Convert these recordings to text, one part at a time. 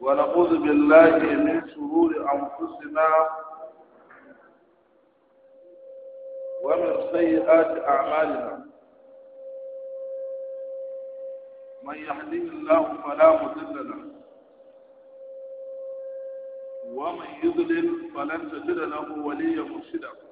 ونعوذ بالله من شرور أنفسنا ومن سيئات أعمالنا من يهده الله فلا مضل ومن يضلل فلن تجد له وليا مرشدكم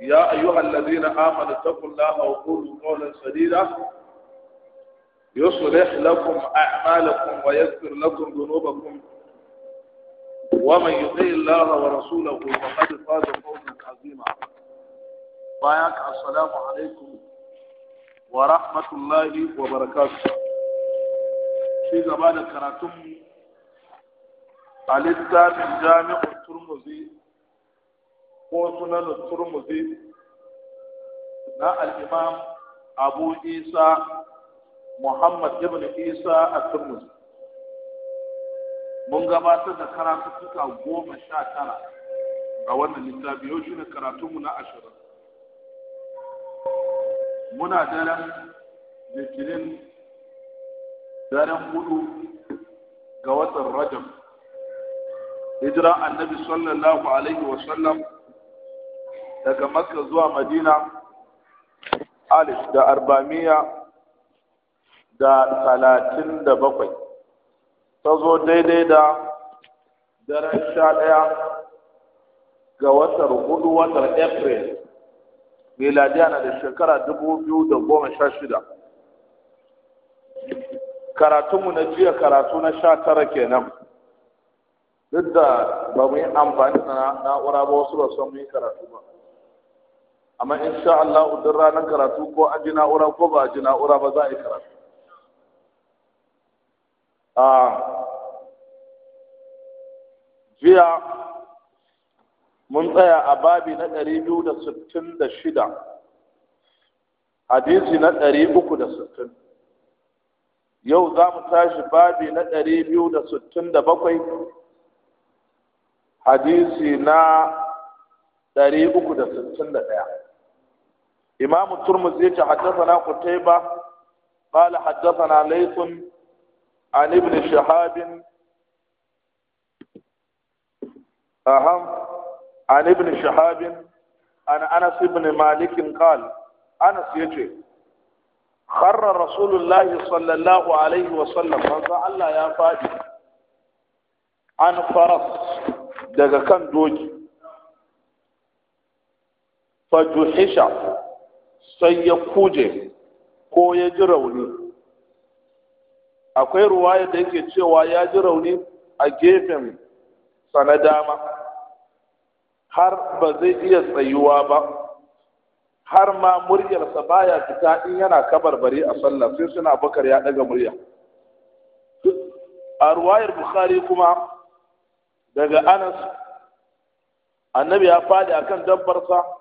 يا أيها الذين آمنوا اتقوا الله وقولوا قولا سديدا يصلح لكم أعمالكم ويغفر لكم ذنوبكم ومن يطع الله ورسوله فقد فاز فوزا عظيما باياك السلام عليكم ورحمة الله وبركاته في زمان كراتم الإسلام الجامع الترمذي ko sunan turmuzi na al-imam abu isa muhammad ibn isa at-turmuzi mun gabatar da karatuttuka goma sha tara ga wannan littafi yau shi ne karatunmu na ashirin muna daren jikirin daren hudu ga watan rajab hijira annabi sallallahu alaihi wasallam daga makka zuwa madina alif da arbamiya da talatin da bakwai ta zo daidai da daren sha ɗaya ga watar hudu watar april miladiya na da shekara dubu biyu da goma sha shida karatunmu na jiya karatu na sha tara kenan duk da ba mu yi amfani da na'ura ba wasu ba mu yi karatu ba amma in sha Allah duk ranar karatu ko a ji na'ura ko ba a ji na'ura ba za a yi karatu a jiya mun tsaya a babi na ɗari biyu da sittin da shida hadisi na ɗari uku da sittin yau za mu tashi babi na ɗari biyu da sittin da bakwai hadisi na ɗari uku da sittin da ɗaya إمام الترمذي حدثنا قتيبة قال حدثنا ليث عن ابن شهاب أهم عن ابن شهاب عن أنس بن مالك قال أنس يجي خر رسول الله صلى الله عليه وسلم فقال يا فادي عن فرس daga kan doki fajuhisha sai ya kuje ko ya ji rauni akwai ruwaya da yake cewa ya ji rauni a gefen sa na dama har ba zai iya tsayuwa ba har ma muryarsa baya fita in yana kabarbari a sallah sai suna bakar ya daga murya a ruwayar bukhari kuma daga anas annabi ya fadi akan dabbarsa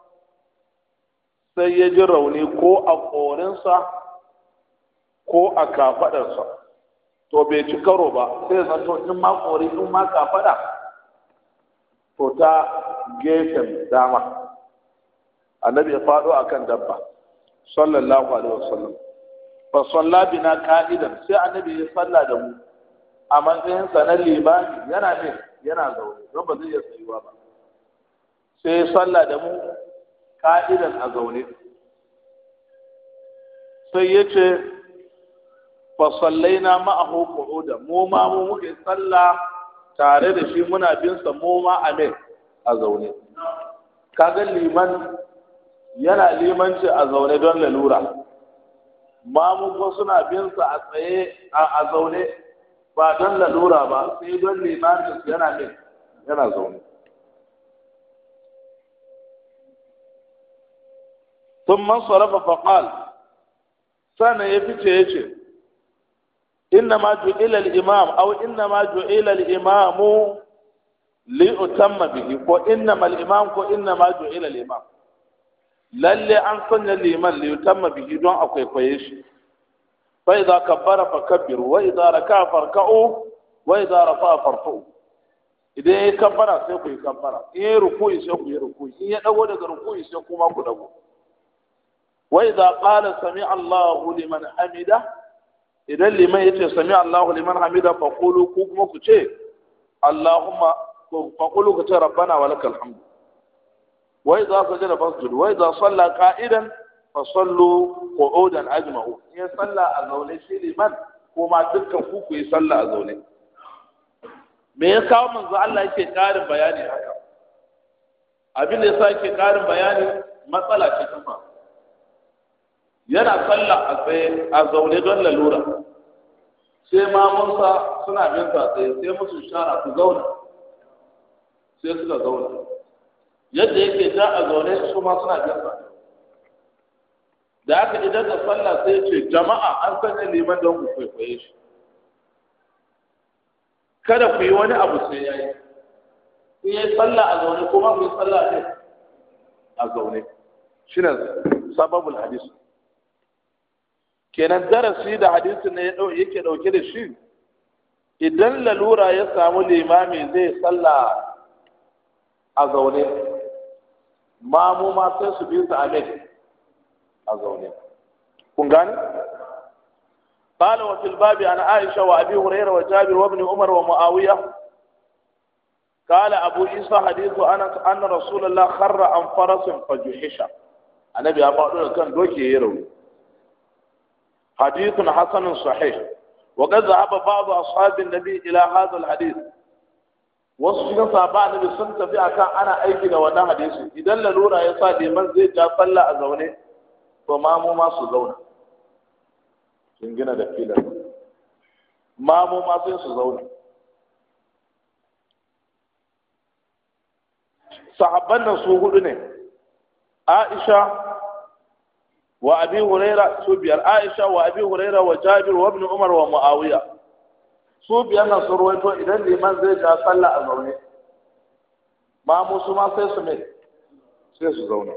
sai ya ji rauni ko a ƙorinsa ko a kafaɗarsa to bai ci karo ba sai to in ma ƙori in ma kafaɗa to ta gefen dama annabi ya faɗo a kan dabba sallallahu alaihi wasallam ba salla bina ka'idan sai annabi ya salla da mu a matsayinsa na limani yana ne yana zaune don ba zai iya tsayuwa ba sai ya salla da mu ka'idan a zaune sai ya ce fasallaina ma'ahu qu'uda mu ma mu muke sallah tare da shi muna bin sa mu ma a ne a zaune Ka kaga liman yana limanci a zaune don lalura ma mu ko suna bin sa a tsaye a zaune ba don lalura ba sai don limanin yana ne yana zaune sun man sarrafa faƙal ya fice ya ce inna ma ju'ila imam aw inna ma ju'ila imamu li utamma bihi ko inna ma al-imam ko inna ma ju'ila imam lalle an sanya liman li utamma don akwai kwaye shi fa idza kabbara fakabbiru wa idza raka'a farka'u wa idza rafa'a farfa'u idan ya kabbara sai ku yi kabbara in ya rukuyi sai ku yi rukuyi in ya dago daga rukuyi sai kuma ku dago wa idza qala sami Allahu liman hamida idan liman yace sami Allahu liman hamida fa qulu ku kuma ku ce Allahumma fa qulu ku ce rabbana wa lakal hamdu wa idza sajada fasjud wa idza salla qa'idan fa sallu qu'udan ajma'u ya salla a zaune shi liman kuma dukkan ku ku yi salla a zaune me ya kawo manzo Allah yake karin bayani haka abin da yasa yake karin bayani matsala ce ta yana tsalla a tsaye a zaune don lalura sai mamunsa suna bin sa tsaye sai musu shara su zauna sai suka zauna yadda yake ta a zaune su ma suna bin sa da aka idan da sallah sai ce jama'a an sanya neman don ku kwaikwaye shi kada ku yi wani abu sai ya yi in yi sallah a zaune kuma ku yi sallah ne a zaune shi ne sababul hadisi Kenan darasi da hadisu ne ya ke ɗauke da shi? Idan Lalura ya samu limami zai salla a zaune mamuma sai su bisa a me a zaune. Kun gane? Kala wakilba ne ana Aisha, wa abi wa wa Jami, wa Bani, Umar, wa Mu'awira? Kala abu Isa, Hadiza, wa Anasa, An Rasu-la-laka, Rra-amfan-sinsa, juhe kan doke ya rauni. حديث حسن صحيح وقد ذهب بعض أصحاب النبي إلى هذا الحديث wasu cikin sahaba annabi sun tafi akan ana aiki da wannan hadisi idan lalura ya sa liman zai ja sallah a zaune to mamu su zauna sun gina da filar mamu sai su zauna sahabban nan su hudu ne aisha وابي هريره صبي عائشه وابي هريره وجابر وابن عمر ومعاويه صبي نصر سرويت اذا لمن زي جاء صلى الظهر ما موسو ما في سمي سيسو زونه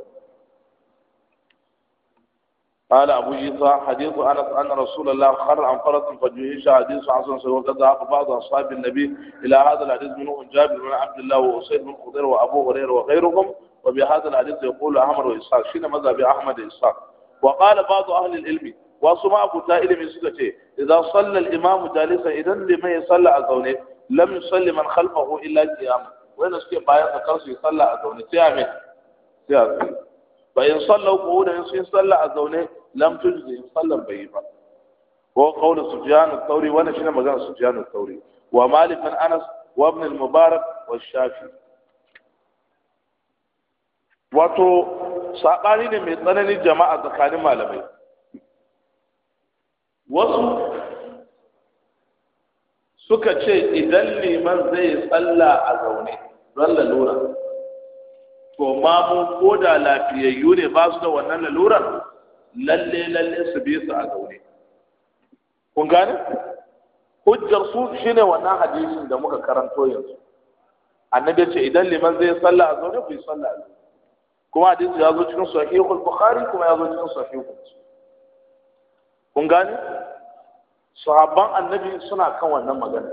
قال ابو يسا حديث انا ان رسول الله خر عن قرط فجيش حديث حسن سوى ذهب بعض اصحاب النبي الى هذا الحديث منه جابر بن عبد الله وسيد بن خضير وابو هريره وغيرهم وبهذا الحديث يقول احمد واسحاق شنو مذهب احمد واسحاق wa qala ba'd ahli al-ilmi wasu ma ilimi suka ce idan salla al-imamu jalisa idan liman ya salla a zaune lam yusalli man khalfahu illa qiyam wanda suke bayan da kansu ya salla a zaune sai amin sai amin fa in sallau qu'udan sun salla a zaune lam tujzi sallan bai ba ko qawlu magana wa anas wa mubarak wa shafi wato saɓani ne mai tsananin jama'a tsakanin malamai wasu suka ce idan liman zai tsalla a zaune don lalura to mamu ko da lafiyayyu ne ba su da wannan lalurar lalle lalle su bi su a zaune kun gane hujjar su shine wannan hadisin da muka karanto yanzu annabi ce idan liman zai tsalla a zaune ku yi tsalla a zaune kuma hadisi ya zo cikin sahihul bukhari kuma ya zo cikin sahihul kun gane sahabban annabi suna kan wannan magana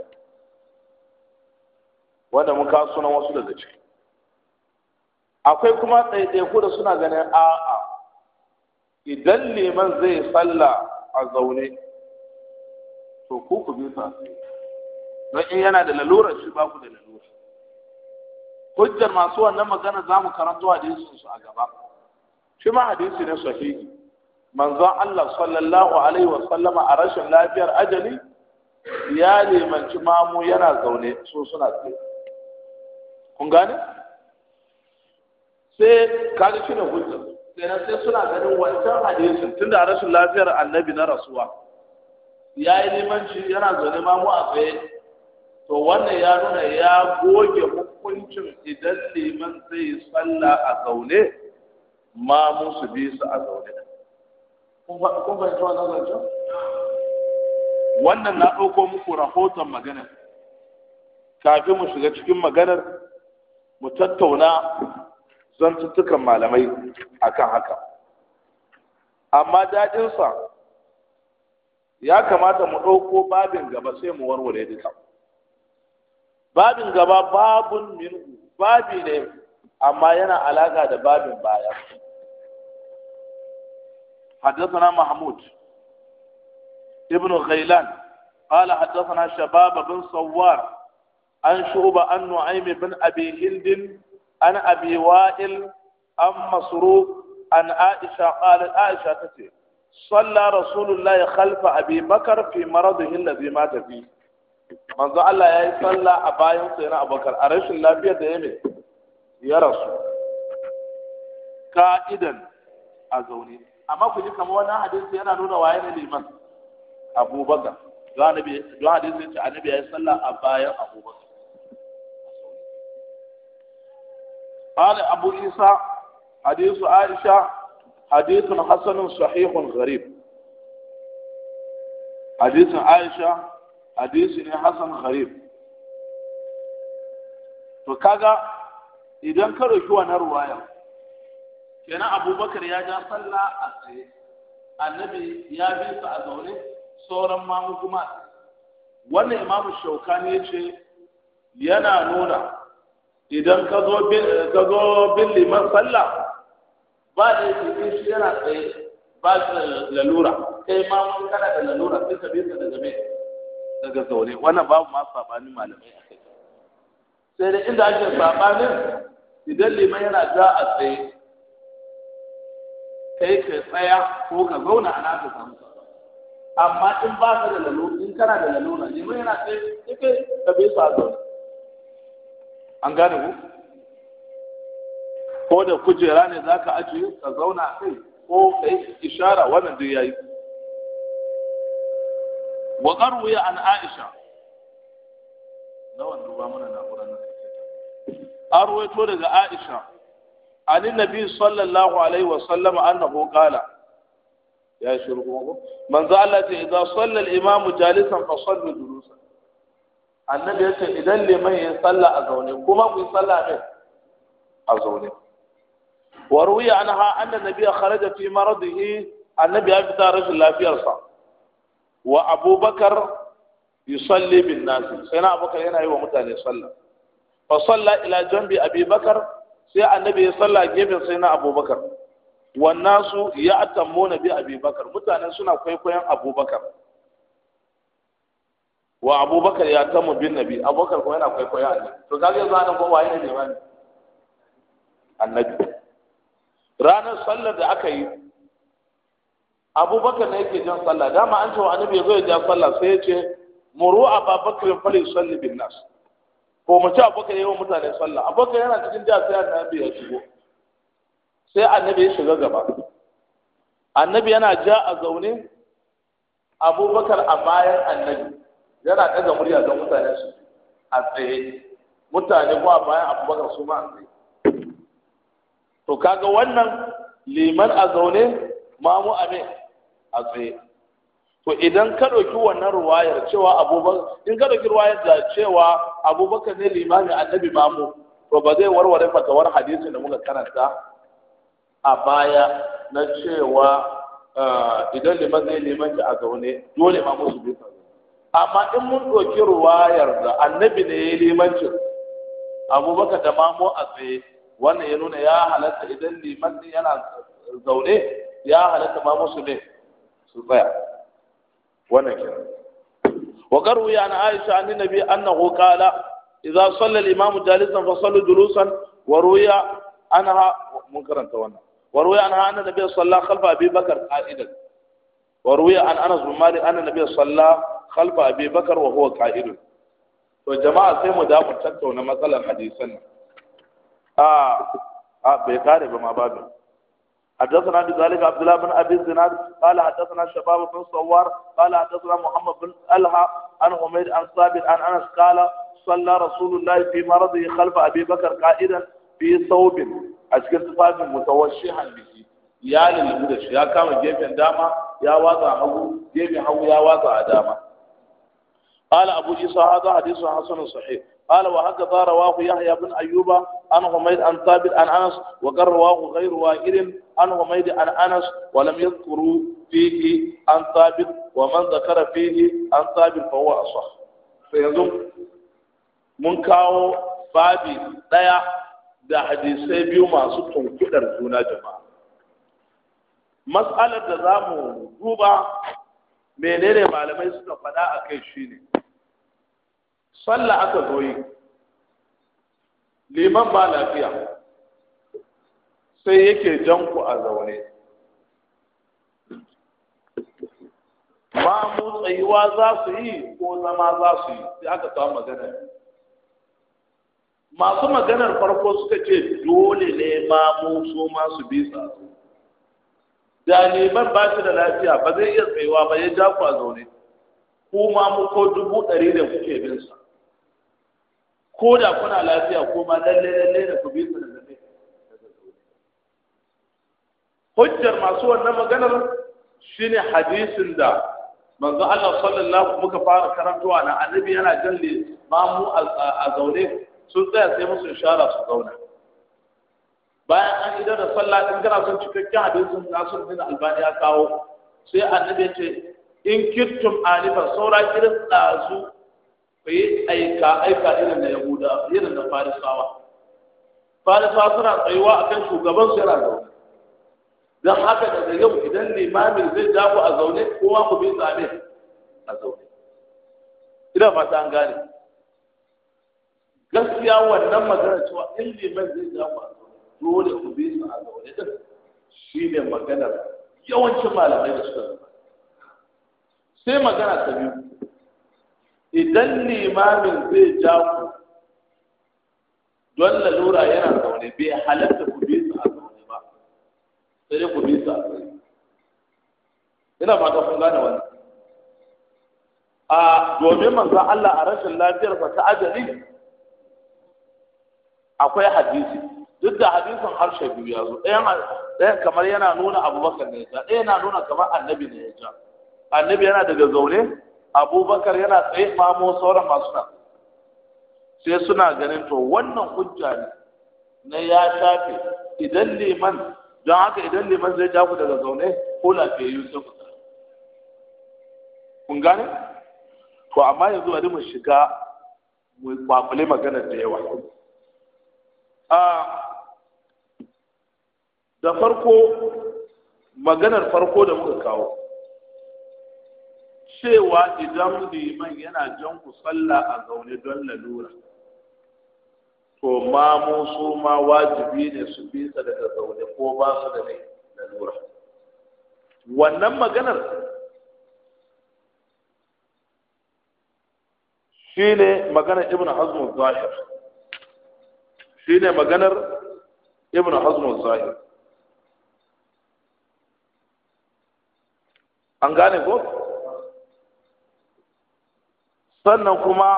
wanda mun ka sunan wasu daga ciki akwai kuma ko da suna ganin a'a idan liman zai salla a zaune to ku ku bi sa don in yana da lalurar shi ba ku da lalurar hujjar masu wannan magana za mu karanto hadisin su a gaba shi ma hadisi ne sahihi manzon Allah sallallahu alaihi wa sallama a rashin lafiyar ajali ya limanci mamu yana zaune so suna tsaye kun gane sai kaga shi ne hujjar kenan sai suna ganin wancan hadisin tunda rashin lafiyar annabi na rasuwa ya yi limanci yana zaune mamu a tsaye to wannan ya nuna ya goge hukuncin idan liman zai salla a zaune ma musu bi su a zaune wannan na ɗauko muku rahoton maganar kafin mu shiga cikin maganar mu tattauna zantuttukan malamai akan haka amma daɗinsa ya kamata mu ɗauko babin gaba sai mu warware duka. babin gaba babun minhu babi ne amma yana alaka da babin baya حدثنا محمود ابن غيلان قال حدثنا شباب بن صوار عن شعبة عن نعيم بن أبي هند عن أبي وائل عن مسروق عن عائشة قالت عائشة تتي صلى رسول الله خلف أبي بكر في مرضه الذي مات فيه manzo Allah ya yi sallah a bayan sa yana abokar a rashin lafiyar da ya mai ya rasu ka'idan a zaune amma ku ji kamar wannan hadisi yana nuna waye ne liman abubakar don hadisi ya ce annabi ya yi sallah a bayan abubakar قال abu Isa, hadisu Aisha, hadisun Hassanun Sahihun Gharib hadisun Aisha. hadisi ne hasan gharib to kaga idan ka roki wannan ruwaya kenan abubakar ya ja sallah a tsaye annabi ya bi sa a zaune sauran mamu kuma wannan imamu shauka ne ce yana nuna idan ka zo bin liman sallah ba da yake shi yana tsaye ba da lalura kai ma mun kana da lalura sai ka bi ka da game daga zaune wannan babu ma sabanin malamai a kai sai da inda ake sabanin idan liman yana za a tsaye kai ka tsaya ko ka zauna a naka samu amma in ba ka da lalo in kana da lalo na liman yana tsaye sai kai ka bai sa zaune an gane ku ko da kujera ne za ka ajiye ka zauna a kai ko ka yi ishara wannan duk ya yi wa qarwi an aisha lawan duba mana na Qur'ani an ruwaito daga aisha anin nabi sallallahu alaihi wa sallam annahu qala ya shiru kuma ko manzo Allah ce idan sallal imam jalisan fa sallu julusan annabi yace idan liman ya salla a zaune kuma ku salla ne a zaune wa ruwiya anha anna nabiyya kharaja fi maradihi annabi ya fita rashin lafiyarsa wa abubakar yusalli bin nasi sai na abubakar yana yi wa mutane sallah fa salla ila jambi abubakar sai annabi ya salla gefen sai na abubakar wannan su ya na bi abubakar mutane suna kwaikwayon abubakar wa abubakar ya tamu bin nabi abubakar kuma yana kwaikwayon annabi to kaga yanzu anan kuma waye ne ne annabi ranar sallar da aka yi abubakar ne yake jan sallah dama an ce wa annabi ya zo ya ja sallah sai ya ce muru ababakar li salli bin nas ko mu ci abubakar yayin mutane sallah abubakar yana cikin da sai annabi ya shigo sai annabi ya shiga gaba annabi yana ja a zaune abubakar a bayan annabi yana ɗaga murya ga mutane su a tsaye mutane ko a bayan abubakar su ma a tsaye to kaga wannan liman a zaune mamu a a tsaye to idan ka ɗauki wannan ruwayar cewa abubakar in ka ɗauki ruwayar da cewa abubakar ne limamin annabi mamu to ba zai warware fatawar hadisi da muka karanta a baya na cewa eh, idan liman zai limanci a zaune dole ma musu bi amma in mun ɗauki ruwayar da annabi ne ya limanci abubakar da mamu a tsaye wannan ya nuna ya halatta idan liman yana zaune ya halatta ma musu ne su tsaya wannan kenan wa qaru ya na aisha annin nabi annahu qala idza salla al-imam jalisan fa sallu julusan wa ruya anha mun karanta wannan wa ruya anha anna nabi sallallahu khalfa abi bakr qa'idan wa ruya an anas bin malik anna nabi sallallahu khalfa abi bakr wa huwa qa'idun to jama'a sai mu dafa tattauna matsalar hadisan nan a ah, a ah, bai kare ba ma babu حدثنا بذلك عبد الله بن ابي الزناد قال حدثنا شباب بن صوار قال حدثنا محمد بن الها عن حميد عن ثابت عن انس قال صلى رسول الله في مرضه خلف ابي بكر قائدا في ثوب اشكل تفاف متوشحا به يا للمدش يا shi ya داما يا واضع هو watsa هو يا واضع داما قال أبو إيسى هذا حديث حسن صحيح قال وهكذا رواه يحيى بن أيوب عن حميد عن ثابت عن أنس وقال رواه غير وائل عن حميد عن أنس ولم يذكروا فيه عن ثابت ومن ذكر فيه عن ثابت فهو أصح فيزم من كاو بابي ضيع da hadisai biyu masu tunkudar juna jama'a mas'alar da za mu duba menene malamai suka faɗa a kai shine ne Salla aka zo yi liman ba lafiya sai yake jan ku a zaune ba mu tsayuwa za su yi ko zama za su yi sai aka kawo magana masu maganar farko suka ce dole ne ma mu su masu bisa da liman ba shi da lafiya ba zai iya tsayuwa ba ya ja ku a zaune ko ma mu ko dubu ɗari da kuke bin sa ko da kuna lafiya ko ma lalle lalle da ku bi su da zabe hujjar masu wannan maganar shine hadisin da manzo Allah sallallahu muka fara karantowa na annabi yana jalle mu a zaune sun tsaya sai musu ishara su zauna bayan an idan da sallah din kana son cikakken hadisin Nasir bin Albani ya kawo sai annabi ya ce in kittum alifa saura kirin ɗazu. ka yi aika aika irin na yahuda irin na farisawa farisawa suna tsayuwa a kan shugaban su yana zaune don haka daga yau idan limamin zai ja ku a zaune kowa ku bi tsame a zaune ina fata an gane gaskiya wannan magana cewa in liman zai ja ku a zaune dole ku bi su a zaune din shi ne maganar yawancin malamai da suka zama sai magana ta biyu idan limamin zai ja ku don lalura yana zaune bai halatta ku bi su a zaune ba sai dai ku bi su a zaune ina fata kun gane wani a domin manzo Allah a rashin lafiyar sa ta ajali akwai hadisi duk da hadisin harshe biyu ya zo ɗayan kamar yana nuna abubakar ne ya ja ɗaya yana nuna kamar annabi ne ya ja annabi yana daga zaune abubakar yana tsaye famo sauran masu nan sai suna ganin to wannan hujja ne na ya shafe idan liman don haka idan liman zai ja ku daga zaune ko yi sai ku kun gane to amma yanzu bari mu shiga mu kwakule maganar da yawa da farko maganar farko da muka kawo cewa idan liman yana jan ku sallah a zaune don lalura to ma mu su ma wajibi ne su bi sa daga zaune ko ba su da lalura wannan maganar shi ne maganar ibn hazm zahir shi ne maganar ibn hazm zahir an gane ko sannan kuma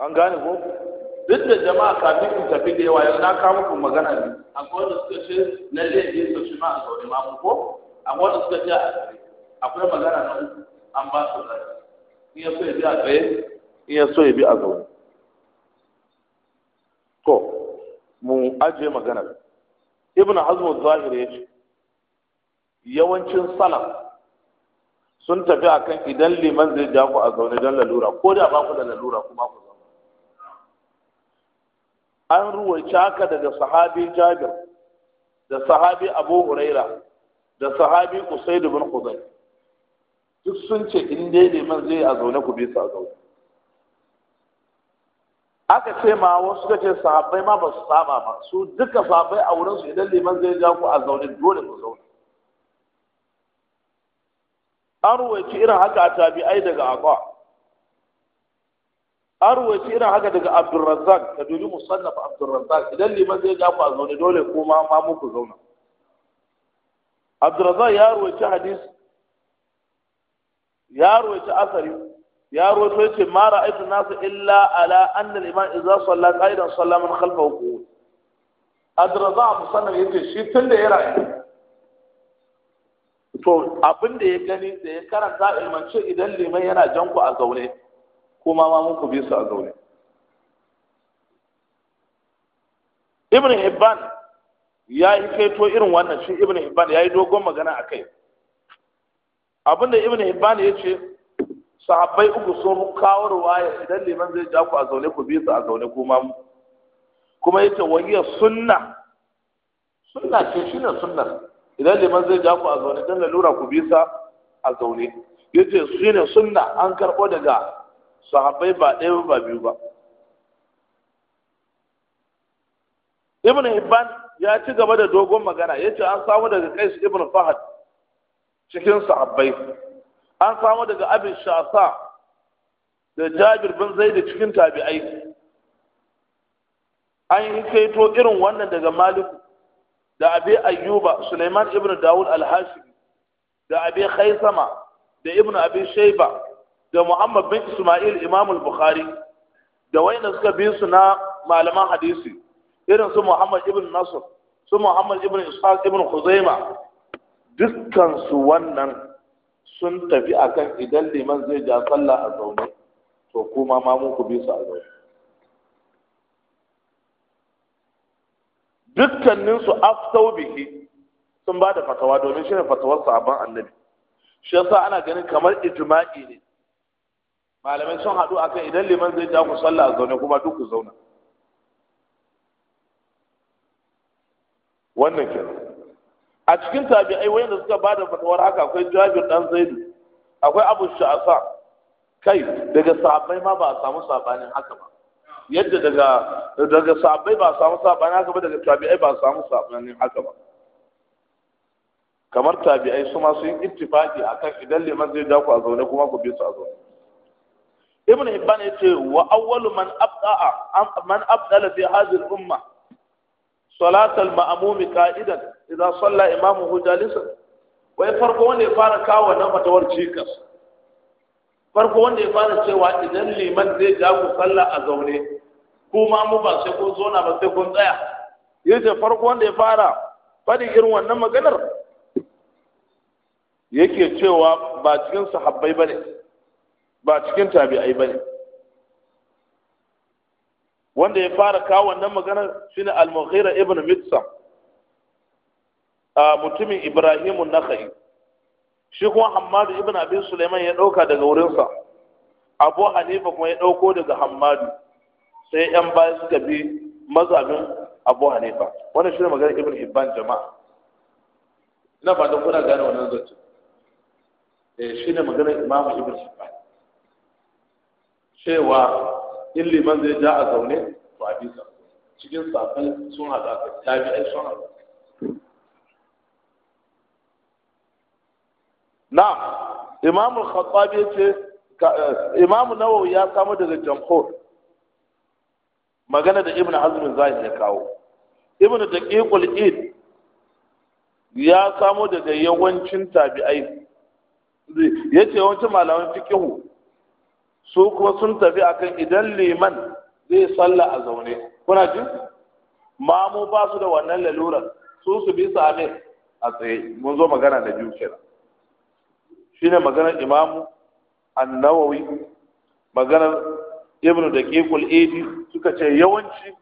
an gane ko duk da jama'a kafin in tafi da yawa na kawo muku magana ne akwai wanda suka ce na yi su shi ma a zaune ma mu ko akwai wanda suka ce akwai magana na uku an ba su zai in ya so ya bi a tsaye in ya so ya bi a zaune to mu aje magana ibn hazm zahiri ya ce yawancin salaf sun tafi akan idan liman zai ja ku a zaune don lalura ko da ba ku da lalura kuma ku zama. an ruwaice haka daga sahabi jabir da sahabi abu huraira da sahabi usaid bin khudai duk sun ce in dai liman zai a zaune ku bi su a zaune aka ce ma wasu ka ce sahabbai ma ba su saba ba su duka sahabbai a wurinsu idan liman zai ja ku a zaune dole ku zaune an ruwaici irin haka a tabi'ai daga aqwa an ruwaici irin haka daga abdurrazzaq ka dubi Abdul abdurrazzaq idan liman zai ga ku a zaune dole ko ma ma muku zauna abdurrazzaq ya ruwaici hadis ya ruwaici asari ya ruwaito ce ma ra'aytu nasu illa ala anna al-imam idza salla qaidan salla min khalfahu abdurrazzaq musannaf yace shi tunda ya rayu to abin da ya gani da ya karanta ilmance idan liman yana jan ku a zaune ko ma mun ku bi su a zaune ibn hibban ya yi kaito irin wannan shi ibn hibban ya yi dogon magana a kai abinda ibn hibban ya ce sahabbai uku sun kawo ruwaya idan liman zai ja ku a zaune ku bi su a zaune ko kuma kuma yace wahiyar sunna sunna ce ne sunnar idan liman zai ja ku a zaune dan lalura ku bisa a zaune yace su ne sunna an karɓo daga sahabbai ba ɗaya ba biyu ba ibn hibban ya ci gaba da dogon magana yace an samu daga kais ibn fahad cikin sahabbai an samu daga abin shasa da jabir bin da cikin tabi'ai an yi kaito irin wannan daga maliku da abi ayyuba Suleiman ibn dawud al-hashim da abi khaisama da ibn abi shayba da muhammad bin isma'il imam al-bukhari da wayanda suka bi su na malaman hadisi irin su muhammad ibn nasr su muhammad ibn ishaq ibn khuzaima dukkan su wannan sun tafi akan idan liman zai ja sallah a zaune to kuma ma mu ku bi su a zaune dukkaninsu aftau bihi sun ba da fatawa domin shi ne fatawar sabon annabi shi yasa ana ganin kamar ijma'i ne malamai sun haɗu akan idan liman zai ja ku sallah a zaune kuma duk ku zauna wannan ke a cikin tabi'ai wanda suka ba da fatawar haka akwai jabir dan zaidu akwai abu sha'asa kai daga sahabbai ma ba a samu sabanin haka ba yadda daga daga sabai ba samu sabani haka ba daga tabi'ai ba samu sabanin haka ba kamar tabi'ai su ma su yi ittifaqi akan idan liman zai ja ku a zaune kuma ku bi su a zaune ibn hibban yace wa awwalu man abda'a man abdala fi hadhihi al-umma salat al-ma'mum qa'idan idza salla imamuhu jalisan wai farko wanda ya fara kawo wannan fatawar cikas farko wanda ya fara cewa idan liman zai ja ku sallah a zaune ko ma mu ba sai kun zona ba sai kun tsaya yace farko wanda ya fara fadin irin wannan maganar yake cewa ba cikin sahabbai bane ba cikin tabi'ai bane wanda ya fara kawo wannan maganar shine al-mughira ibn A mutumin ibrahimu nakhai shi kuma hammadu ibn abi sulaiman ya dauka daga wurinsa abu hanifa kuma ya dauko daga hammadu sai yan baya suka bi mazhabin abu hanifa wannan shi ne magana ibn hibban jama'a ina ba da kuna gane wannan zance eh shi ne magana imam ibn hibban cewa in liman zai ja a zaune to a bisa cikin safin sun haɗa ka ai sun haɗa Na, imam al-khattabi ce. Eh, imam nawawi ya samu daga jamhur magana da ibn hazm zahid ya kawo ibnu daqiqul id ya samo daga yawancin tabi'ai ce yawancin malaman fikihu su kuma sun tafi akan idan liman zai salla a zaune kuna ji mamu ba su da wannan lalurar su su bi sa ne a tsaye mun zo magana da biyu kenan shine maganar imamu annawawi maganar ibnu da kekul edi suka ce yawanci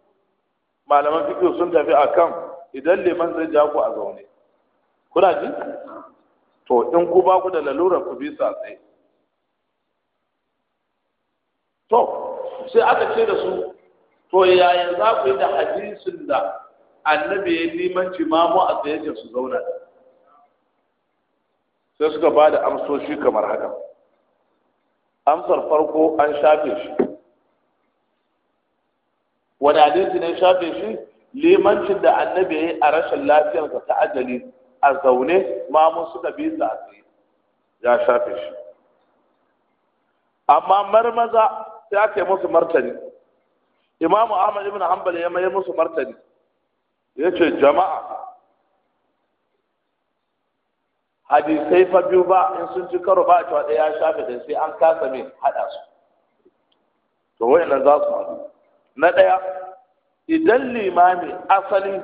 malaman fikiyo sun tafi akan idan liman zai ja ku a zaune kuna ji to in ku ba ku da lalurar ku bi sa tsaye to sai aka ce da su to yaya za ku yi da hadisin da annabi ya limanci mamu a tsaye ce su zauna sai suka ba da amsoshi kamar haka amsar farko an shafe shi wani hadisi ne shafe shi limancin da annabi ya yi a rashin lafiyarsa ta ajali a zaune mamun suka da su a tsaye ya shafe shi amma marmaza ya aka musu martani imamu ahmad ibn hanbal ya mayar musu martani ya ce jama'a hadisai fa biyu ba in sun ci karo ba a cewa ɗaya ya shafe da sai an kasa mai haɗa su to wayannan za su haɗu na ɗaya idan limami asali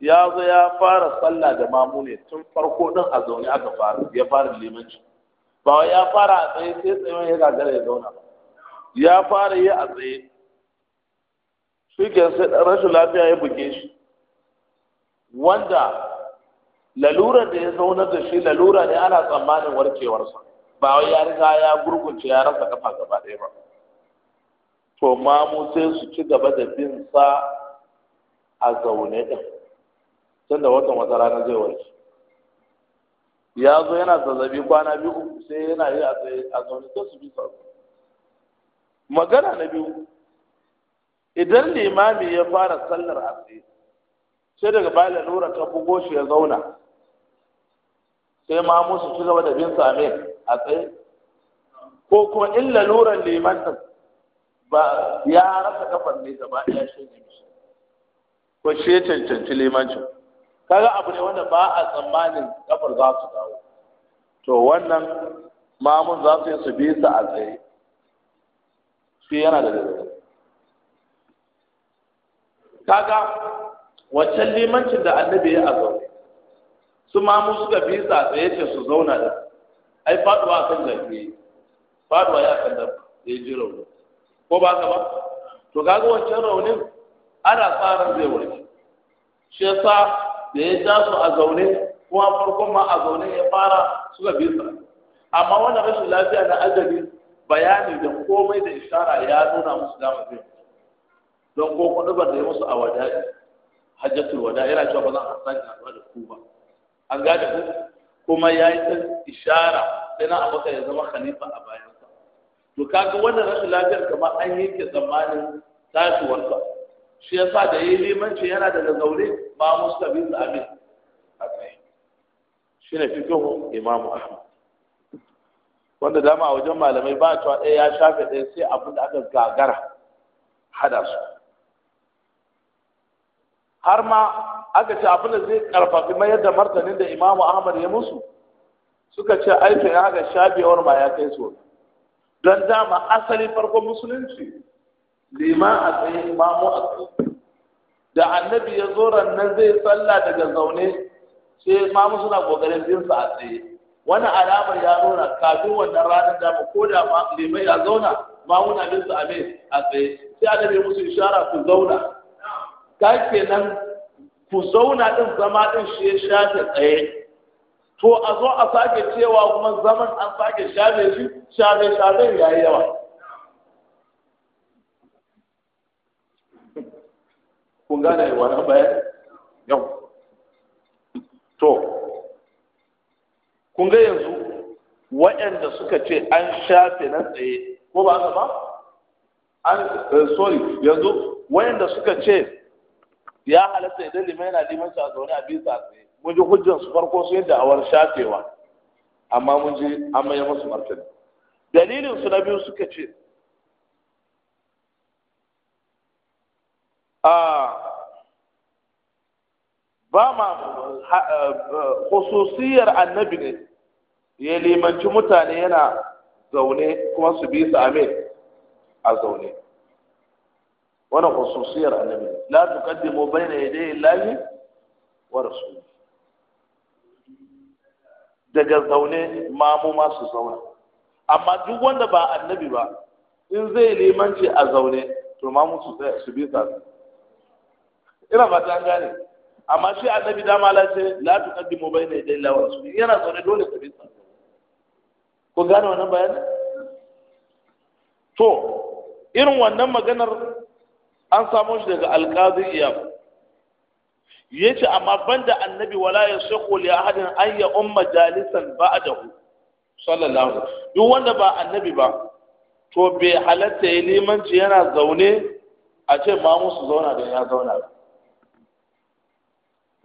ya zo ya fara sallah da mamu ne tun farko ɗin a zaune aka fara ya fara limanci ba ya fara a tsaye sai tsaye ya gagara ya zauna ya fara yi a tsaye shi ke rashin lafiya ya buge shi wanda lalura da ya zauna da shi lalura ne ana tsammanin warkewarsa ba wai ya riga ya gurgunce ya rasa kafa gaba ɗaya ba to ma mu sai su ci gaba da bin sa a zaune ɗin, tun da watan wata rana zai warke ya zo yana zazzabi kwana biyu sai yana yi a zaune sai su bi sa magana na biyu idan limami ya fara sallar asiri sai daga baya lalura ta bugo shi ya zauna sai ma mu su ci gaba da bin sa a tsaye ko kuma in laluran liman ba ya rasa kafar ne gaba ɗaya shi ne shi ko shi ya cancanci limancin kaga abu ne wanda ba a tsammanin kafar za su dawo to wannan mamun za su yi su bi su a tsaye shi yana da dare kaga wancan limancin da annabi ya azo su Mamun suka bi su a tsaye ce su zauna da ai faduwa kan jami'i faduwa ya kan da ya ji rauni ko ba ka ba to kaga wancan raunin ana tsara zai warke shi yasa da ya ja su a zaune kuma farkon ma a zaune ya fara suka bi sa amma wannan rashin lafiya na ajali bayani da komai da ishara ya nuna musu dama zai don ko kudu ba da ya musu a wada'i hajjatul wada yana cewa ba a sake haɗuwa da ku ba an gada ku kuma ya yi ta ishara sai na abuka ya zama khalifa a baya to kaga wannan rashin lafiyar kamar an yanke tsammanin wanka, shi yasa da yayi limanci yana da zaure ba abin amin shi ne fikihu imam ahmad wanda dama a wajen malamai ba cewa ɗaya ya shafe ɗaya sai abin da aka gagara hada su har ma aka ce abin da zai karfafi mayar da martanin da imamu ahmad ya musu suka ce aikin haka shafewar ma ya kai su wani don dama asali farkon musulunci lima a tsaye mamu a tsaye da annabi ya zo rannan zai tsalla daga zaune sai mamu suna kokarin bin sa a tsaye wani alamar ya nuna kafin wannan ranar dama ko da ya zauna mamu na bin sa a mai a tsaye sai annabi musu ishara ku zauna ka kenan ku zauna din zama din shi ya shafe tsaye to a zo a sake cewa kuma zaman an sake shafe shi shafe shafe ya yi yawa kun gane wani bayan yau to kun ga yanzu waɗanda suka ce an shafe na tsaye ko ba haka ba an eh, sorry yanzu waɗanda suka ce ya halatta idan limai na limanci a zaune a bisa tsaye mun ji hujjar su farko su yadda awar shafewa amma mun ji an mayar musu martani dalilin su na biyu suka ce ba ma eh, hususiyar annabi ne ya limanci mutane yana zaune kuma su bi su ame a zaune wannan hususiyar annabi la tuqaddimu bayna yaday llahi wa rasulihi daga zaune mamu ma su zauna amma duk wanda ba annabi ba in zai limanci a zaune to mamu su su bi sa ina ba ta gane amma shi annabi dama la ce la tuqaddimu bayna yaday Allah wa rasuli yana zaune dole su bi sa ko gane wannan bayan to irin wannan maganar an samo shi daga alqazi iyab yace amma banda annabi wala yasihu li ahadin an ya umma jalisan ba sallallahu alaihi wasallam duk wanda ba annabi ba to bai halatta ya limanci yana zaune a ce ma musu zauna da ya zauna ba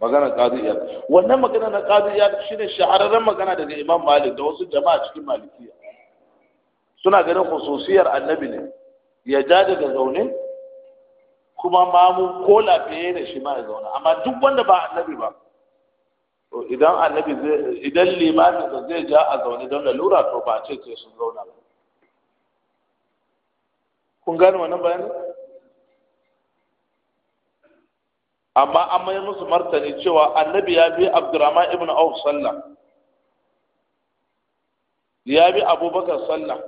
magana qadiyya wannan magana na qadiyya shine shahararren magana daga imam malik da wasu jama'a cikin malikiya suna ganin khususiyar annabi ne ya ja daga zaune kuma ma mun ko lafiye da shi ma ya zauna amma duk wanda ba annabi ba to idan annabi zai idan limamin da zai ja a zaune don lalura to ba ce ce sun zauna ba kun gane wannan bayani amma an mai musu martani cewa annabi ya bi abdurrahman ibn auf sallah ya bi abubakar sallah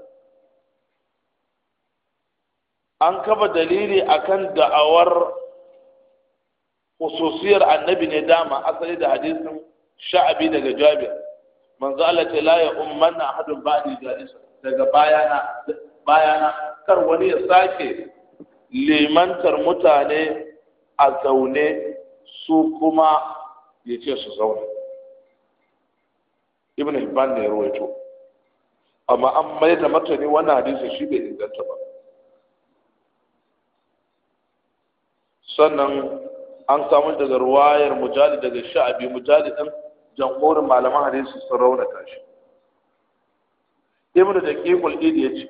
an kafa dalili akan da'awar khususiyar annabi ne dama asali da hadisin sha'abi daga jabir manzo Allah ta la ya ummanna ahadun ba'di jalisa daga bayana bayana kar wani ya sake limantar mutane a zaune su kuma ya ce su zaune ibn hibban ne ya ruwaito amma an mai da matani wannan hadisi shi bai inganta ba sannan an samu daga ruwayar mujali daga sha'abi mujali ɗin jamhurin malaman hadisi sun rauna Kashi. ibnu da kikul idi ya ce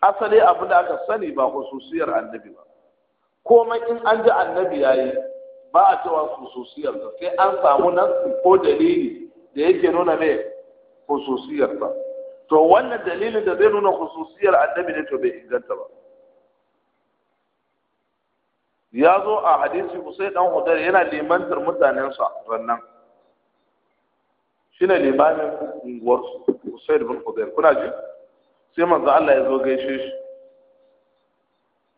asali abin da aka sani ba hususiyar annabi ba komai in an ji annabi ya yi ba a cewa hususiyar ba sai an samu nan ko dalili da yake nuna mai hususiyar ba to wannan dalilin da zai nuna hususiyar annabi ne to bai inganta ba ya zo a hadisi sai dan hudar yana limantar mutanensa wannan shine limamin unguwar usai bin hudar kuna ji sai manzo Allah ya zo gaishe shi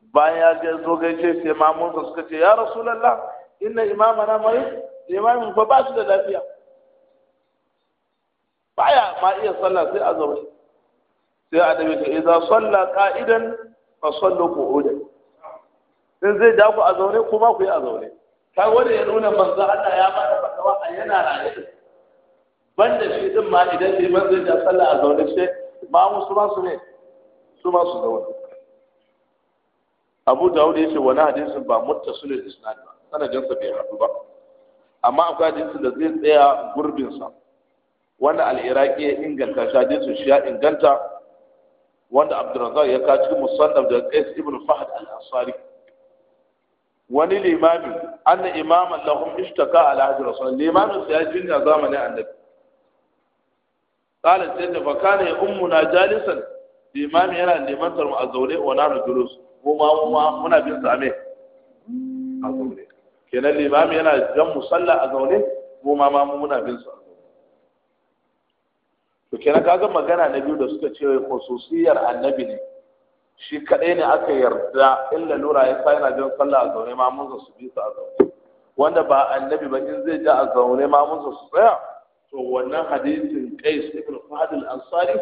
bayan ya zo gaishe sai sa suka ce ya rasulullah inna imamana mai limamin ba ba shi da lafiya baya ma iya sallah sai a sai a dabe ta idza salla qa'idan fa sallu qu'udan in zai ja ku a zaune kuma ku yi a zaune kai wanda ya nuna manzo Allah ya bada fatawa a yana raye banda shi din ma idan liman zai ja sallah a zaune shi ma su ma su ne su ma su zaune Abu Dawud yace wani hadisin ba muttasilul isnad ba sanadin sa bai hadu ba amma akwai hadisin da zai tsaya gurbin sa wanda al-Iraqi ya inganta shi hadisin shi ya inganta wanda Abdurrazzaq ya kawo cikin musannaf da Qais ibn Fahd al-Ansari wani limami na imaman lahum ishtaka ala hajji rasul limamin su ya jinya zamanin annabi da sayyidina ne, kana na jalisan limami yana limantar mu a zaune wa nanu julus ko ma mu muna bin sa a zaune kenan limami yana jan musalla a zaune mu ma ma muna bin sa to kenan kaga magana na biyu da suka ce khususiyar annabi ne shi kadai ne aka yarda illa lura ya sa yana jin sallah a zaune mamunsa su bi su a zaune wanda ba annabi ba in zai ja a zaune mamunsa su tsaya to wannan hadisin qais ibn fahd al-ansari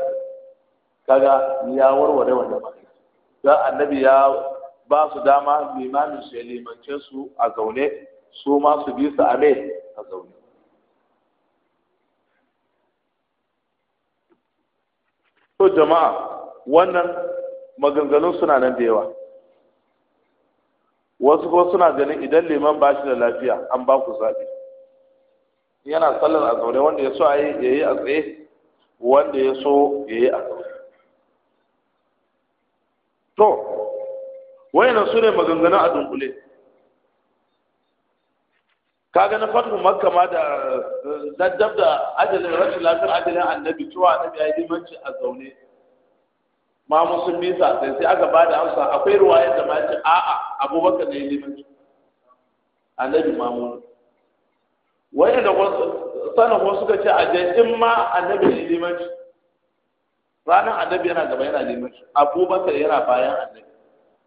kaga ya warware wannan ba dan annabi ya ba su dama limamin su ya limance su a zaune su ma su bi su a me a zaune to jama'a wannan maganganun suna nan da yawa wasu ko suna ganin idan liman ba shi da lafiya an ba ku zaɓi yana sallar a zaune wanda ya so a yi ya yi a tsaye wanda ya so ya yi a zaune to wayan su ne maganganun a dunkule ga na fatu makka ma da daddab da ajalin rashin lafiyar ajalin annabi cewa annabi ya yi limanci a zaune ma musulmi bisa sai sai aka ba da amsa akwai ruwaya da ma ce a'a abubakar ne limanci annabi mun wani da sanin ko suka ce a je in ma annabi ne limanci ranar annabi yana gaba yana limanci abubakar yana bayan annabi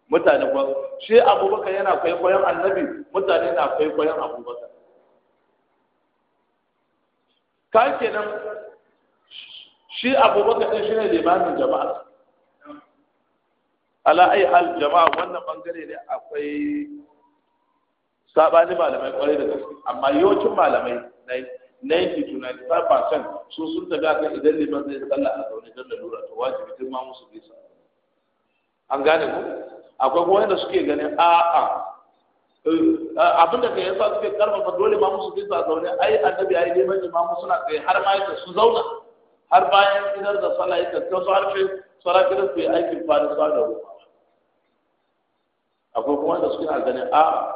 mutane kuma shi abubakar yana kwaikwayon annabi mutane na kwaikwayon abubakar ka kenan shi abubakar ɗin shi ne limanin jama'a ala ai hal jama'a wannan bangare ne akwai sabani malamai kwarai da gaske amma yawancin malamai 90 to 95% su sun tafi akan idan ban zai sallah a zaune don lalura to wajibi duk ma musu bisa an gane ku akwai kuma wanda suke ganin a'a eh, abin da ke yasa suke karfafa dole ma musu bisa zaune ai annabi ai neman musu suna kai har ma yake su zauna har bayan idan da sallah yake ta su harfe sarakin kiristu ya aikin fara sa da ruwa akwai kuma wanda suna ganin a ah,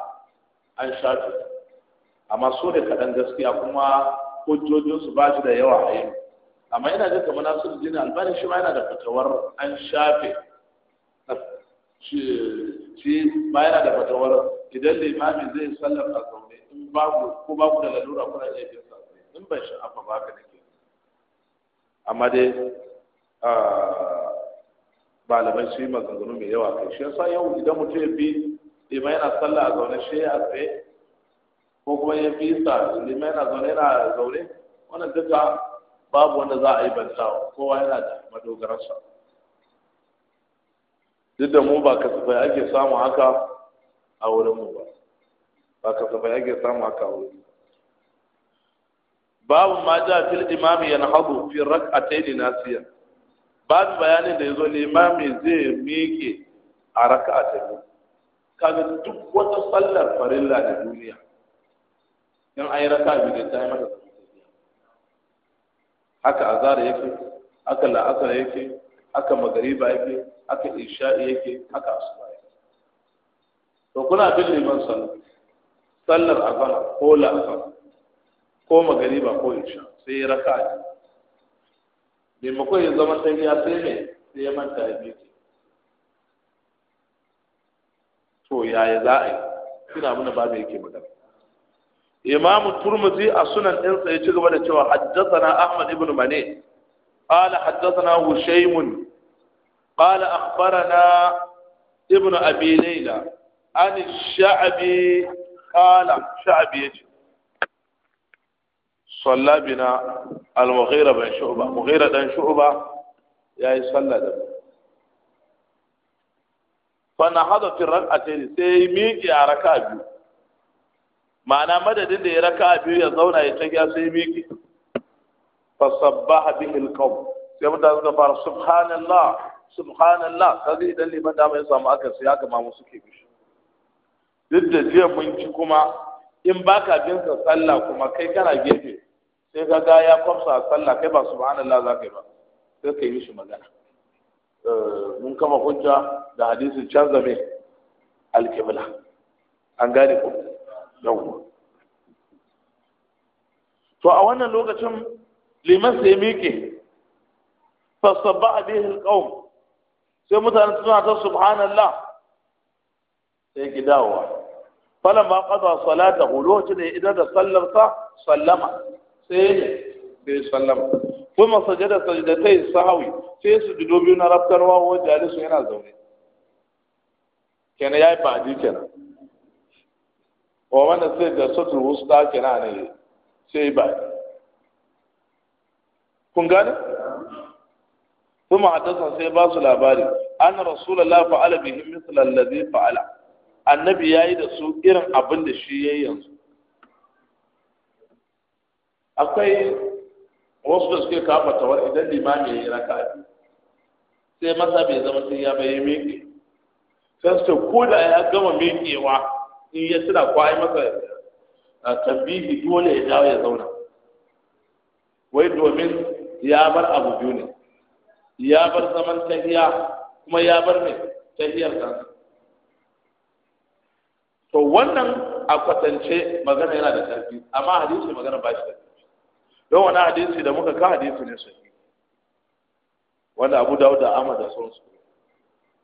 an shafi amma so da kaɗan gaskiya kuma hujjojinsu ba shi da yawa a yi. amma yana jin kamar nasiru jini albani shi ma yana da fatawar an shafe shi ma yana da fatawar idan limami zai sallar a zaune in babu ko babu da lalura kuna iya biyan sa in ban sha'afa ba ka nake amma dai ah, malamai su yi maganganu mai yawa kai shi yasa yau idan mutum ya bi lima yana sallah a zaune shi a tsaye ko kuma ya bi sa lima yana zaune yana zaune wannan duka babu wanda za a yi banta kowa yana da madogararsa duk da mu ba kasafai ake samu haka a wurin mu ba ba kasafai ake samu haka a wurin babu ma ja fil imami hagu fi rak'atayn nasiyan babu bayanin da ya zo limami zai miƙe a raka a tafi kaga duk wata sallar farilla da duniya in an yi biyu da ta yi mata haka azara yake haka la'asar yake haka magariba yake haka isha'i yake haka asuba yake to kuna bin liman sallar sallar azara ko la'asar ko magariba ko isha sai raka biyu bí mo kọ́ yìí zọmọ sai ya tí yẹ máa ta ẹbí tì tó yà ayé záàyè tí nàá mú nàbà bẹ́ẹ̀ kí mo dàbí. Turmuzi a sunan ɗinsa ya ci gaba da cewa haddasana Ahmad ibn Mane qala haddasana Hushaym qala akhbarana ibn Abi Layla an Sha'bi qala Sha'bi صلى بنا المغيرة بن شعبة مغيرة بن شعبة يا صلى دم فنهض في الركعتين سي ميقي على ركعة بيو معنى مدد دي ركعة بيو يزون يتجي سي ميقي فصبح به القوم sai mutane suka fara subhanallah subhanallah kaga idan liman da mai samu aka sai haka ma mu ke bishi duk da jiya mun ci kuma in baka bin sa sallah kuma kai kana gefe sai ga ga ya kwafsa a sallah kai ba subhanallah za ka yi ba sai ka yi shi magana eh, mun kama hujja da hadisin canza mai alkibla an gane ku yawwa to a wannan lokacin liman sai miƙe fasabba a bihi alqawm sai mutane suna ta subhanallah sai ki dawowa falan ma qada salata lokacin da idan da sallarsa sallama Sai ne bai sallama kuma ta yi sahawi sai su dido biyu na rafkarwa wa su yana zaune kenan ya yi baji kenan wa wanda sai da sotul wusta kenan ne sai ba kun gane kuma haddasa sai ba su labari an rasulullahi fa'ala bihim mithla allazi fa'ala annabi yayi da su irin abin da shi yayi yanzu akwai wasu da suke kafa tawar idan limami ya yi raka'a sai masa bai zama sai ya bai miƙe sai su ko da ya gama miƙewa in ya tuna kwaye masa tambihi dole ya dawo ya zauna wai domin ya bar abu biyu ne ya bar zaman tahiya kuma ya bar mai tahiyar kan to wannan a kwatance magana yana da ƙarfi amma hadisi magana ba shi da don wani hadisi da muka ka hadisi ne sun wanda abu dawud da ahmad da sun su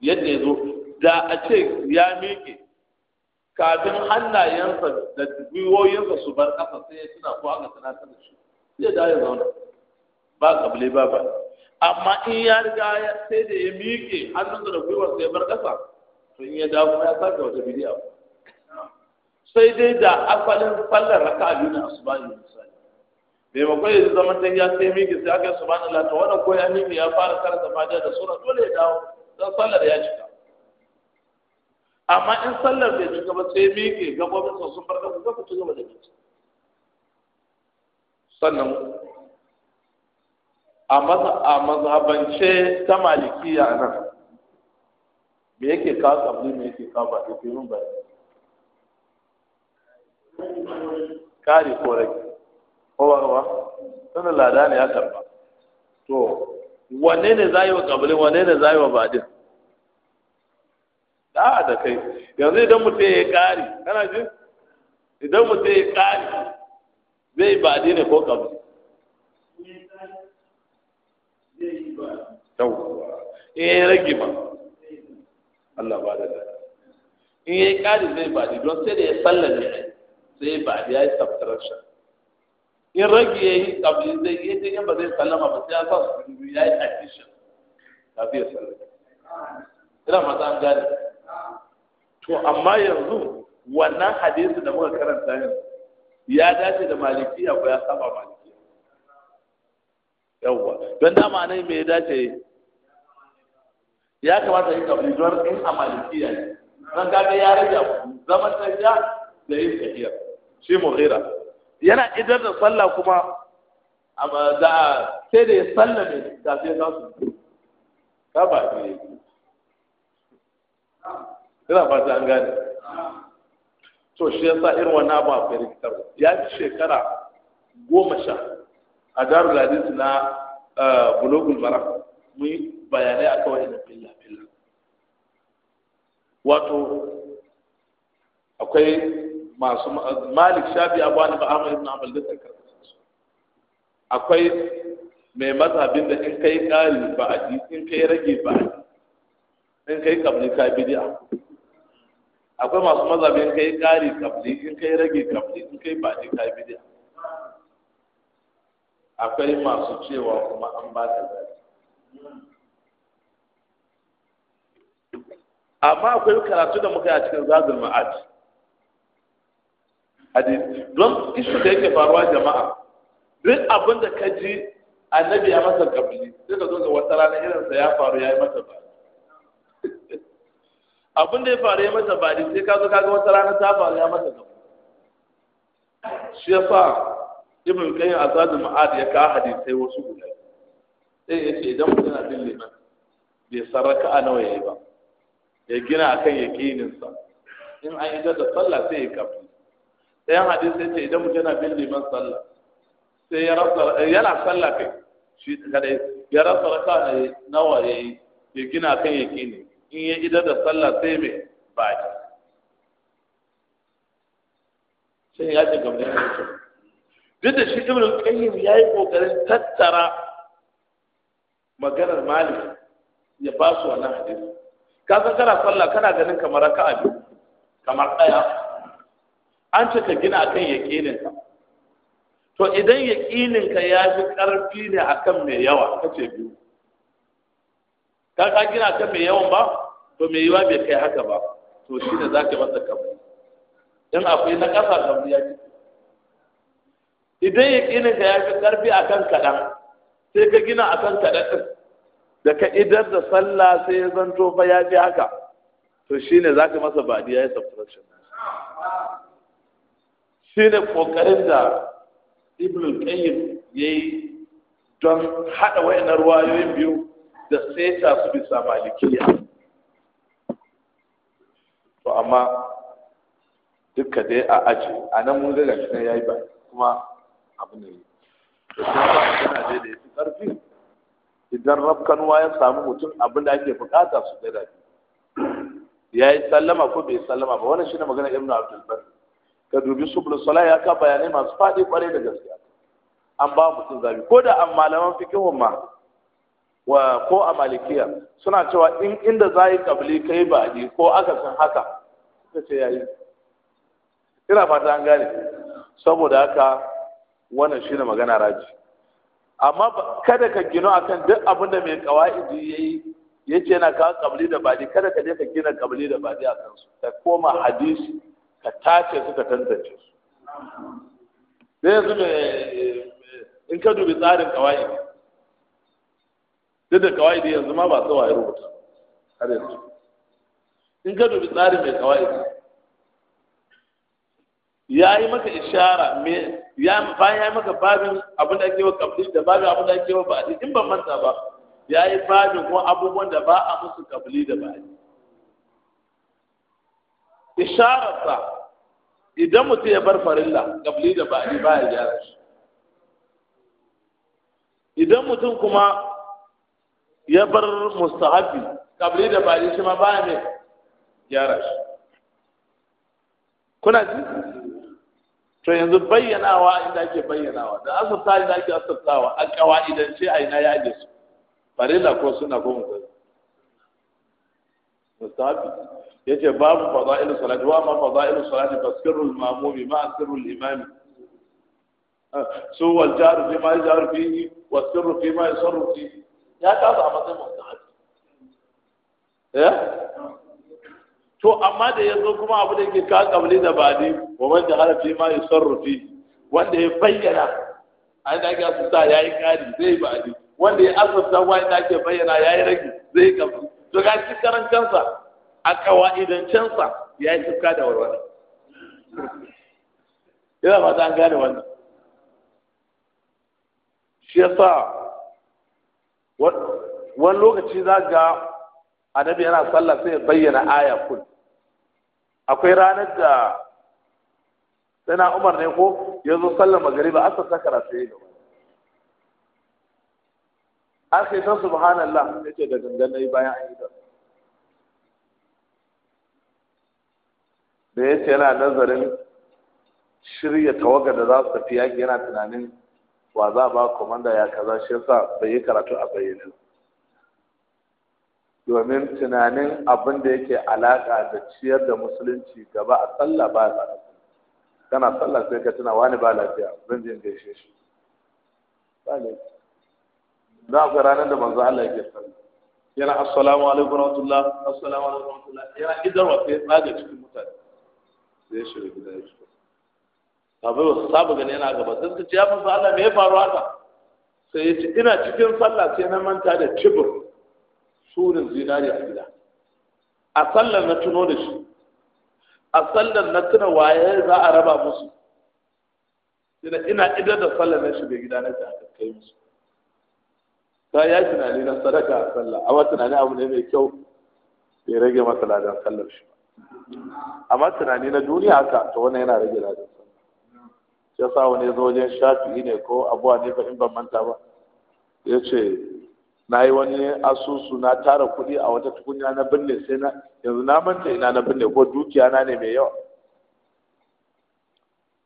yadda ya zo da a ce ya miƙe kafin hannayensa da gwiwoyinsa su bar ƙasa sai ya tuna ko aka tunatar da shi zai da ya zauna ba kabile ba ba amma in ya riga ya sai da ya miƙe hannunsa da gwiwarsa ya bar ƙasa to in ya dawo ya sake wata bidiya sai dai da akwalin fallar raka'a biyu na asuba ne misali maimakon ya zama ta ya sai miki sai aka subhanallah to wannan ko ya miki ya fara karanta fatiha da sura dole ya dawo dan sallar ya cika amma in sallar bai cika ba sai miki gabobin sa sun farka ku ku cigaba da miki sannan a mazhabance ta malikiya nan me yake kawo kabli me yake kawo ba ta fi mun bayani kare ko ko ba lada ne ya karba to wanne ne za yi wa kabali wane ne za yi wa badin da da kai yanzu idan mutum ya kari kana ji idan mutum ya kari zai badi ne ko kabali yawwa in ya rage ma Allah ba da da in ya kari zai badi don sai da ya sallar sallame sai badi ya yi subtraction in rage ya yi kafin zai yi ta yin ba zai sallama ba sai ya sa su biyu ya yi addition kafin ya sallama ina mata an gane to amma yanzu wannan hadisi da muka karanta yanzu ya dace da malikiya ko ya saba malikiya yawwa don dama nan me ya dace ya kamata yin kafin don in a malikiya ne zan gaga ya rage zaman tafiya da yin tafiyar shi mughira yana idar da sallah kuma da sai da ya sallame da sai za su ka ba ne ba ta an gane to shi ya sa irin wannan abu a firgitar ya fi shekara goma sha a darul hadis na eh, bulogul mara mun yi bayanai akan wa'annan billa billa wato akwai masu malik shafi abu hanifa ahmad ibn amal da suka akwai mai mazhabin da in kai kari ba a ji in kai rage ba a in kai kabli ka bidi'a akwai masu mazhabin in kai kari kabli in kai rage kabli in kai ba ka bidi'a akwai masu cewa kuma an ba ta zai amma akwai karatu da muka yi a cikin zazul ma'aji hadisi don isu da yake faruwa jama'a duk abin da ka ji annabi ya masa kabili sai ka zo ga wata rana irin sa ya faru ya yi masa ba abin da ya faru ya masa ba sai ka zo kaga wata rana ta faru ya masa kabili shi ya sa ibn kayyim azadu ma'ad ya ka hadisai wasu guda sai ya ce idan mutum na bin liman bai sarraka a nawa yayi ba ya gina akan yaqininsa in an yi da sallah sai ya kabili ɗayan hadisi ya ce idan mutum yana bin liman sallah sai ya rasa eh, yana sallah kai shi kadai ya rasa raka nawa ya yi ya gina kan ya ne in ya idar da sallah sai mai ci. sai ya ce gamdan ya ce duk da shi ibrahim qayyim ya yi kokarin tattara maganar malik ya ba su wannan hadisi ka san kana sallah kana ganin kamar raka'a biyu kamar ɗaya an ce ka gina akan yaƙininka to idan yaƙininka ya fi ƙarfi ne akan mai yawa ka ce biyu ka ka gina akan mai yawan ba to mai yawa bai kai haka ba to shi ne za ka masa kamar in akwai na ƙasa kabri ya ce idan yaƙininka ya fi ƙarfi akan kaɗan sai ka gina akan kaɗan ɗin da ka idar da sallah sai ya zanto fa ya fi haka to shi ne za ka masa baɗi ya subtraction shi ne ƙoƙarin da ibn qayyim ya yi don haɗa wayan ruwayoyin biyu da ta su bisa malikiya to amma duka dai a aji a nan mun ga shi ya yi ba kuma abu ne to sai ba kana dai da yafi ƙarfi idan rafkanuwa ya samu mutum abin da ake bukata su da ya yi sallama ko bai sallama ba wannan shine magana ibn abdul bar ka dubi subul sala ya ka bayanai masu faɗi kwarai da gaskiya an ba mutum zabi ko da an malaman fikihun ma wa ko a malikiya suna cewa in inda za yi kabli kai ji ko san haka suka ce yayi ina fata an gane saboda haka wannan shine magana raji amma kada ka gino akan duk abin da mai kawaidi yayi yace yana kawo kabli da baɗi kada ka je ka gina kabli da baɗi a kansu ka koma hadisi ka tace su ka tantance su sai yanzu in ka dubi tsarin kawai duk da kawai da yanzu ma ba su ya rubuta har yanzu in ka dubi tsarin mai kawai ya yi maka ishara me ya bayan ya maka babin abin da ake wa kabli da babin abin da ake wa ba in ban manta ba ya yi babin ko abubuwan da ba a musu kabli da yi ishararsa idan mutum ya bar farilla gabli da ba'di ba ya gyara shi idan mutum kuma ya bar mustahabi gabli da ba'di shi ma ba ya mai gyara shi kuna ji to yanzu bayyanawa inda ake bayyanawa da asabta inda ake asabtawa a kawaidance a ina ya aje su farilla ko suna ko mutum mustahabi yace babu fadailu salati wa ma fadailu salati fasirru al-mamumi ma sirru al-imami ah, su wal jaru fi ma jaru fihi wa sirru fi ma yusarru fihi ya kasu a matsayin mustahabi Ya? Eh? to amma da yanzu kuma abu da yake ka kabli da badi wa man da har fi ma yusarru fihi wanda ya bayyana an da ake sa yayi kari zai badi wanda ya asasa wanda ake bayyana yayi rage zai kabli to ga shi karancansa a kawa'idancansa ya yi tufka da warware ina ta an gane wannan shi yasa wani lokaci za ga annabi yana sallah sai ya bayyana aya kun akwai ranar da tana umar ne ko ya zo sallar magariba asa ta karatu ya gaba aka yi ta subhanallah ya ce da gangan na yi bayan an yi su. da ya ce yana nazarin shirya tawagar da za su tafi yaƙi yana tunanin wa za a ba komanda ya kaza shi yasa bai yi karatu a bayyana domin tunanin abin da yake alaƙa da ciyar da musulunci gaba a sallah ba a kana sallah sai ka tuna wani ba lafiya zan je gaishe shi ba lafiya za a ranar da manzo Allah yake sallah yana assalamu alaikum warahmatullah assalamu alaikum warahmatullah yana idarwa sai tsaga cikin mutane sai shirin gida ya shiga sabai wasu saba gani yana gaba sai suka ce ya manzo Allah me ya faru haka sai ya ce ina cikin sallah sai na manta da tibir surin zinari a gida a sallar na tuno da shi a sallar na tuna waye za a raba musu ina idar da sallar na shi bai gida na ta kai musu ta ya tunani na sadaka a sallah amma tunani abu ne mai kyau bai rage masa ladan sallar shi amma tunani na duniya haka to wannan yana rage ladan sallah shi yasa wani ya zo wajen shafi ne ko abuwa ne fa in ban manta ba ya ce na yi wani asusu na tara kuɗi a wata tukunya na binne sai na yanzu na manta ina na binne ko dukiya na ne mai yawa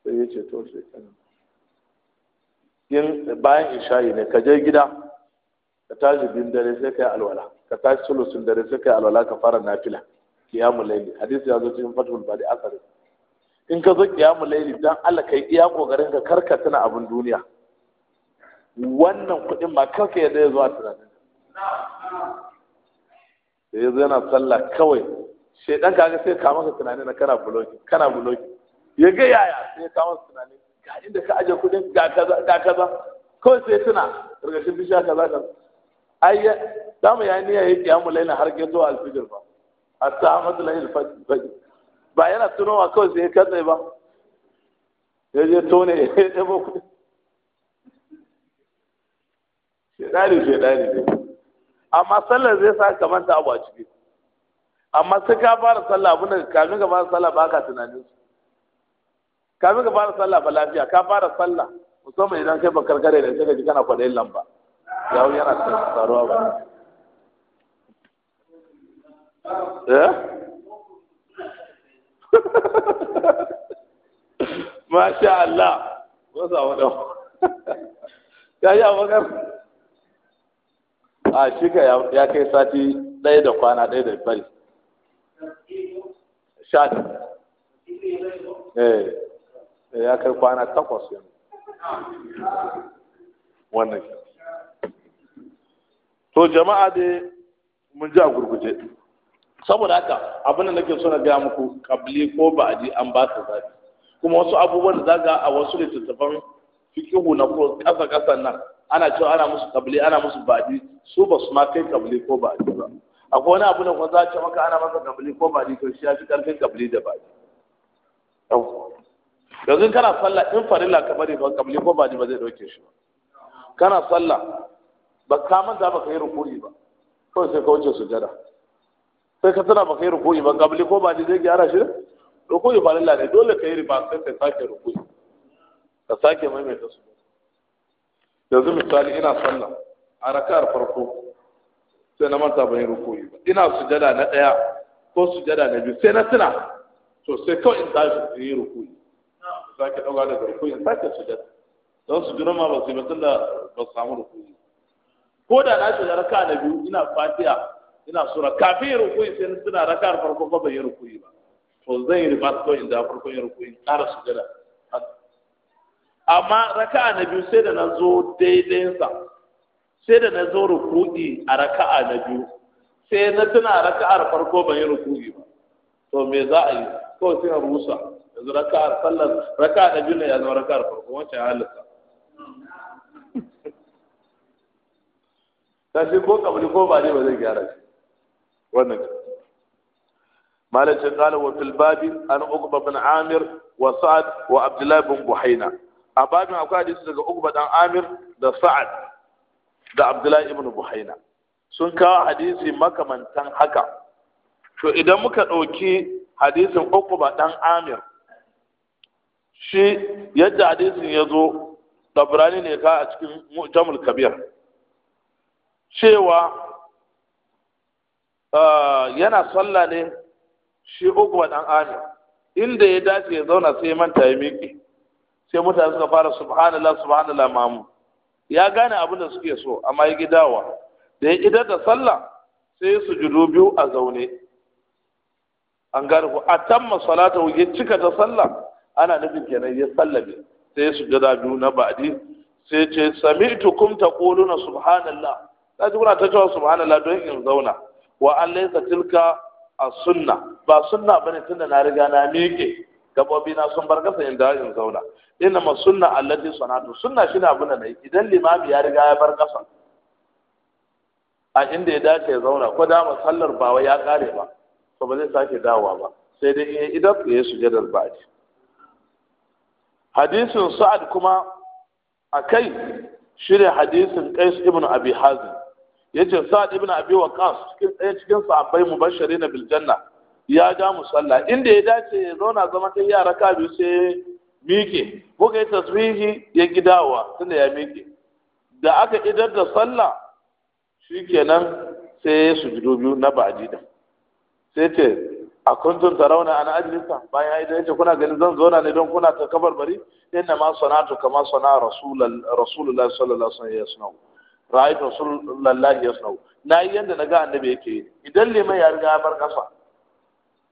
sai ya ce to sai in bayan isha'i ne ka je gida ka tashi bin dare sai ka yi alwala ka tashi sulusun dare sai ka yi alwala ka fara nafila qiyamul laili hadisi ya zo cikin fatul bari asari in ka zo qiyamul laili dan Allah kai iya kokarin ka karka tuna abin duniya wannan kuɗin ba karka ya zo a tunanin da ya yana sallah kawai shaidan kaga sai ka masa tunani na kana buloki kana buloki ya ga yaya sai ka masa tunani ga inda ka aje kuɗin ga kaza ga kaza kawai sai tuna daga bishiya kaza kaza ai za mu yi niyya ya amma laila har ke zuwa alfijir ba hatta amadu lail fajr ba yana tunowa kawai sai katse ba ya je tone ya ɗabo kuɗi shaidari shaidari ne amma sallar zai sa kamar ta abu a ciki amma sai ka fara sallah abin da kamin ka fara sallah ba ka tunanin su kamin ka fara sallah ba lafiya ka fara sallah musamman idan kai ba karkare da sai ka ji kana kwaɗayin lamba yau yana tsaro ba eh masha Allah ko sa ɗau? ya yi abokan a ah, shi ka ya kai sati ɗaya da kwana ɗaya da bari shat eh. eh ya kai kwana takwas yanzu wannan shi to jama'a da mun ji a gurguje saboda haka abin da nake so na gaya muku kabli ko ba'adi an ba ta zaɓi kuma wasu abubuwan da zaga a wasu littattafan fikihu na kasa kasan nan ana cewa ana musu kabli ana musu ba'adi su ba su ma kai kabli ko ba'adi ba akwai wani abu da kuma za a ce maka ana masa kabli ko ba'adi to shi ya fi karfin kabli da ba'adi yanzu kana sallah in farilla ka bari ba kabli ko ba'adi ba zai dauke shi ba kana sallah ba ka manta ba ka yi rukuri ba kawai sai ka wuce sujada sai ka tana ba ka yi rukuri ba gabli ko ba ni zai gyara shi rukuri ba lalla ne dole ka yi riba sai ka sake rukuri ka sake maimaita su yanzu misali ina sallah a rakar farko sai na manta ban yi rukuri ba ina sujada na ɗaya ko sujada na biyu sai na tuna to sai kawai in tashi in yi rukuri sake ɗauka daga rukuri in sake sujada don su ma ba su yi ba tunda ba su samu rukuri ko da na shiga raka na biyu ina fatiha ina sura kafin yin rukuyi sai suna raka farko ba bai yi rukuyi ba to zai riba ko inda farko yin rukuyi ƙara gada amma raka na biyu sai da na zo daidainsa sai da na zo rukuyi a raka na biyu sai na tuna a farko ban yi rukuyi ba to me za a yi ko sai a rusa yanzu raka a sallar raka na biyu ne ya zama a farko wancan ya halitta kashi ko kabli ko ba ne ba zai gyara shi wannan malakin qala wa fil babi an uqba bin amir wa sa'ad wa abdullah bin buhaina a babin akwai hadisi daga uqba dan amir da sa'ad da abdullah ibn buhaina sun kawo hadisi makamantan haka to idan muka ɗauki hadisin uqba dan amir shi yadda hadisin ya zo tabrani ne ka a cikin Jamul kabir cewa yana sallah ne shi uku wa ɗan ami inda ya dace ya zauna sai manta ya miƙe sai mutane suka fara subhanallah subhanallah mamu ya gane abin da suke so amma ya gidawa da ya idar da sallah sai su judo biyu a zaune an gane ku a tamma salatu ya cika ta sallah ana nufin kenan ya sallabe sai su jada biyu na ba'di sai ce sami'tu kum taquluna subhanallah na ji ta cewa subhanallah don in zauna wa an laisa tilka a sunna ba sunna bane tunda na riga na miƙe gabobi na sun bar kasa in in zauna inna ma sunna allati sanatu sunna shine abin da nayi idan limami ya riga ya bar a inda ya dace ya zauna ko da sallar ba wai ya kare ba to ba zai sake dawowa ba sai dai idan ya sujadar ji hadisin sa'ad kuma akai shine hadisin qais ibn abi hazim yace sa'ad ibn abi waqas cikin ɗaya cikin sahabbai na bil janna ya ja musalla inda ya dace ya zauna zama ta yara ka biyu sai miƙe ko kai tasbihi ya gidawa tunda ya miƙe da aka idar da sallah shikenan sai ya sujudu biyu na ba'di da sai ce a kuntun tarauna ana ajlisa bayan idan yace kuna ganin zan zauna ne don kuna ta kabar bari inna ma sanatu kama sana rasulullahi sallallahu alaihi wasallam ra'aytu rasulullahi yasnau nayi yanda naga annabi yake idan liman ya riga ya bar kasa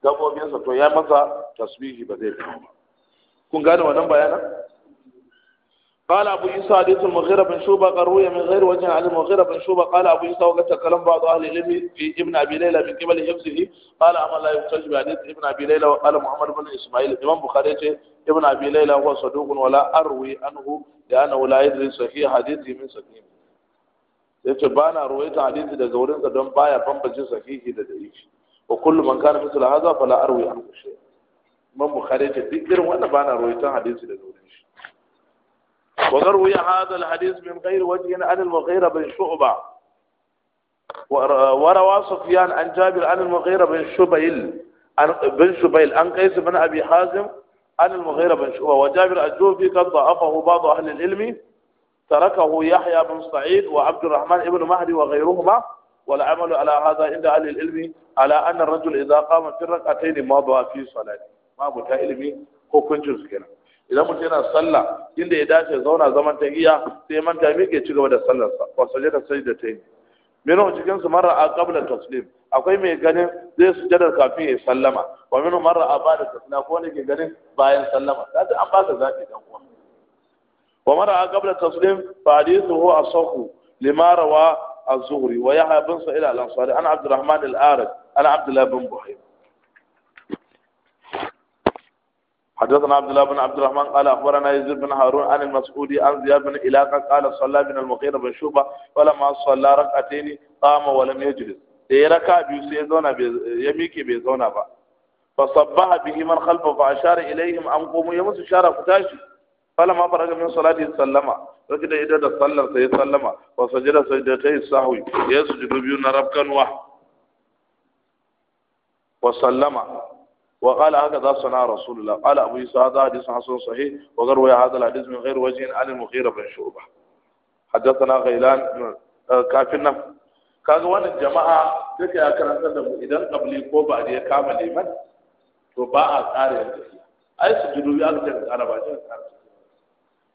gabobinsa to ya masa tasbihi ba zai kama ba kun gane wannan bayana قال أبو يسوع حديث المغيرة بن شوبة قروية من غير وجه عن المغيرة بن شوبة قال أبو يسوع وقد تكلم بعض أهل العلم في ابن أبي ليلى من قبل حفظه قال أما لا يحتج بحديث ابن أبي ليلى وقال محمد بن إسماعيل الإمام بخاري ابن أبي ليلى هو صدوق ولا أروي عنه لأنه لا يدري صحيح حديثه من صحيح sai ce ba na ruwaita hadisi daga wurinsa don baya bambance sahihi da da'ifi wa kullum an kana fitula haza fala arwi an kushe man bukhari ce duk irin wanda ba na ruwaita hadisi daga wurin shi wa garwi hadha al hadis min ghairi wajhin an al mughira bin shu'ba wa rawa sufyan an jabir an al mughira bin shubayl an bin shubayl an qais bin abi hazim an al mughira bin shu'ba wa jabir al-jufi qad da'afahu ba'd ahli al ilmi تركه يحيى بن سعيد وعبد الرحمن بن مهدي وغيرهما والعمل على هذا عند أهل العلم على أن الرجل إذا قام في الركعتين مضى في صلاته ما بتا علمي ko kuncin su kenan idan mutum yana sallah inda ya dace zauna zaman ta iya, sai manta miƙe ci gaba da sallarsa wa sallata sajda ta yi minhu cikin su marra a qabla taslim akwai mai ganin zai su sujada kafin ya sallama wa minhu marra a ba da taslim ko ne ke ganin bayan sallama kaga an baka zaki dan ومن رأى قبل التسليم فحديثه أصح لما روى الزهري ويحيى بن سعيد الأنصاري أنا عبد الرحمن الآرد أنا عبد الله بن بحير حدثنا عبد الله بن عبد الرحمن قال اخبرنا يزيد بن هارون عن المسعودي عن زياد بن علاقه قال صلى بن المغيره بن شوبه ولما صلى ركعتين قام ولم يجلس اي ركع بيو سي زونا يميكي بي زونا با فصبح به من خلفه فاشار اليهم ان قوموا يمس اشاره فتاشي فلما فرغ من صلاته سلم ركد إذا دا صلى سي سلم وسجد سجدتي السهو يسجد بيون ربكا واحد وسلم وقال هكذا صنع رسول الله قال أبو يسا هذا حديث حسن صحيح وقروي هذا الحديث من غير وجه عن المغيرة بن شعبة حدثنا غيلان كافرنا kaga wannan jama'a take ya karanta da mu idan kabli ko ba ya kama liman to ba a tsare tafiya ai su judu ya ga tsara ba ce tsara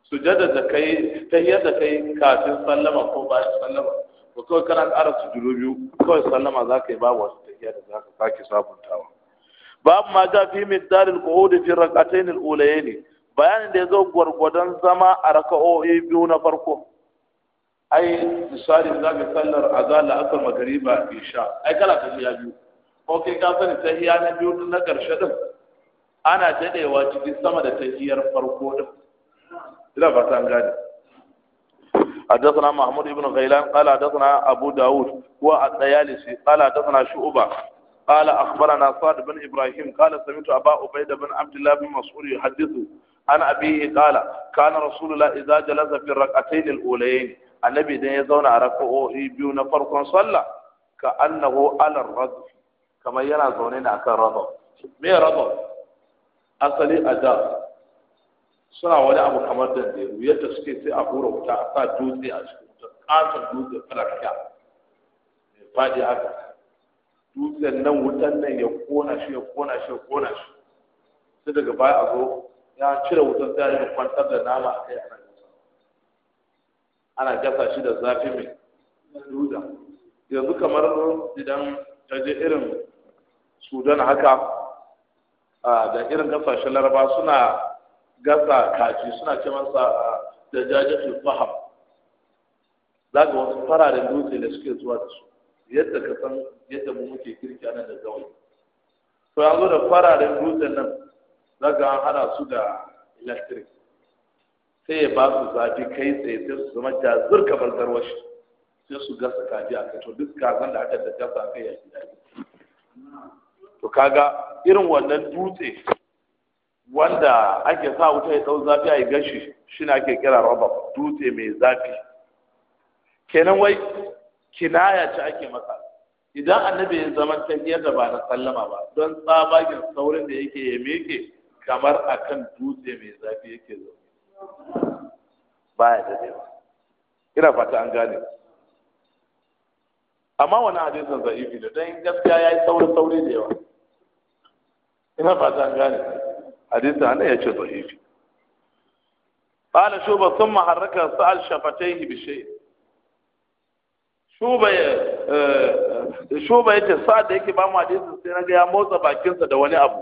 sujada da kai tahiyyar da kai kafin sallama ko bayan sallama ko kawai kana su sujudu biyu kawai sallama za ka yi babu wasu tahiyya da za ka sake sabuntawa babu ma da fi miqdaril qu'ud fi rak'atayn al-ulayayn bayanin da yazo gwargwadon zama a raka'o'i biyu na farko ai misali za ka sallar azala asar magariba isha ai kana ya biyu ko kai ka sani tahiyya biyu na ƙarshe din ana dadewa cikin sama da tahiyyar farko din ina fata an gane حدثنا محمود بن غيلان قال حدثنا أبو داود هو الديالسي قال حدثنا شعبة قال أخبرنا صاد بن إبراهيم قال سمعت أبا عبيد بن عبد الله بن مسعود يحدثه عن أبيه قال كان رسول الله إذا جلس في الركعتين الأولين النبي دين يزون أركعه يبيون فرقا صلى كأنه على الرضف كما ينا زونين أكا رضا ما رضا أصلي أداء suna wani abu kamar da zero yadda suke sai a hura wuta a sa dutse a cikin wuta katon dutse falakka mai faɗi haka dutsen nan wutan nan ya kona shi ya kona shi ya kona shi sai daga baya a zo ya cire wutan ta yi kwantar da nama a kai ana gasa ana gasa shi da zafi mai dutsen yanzu kamar idan ta je irin sudan haka da irin kasashen laraba suna gasa kaji suna ce masa ah, da su faham za ga wasu fararen dutse da suke zuwa da su yadda ka san yadda mu muke kirki anan da gawayi to yanzu zo da fararen dutsen nan za ga an hana su da electric sai ya ba su zafi kai tsaye sai su zama jazir kamar garwashi sai su gasa kaji a kai to duk kazan da aka da gasa a kai ya ji daɗi. to kaga irin wannan dutse wanda ake sa wuta ya ɗau zafi a yi gashi shi ne ake kira rabar dutse mai zafi kenan wai kinaya ce ake masa idan annabi ya zama tafiyar yadda ba na sallama ba don tsabagen saurin da yake ya meke kamar akan dutse mai zafi yake zo baya da ba. ina fata an gane amma wani hadisin za'ifi ne don gaskiya ya yi saurin sauri da yawa ina fata an gane hadisin ana ya ce da'ifi qala shuba thumma harraka sa'al shafatayhi bi shay shuba shuba yace sa da yake ba mu hadisin sai naga ya motsa bakinsa da wani abu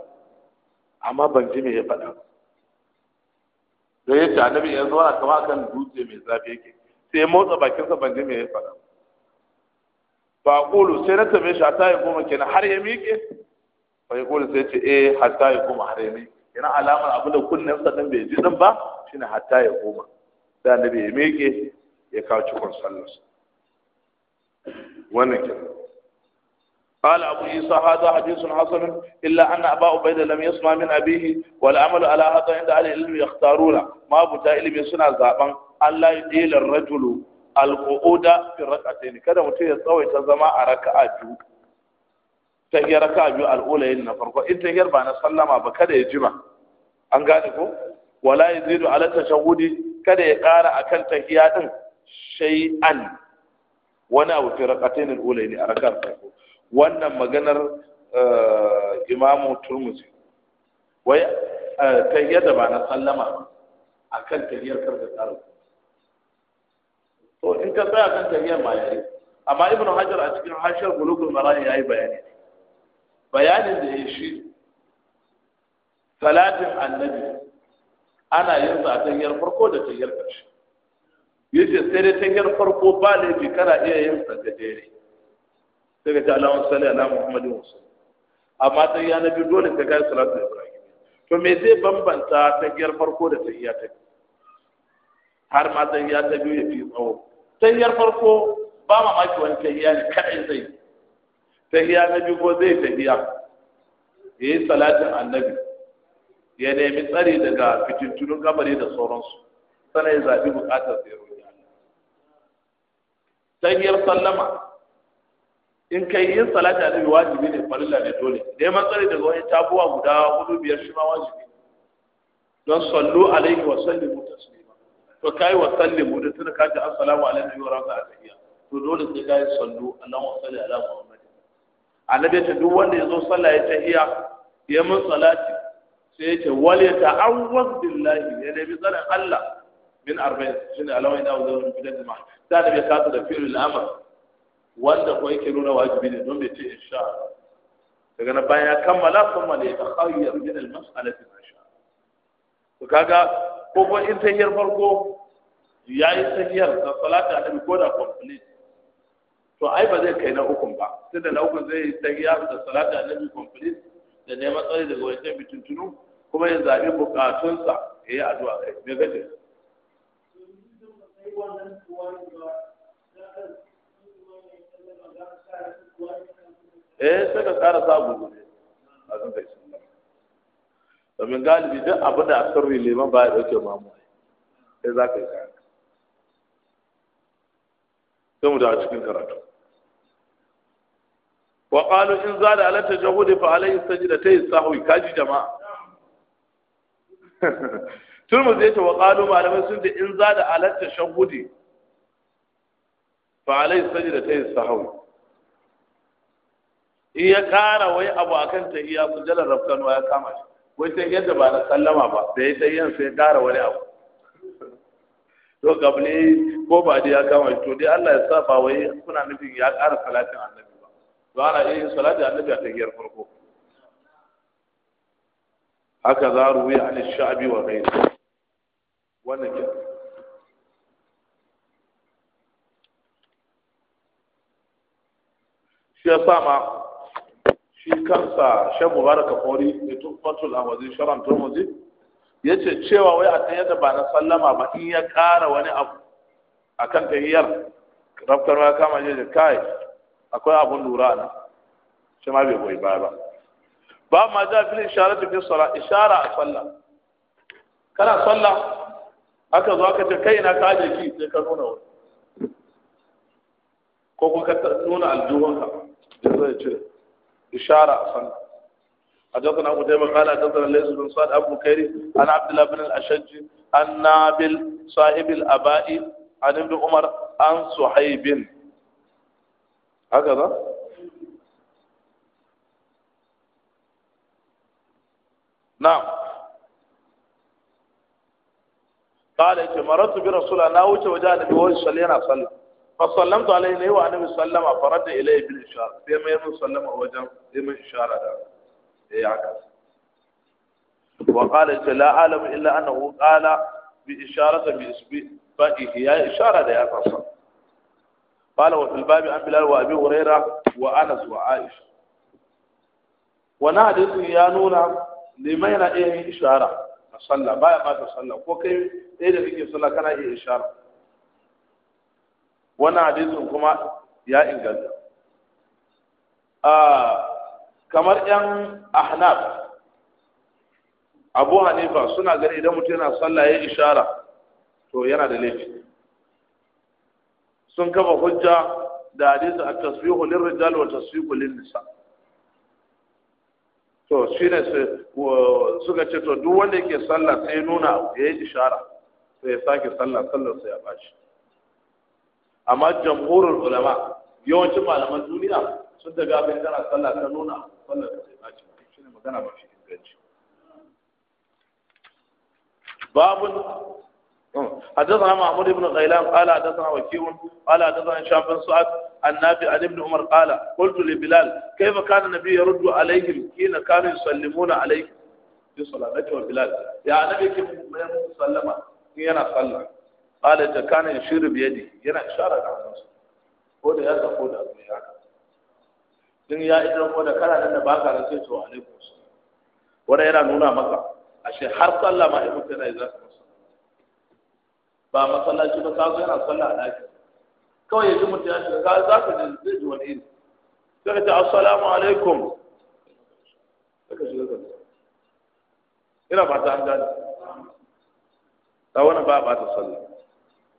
amma ban ji me ya faɗa da yace annabi ya zo kama kan dutse mai zafi yake sai ya motsa bakinsa ban ji me ya faɗa fa qulu sai na tambaye shi a kenan har ya miƙe ce ya har ya miƙe Yana alamar abu da kunnen sa din bai ji din ba shine hatta ya koma da na ya meke ya kawo cikon sallar wannan ke قال أبو عيسى هذا حديث حسن إلا أن أبا عبيد لم يسمع من أبيه والعمل على هذا عند أهل العلم يختارون ما بتا ilimi suna zaben Allah ya dela rajulu al-qu'uda fi rak'atayn kada mutum ya tsawaita zama a raka'a biyu tahiyar ka biyu al'ula yin na farko in tahiyar ba na sallama ba kada ya jima an gane ko wala yazidu ala tashahudi kada ya ƙara akan tahiya din shay'an wani abu fi raqatain al'ula ne a rakar farko wannan maganar eh, imamu turmuzi wai eh, tahiyar da ba na sallama akan tahiyar karka tsaro to in ka tsaya kan tahiyar ma yayi amma ibnu hajar a cikin hashar bulugul marani yayi bayani bayanin da ya shi salatin annabi ana yin sa a tanyar farko da tanyar ƙarshe yace sai dai tanyar farko ba laifi kana iya yin sa da dare sai ka ta Allahumma salli ala Muhammadin wasu amma ta ya biyu dole ka kai salatu da Ibrahim to me zai bambanta tanyar farko da tanyar ta har ma tanyar ta biyu ya fi tsawo tanyar farko ba mamaki wani tanyar ne kaɗai zai yi tahiya na biyu ko zai tahiya ya yi salatin annabi ya nemi tsari daga fitintunun kamari da sauransu sana ya zaɓi buƙatar sai roƙi tahiyar sallama in kai yin salatin annabi wajibi ne farilla ne dole neman tsari daga wani tabuwa guda hudu biyar shi ma wajibi don sallu alaihi wa sallimu taslima to kai wa sallimu da tunaka ta assalamu alaihi wa rahmatullahi to dole sai kai sallu Allahumma salli ala Muhammad annabi ta duk wanda ya zo sallah ya tahiya ya mun salati sai ya ce wal ya ta'awwaz billahi ya nabi tsarin Allah min arba'in shine alawai da wanda min da jama'a da da ya kasu da fi'il al-amr wanda ko yake nuna wajibi ne don bai ce insha daga na bayan ya kammala kuma ne ya khayya min al-mas'alati insha sha to kaga ko ko in tahiyar farko yayi tahiyar da salati annabi ko da complete to ai ba zai kai na ukun ba sai da na ukun zai ta giya da salatu annabi complete da neman tsari daga wajen tuntunu, kuma ya zaɓi buƙatunsa ya yi addu'a kai me gaje eh sai ka ƙara sa gudu a zan kai domin galibi duk abu da sirri liman ba ya ɗauke mamu sai za ka yi kayan sai mu da cikin karatu wa qalu in zada ala tajahudi fa alayhi sajdatayn sahwi kaji jama'a Tun zai ce wa qalu malamai sun ce in zada ala tajahudi fa alayhi sajdatayn sahwi in ya kara wai abu akan tahiyya mujallar wa ya kama shi wai sai yadda ba na sallama ba da ya tayyan sai kara wani abu to gabli ko ba ya kama shi to dai Allah ya sa ba wai kuna nufin ya kara salatin annabi don ana iya yin salati annabi a tahiyar farko haka za a rubi ruwiya an sha'abi wa ghairi wannan ke shi ya sa ma shi kansa shan mubaraka kori da tufatul awazi sharan turmuzi ya ce cewa wai a tsaye da ba na sallama ba in ya ƙara wani abu a kan tahiyar rafkar ma kama je da kai akwai abun lura nan shi ma bai goyi baya ba ba ma za fil isharatu fi salat ishara a sallah kana sallah aka zo aka ce kai na ka ki sai ka nuna wani ko kuma ka nuna aljuhunka sai zai ce ishara a sallah حدثنا أبو قال حدثنا ليس بن صاد أبو بكير عن عبد الله بن الأشج عن صاحب الأباء عن ابن عمر عن صحيب haka ba na kala yake maratu bi rasula na wuce waje da bi wani sallai yana sallai fa sallamtu alayhi ne wa annabi sallama farada ilayhi bil ishara sai mun sallama wajen sai mun ishara da eh haka wa qala ta la alamu illa annahu qala bi isharatin bi isbi fa ishara da ya fasa قال وفي الباب عن بلال وابي هريره وانس وعائشه وانا حديث يا نونا لما ينا ايه اشاره صلى بايا ما صلى ko kai dai da kike sallah kana iya ishara wannan hadisin kuma ya inganta kamar yan ahnaf abu hanifa suna gani idan mutum yana sallah ya ishara to yana da laifi sun kafa hujja da hadisi at-tasfihu lirrijal wa tasfihu lin-nisa to shine suka ce to duk wanda yake sallah sai nuna ya yi ishara sai ya sake sallah sallar sai ya bashi amma jamhurul ulama yawancin malaman duniya sun daga bin tana sallah ta nuna sallar ta sai bashi shine magana ba shi inganci babun حدثنا محمود بن غيلان قال حدثنا وكيع قال حدثنا هشام بن سعد عن نافع عن ابن عمر قال قلت لبلال كيف كان النبي يرد عليهم حين كانوا يسلمون عليه في صلاته بلال يا نبي كيف سلم yana sallah qala ta kana yashiru bi yadi yana ishara da hannunsa ko da ya zafo da abu ya ya idan ko da kana nan da baka nan sai to alaikum salam wanda yana nuna maka ashe har sallah ma ibn tana idan ba masallaci ba ka zo yana sallah a daki kawai yanzu mutum ya shiga za ka ji zai ji wani iri sai ce assalamu alaikum sai shiga kanta ina ba ta an gane ta wani ba ba ta sallah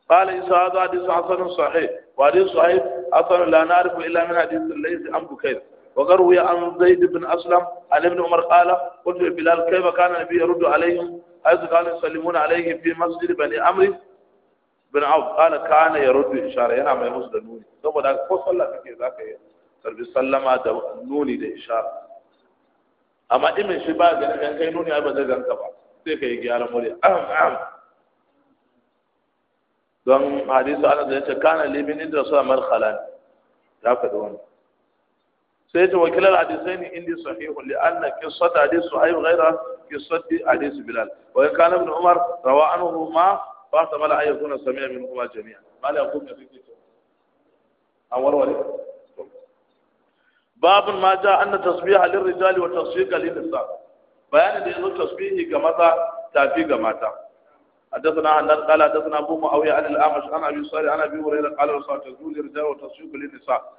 قال إن هذا حديث حسن صحيح وحديث صحيح اثر لا نعرف إلا من حديث الليث عن بكير وقروا يا عن زيد بن أسلم عن ابن عمر قال قلت لبلال كيف كان النبي يرد عليهم حيث كانوا يسلمون عليه في مسجد بني عمرو bin auf kana kana ya rudu ishara yana mai musu da nuni saboda ko sallah kake zaka yi karbi sallama da nuni da ishara amma imin shi ba ganin kan kai nuni ai ba zai ganka ba sai kai gyaran mure am am don hadisu ana da yace kana libin inda rasul markhalan ya faɗi wannan sai ta wakilar hadisai ne indi sahihu li anna qissat hadisu ay ghayra qissat hadisu bilal wa kana ibn umar rawa anhu ma فاحتمل أن يكون سميع منهما جميعا ما لا يقول نبي أول ولي باب ما جاء أن تصبيح للرجال وتصفيق للنساء بيان أن يزول تسبيحي كما تافي كمتا حدثنا عن قال حدثنا ابو معاويه عن الاعمش عن ابي صالح عن ابي هريره قال رسول الله تزول للرجال وتصفيق للنساء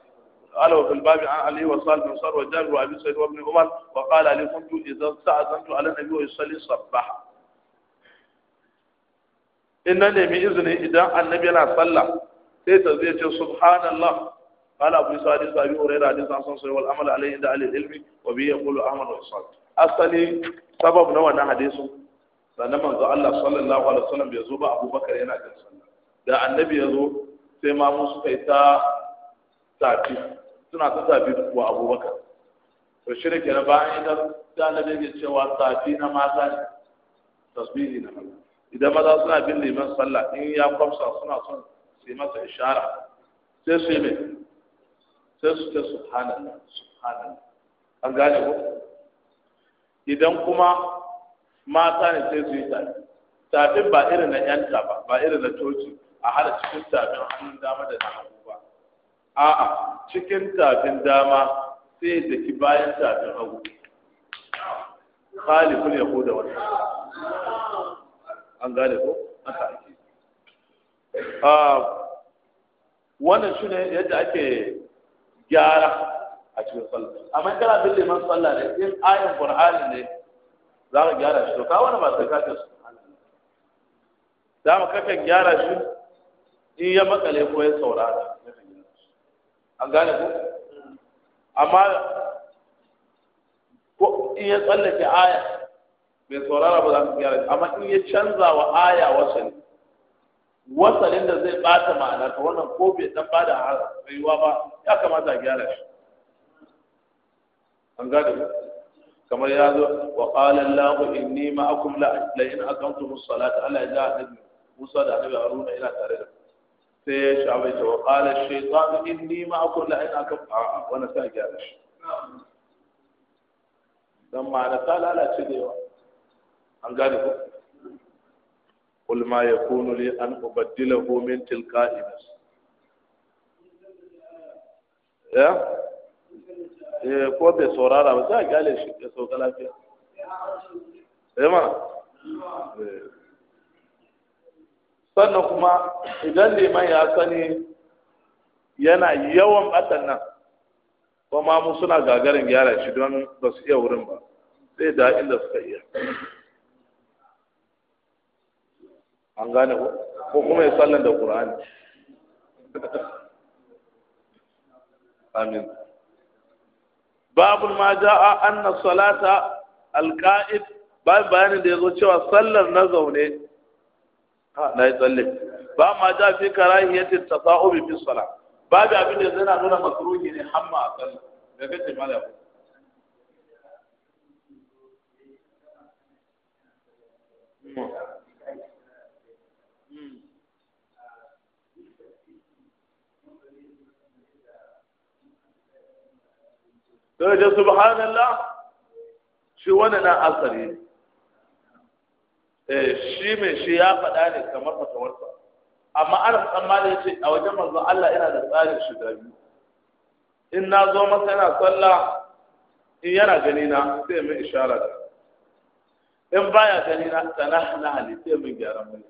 قال وفي الباب عن علي وصال بن صار وجابر وابي سعيد وابن عمر وقال علي كنت اذا استاذنت على النبي ويصلي صباحا in na nemi izini idan annabi yana sallah sai ta zai ce subhanallah قال ابو سعيد ابي هريره حديث عن صلى الله عليه عليه عند اهل العلم وبه يقول احمد وصال sabab سبب na ده حديث sannan manzo Allah sallallahu alaihi wasallam bai zo ba Abubakar yana jin sallah da annabi ya zo sai ma mu suka yi ta tafi suna ta tafi wa Abubakar to shirke na bayan idan da annabi ya cewa tafi na mata tasbihi na mata idan maza suna bin liman sallah in ya kwamsa suna son su yi masa ishara sai su yi mai sai su ce subhanallah subhanallah an gane ko idan kuma mata ne sai su yi tafi tafin ba irin na yanta ba ba irin na coci a hada cikin tafin hannun dama da na hagu ba a'a cikin tafin dama sai da ki bayan tafin hagu ya yahuda wannan an gane ko haka ake ah, wannan shi ne yadda ake gyara a cikin sallah amma kana bille man sallah ne in ayin qur'ani ne za ka gyara shi to ka wani ba sai ka ta za mu kakan gyara shi in ya makale ko ya saurara an gane ko amma ko in ya tsallake aya bai saurara ba za su gyara amma in ya canza wa aya wasali wasalin da zai bata ma'ana ta wannan ko bai dan bada rayuwa ba ya kamata a gyara shi an gane ku kamar ya zo wa qala allah inni ma'akum la la in aqamtum as-salata ala ja'a musa da annabi haruna ina tare da sai ya shabai ta wa qala ash-shaytan inni ma'akum la in aqam a wannan sai gyara shi dan ma'ana ta lalace da yawa an gane ku قل ma يكون لي أن أبدله من تلقاء نفسي ya eh, ko bai saurara ba za gale gane shi ya sauka lafiya ya eh, ma sannan kuma idan liman ya sani yana yawan batan nan kuma mu suna gagarin gyara shi don ba su iya wurin ba sai da inda suka iya an gane ko ko kuma ya sallan da qur'ani amin babul ma jaa anna salata alqa'id ba bayanin da yazo cewa sallar na zaune ha na yi tsalle ba ma ja fi karahiyatin tasa'ubi fi salat babu abin da yana nuna makruhi ne hamma a sallah da kace mala Thank you. Hmm. sai ce subhanallah shi wani na asali eh, shi mai shi ya faɗa ne kamar fatawarsa amma ana tsammani ya ce a wajen manzo Allah yana da tsarin shiga biyu in na zo masa yana sallah in yana gani na sai min ishara da in baya gani na sana na hali sai min gyara murya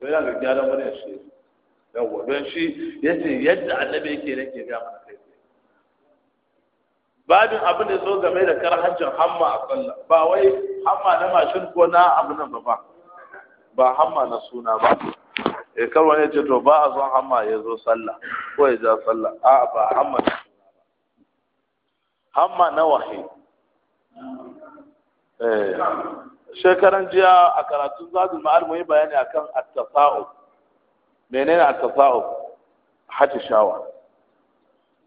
to yana ga gyaran murya shi yawwa don shi yace yadda annabi yake nake ga babin abin da zo game da hajjin hamma a sallah ba wai hamma na mashin ko na abu nan ba ba ba hamma na suna ba e kar wani ce to ba a son hamma ya zo sallah ko ya ja sallah a ba hamma na hamma na wahi eh, shekaran jiya a karatun zadul ma'al mai yi bayani akan at menene at-tasa'ub shawara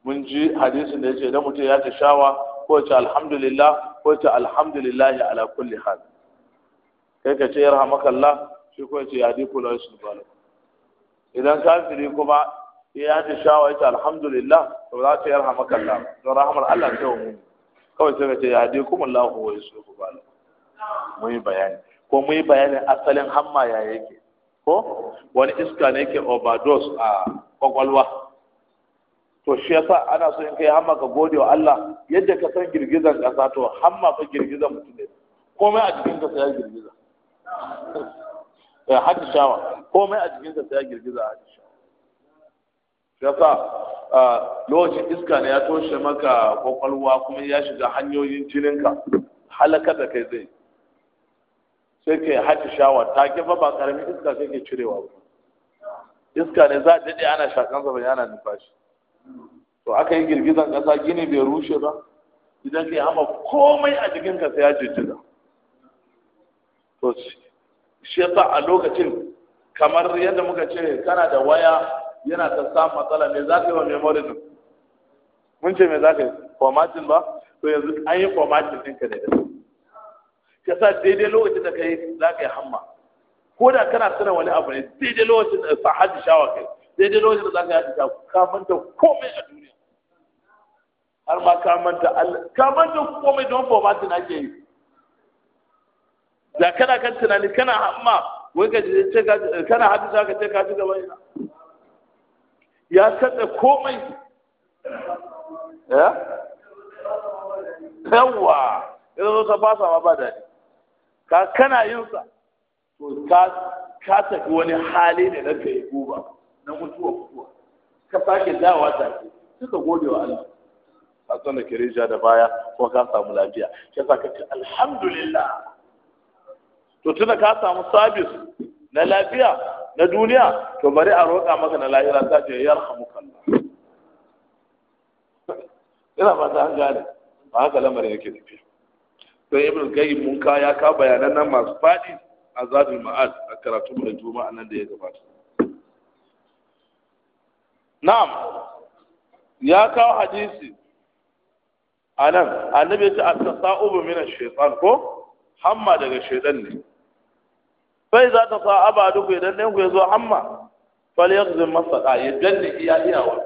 mun ji hadisin da yace idan mutum ya ta shawa ko ce alhamdulillah ko ce alhamdulillah ala kulli hal kai ka ce yarhamakallah shi ko ce yadiku la yusbal idan kafiri kuma ya ta shawa yace alhamdulillah to za ta yarhamakallah don rahmar Allah ta mu kawai sai ka ce Allah wa yusbal mu yi bayani ko muyi yi bayanin asalin hamma ya yake ko wani iska ne yake overdose a kwakwalwa to shi yasa ana so in kai hamma ka gode wa Allah yadda ka san girgizan kasa to hamma fa girgizan mutum ne komai a jikin ka sai girgiza eh hadi shawa komai a jikin ka sai girgiza hadi shawa shi yasa lokacin iska ne ya toshe maka kwakwalwa kuma ya shiga hanyoyin jinin ka. halaka da kai zai sai kai hadi shawa ta kifa ba karamin iska sai ke cirewa ba iska ne za a daɗe ana shakansa ba yana nufashi to aka yi girgizar kasa gini bai rushe ba idan kai hama komai a jikinka sai ya jijjiga to shi yasa a lokacin kamar yadda muka ce kana da waya yana ta samun matsala me za ka yi wa memory din mun ce me za ka yi formatin ba to yanzu an yi formatin ɗinka ne da ka sa daidai lokacin da ka yi za ka yi hamma ko da kana tsira wani abu ne daidai lokacin da sa hajji shawa kai sai dai lokacin da za ka yaɗa ka manta komai a duniya har ma ka manta Allah ka manta komai don ba ma tana ke yi da kana kan tunani kana amma wai ka ce kana za ka ce ka ci gaba ina ya kada komai ya yawa idan zo ta fasa ma ba daɗi ka kana yin sa to ka tafi wani hali ne na kai guba na mutuwa mutuwa ka sake dawa ce suka gode wa Allah a ke rija da baya ko ka samu lafiya shi yasa kace alhamdulillah to tunda ka samu sabis na lafiya na duniya to bari a roƙa maka na lahira ta ce kalla. ina ba ta gane ba haka lamarin yake tafiya sai ibn qayyim mun ka ya ka bayanan nan masu fadi a zadul ma'ad a karatu da juma'a nan da ya gabata na'am ya kawo hadisi a nan annabi ya ce a tasa'ubu mina ko hamma daga shaitan ne sai za ta sa aba duk idan ɗan ku ya zo hamma fal ya zuzin masa ɗa ya danne iya iyawa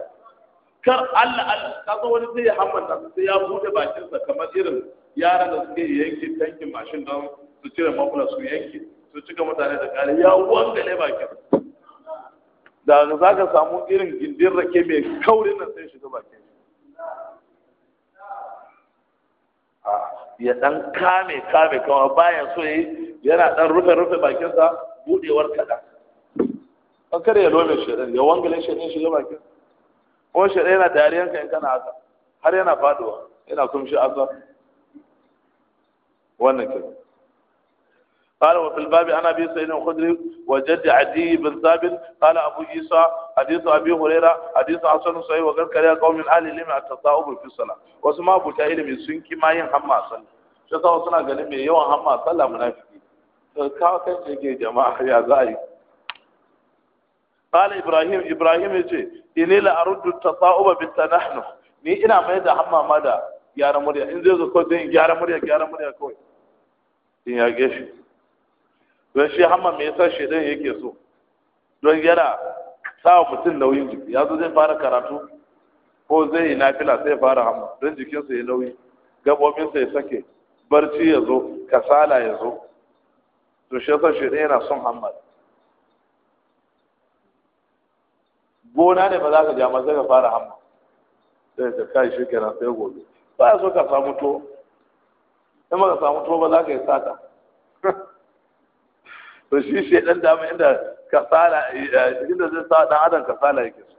kar allah allah ka zo wani zai hamma ta sai ya buɗe bakinsa kamar irin yaran da suke yanke tankin mashin don su cire mafula su yanke su cika mutane da kare ya wangale bakin da za ka samu irin gindin rake mai kaurin nan sai shiga bakin ya dan kame kame kawai bayan so yi yana dan rufe rufe sa budewar kaɗan an kare ya lome shaɗan ya wangale shaɗan shiga bakin ko shaɗan yana dariyan ka in kana haka har yana faduwa yana kumshi azar wannan kenan قال وفي الباب انا ابي سعيد الخدري وجد عدي بن ثابت قال ابو عيسى حديث ابي هريره حديث حسن صحيح وقال كان قوم من اهل العلم التطاوب في الصلاه وسمع ابو تعالى من سنكي ما yin hamma sallah shi sa suna لي mai yawan صلى sallah munafiki to kawo جماعه يا زاي قال ابراهيم ابراهيم يجي اني لا ارد التصاوب بالتنحنح ني انا ما da hamma ماذا يا gyara murya in zai zo يا zai gyara murya gyara murya kawai in ya don shi Hama mai yasa shi ɗin yake so don yana sa wa mutum nauyin jiki ya zo zai fara karatu ko zai yi nafila sai fara hamma don jikinsa ya nauyi gaɓoɓinsa ya sake barci ya zo kasala ya zo to shi yasa shi yana son hamma gona ne ba za ka jama ma sai ka fara hamma sai ka kai shi kenan sai gobe ba ya so ka samu to in ba ka samu to ba za ka yi sata to shi shedan da mu inda kasala inda zai sa dan adam kasala yake so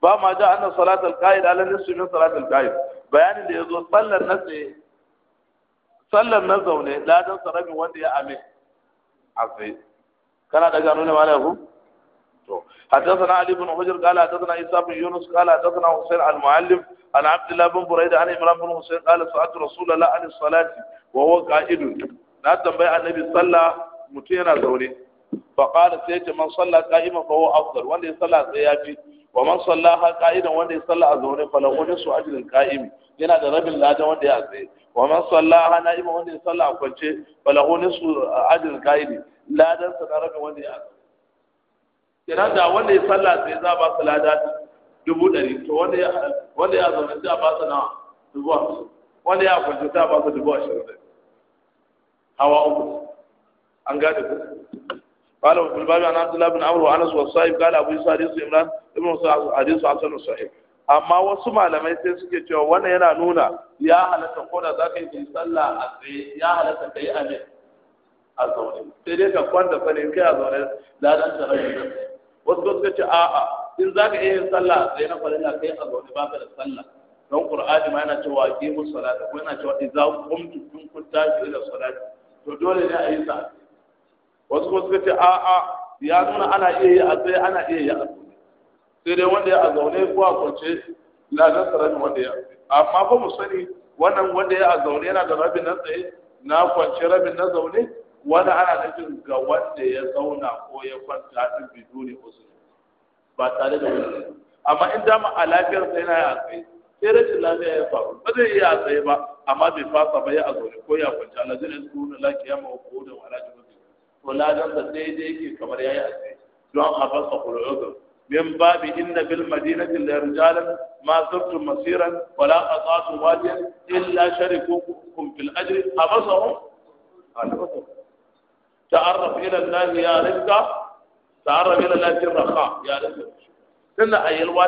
ba ma ja anna salatul qa'id ala nisfi min salatul qa'id bayanin da yazo sallar nasi sallar na zaune ladan sarabin wanda ya ame a kana daga nuna mala ku to حدثنا علي بن حجر قال حدثنا عيسى بن يونس قال حدثنا حسين المعلم عن عبد الله بن بريده عن عمران بن حسين قال سألت رسول الله عن الصلاه وهو قائد لا تنبئ النبي صلى mutum yana zaune fa qala sai ce man salla qa'iman fa huwa afdal wanda ya salla sai ya fi wa man ha qa'idan wanda ya salla a zaune fa lahu nisu ajrin qa'imi yana da rabin ladan wanda ya tsaye wa man ha na'ima wanda ya salla a kwance fa lahu nisu ajrin qa'idi ladan sa da rabin wanda ya tsaye kenan da wanda ya salla sai za ba su lada dubu ɗari to wanda ya wanda ya zaune sai a ba su nawa dubu hamsin wanda ya kwance sai a ba su dubu ashirin hawa uku an gane ku قال ابو الباب عن عبد الله بن عمرو وانس والصائب قال ابو يوسف حديث عمران ابن حديث حسن صحيح amma wasu malamai sai suke cewa wannan yana nuna ya halatta ko da za ka yi sallah a tsaye ya halatta ka yi amin a zaune sai dai ka kwanta ne kai a zaune da dan tsara da wasu suka ce a'a in za ka yi sallah a tsaye na farilla kai a zaune ba ka da sallah don qur'ani ma yana cewa aqimus salata ko yana cewa idza qumtu kun tashi ila salati to dole ne a yi sallah wasu kuma suka ce a'a ya nuna ana iya yi a tsaye ana iya yi a tsaye. sai dai wanda ya a zaune ko a kwance na ladan sarari wanda ya amma ba mu sani wannan wanda ya a zaune yana da rabin na tsaye na kwance rabin na zaune wanda ana nufin ga wanda ya zauna ko ya kwanta ne ko su ba tare da wani amma in dama a lafiyar sai na ya tsaye sai rashin lafiya ya faru ba zai iya a tsaye ba amma bai fasa ba ya a zaune ko ya kwanta lajinin su na lafiya ma ko da wala to ladan da daidai yake kamar yayi azumi don habasa qul'ud min babi inna bil madinati la rijalan ma zurtu masiran wa la qata'tu wadiyan illa sharikukum fil ajri habasahum habasahum ta'arraf ila Allah ya rizqa ta'arraf ila Allah fi raha ya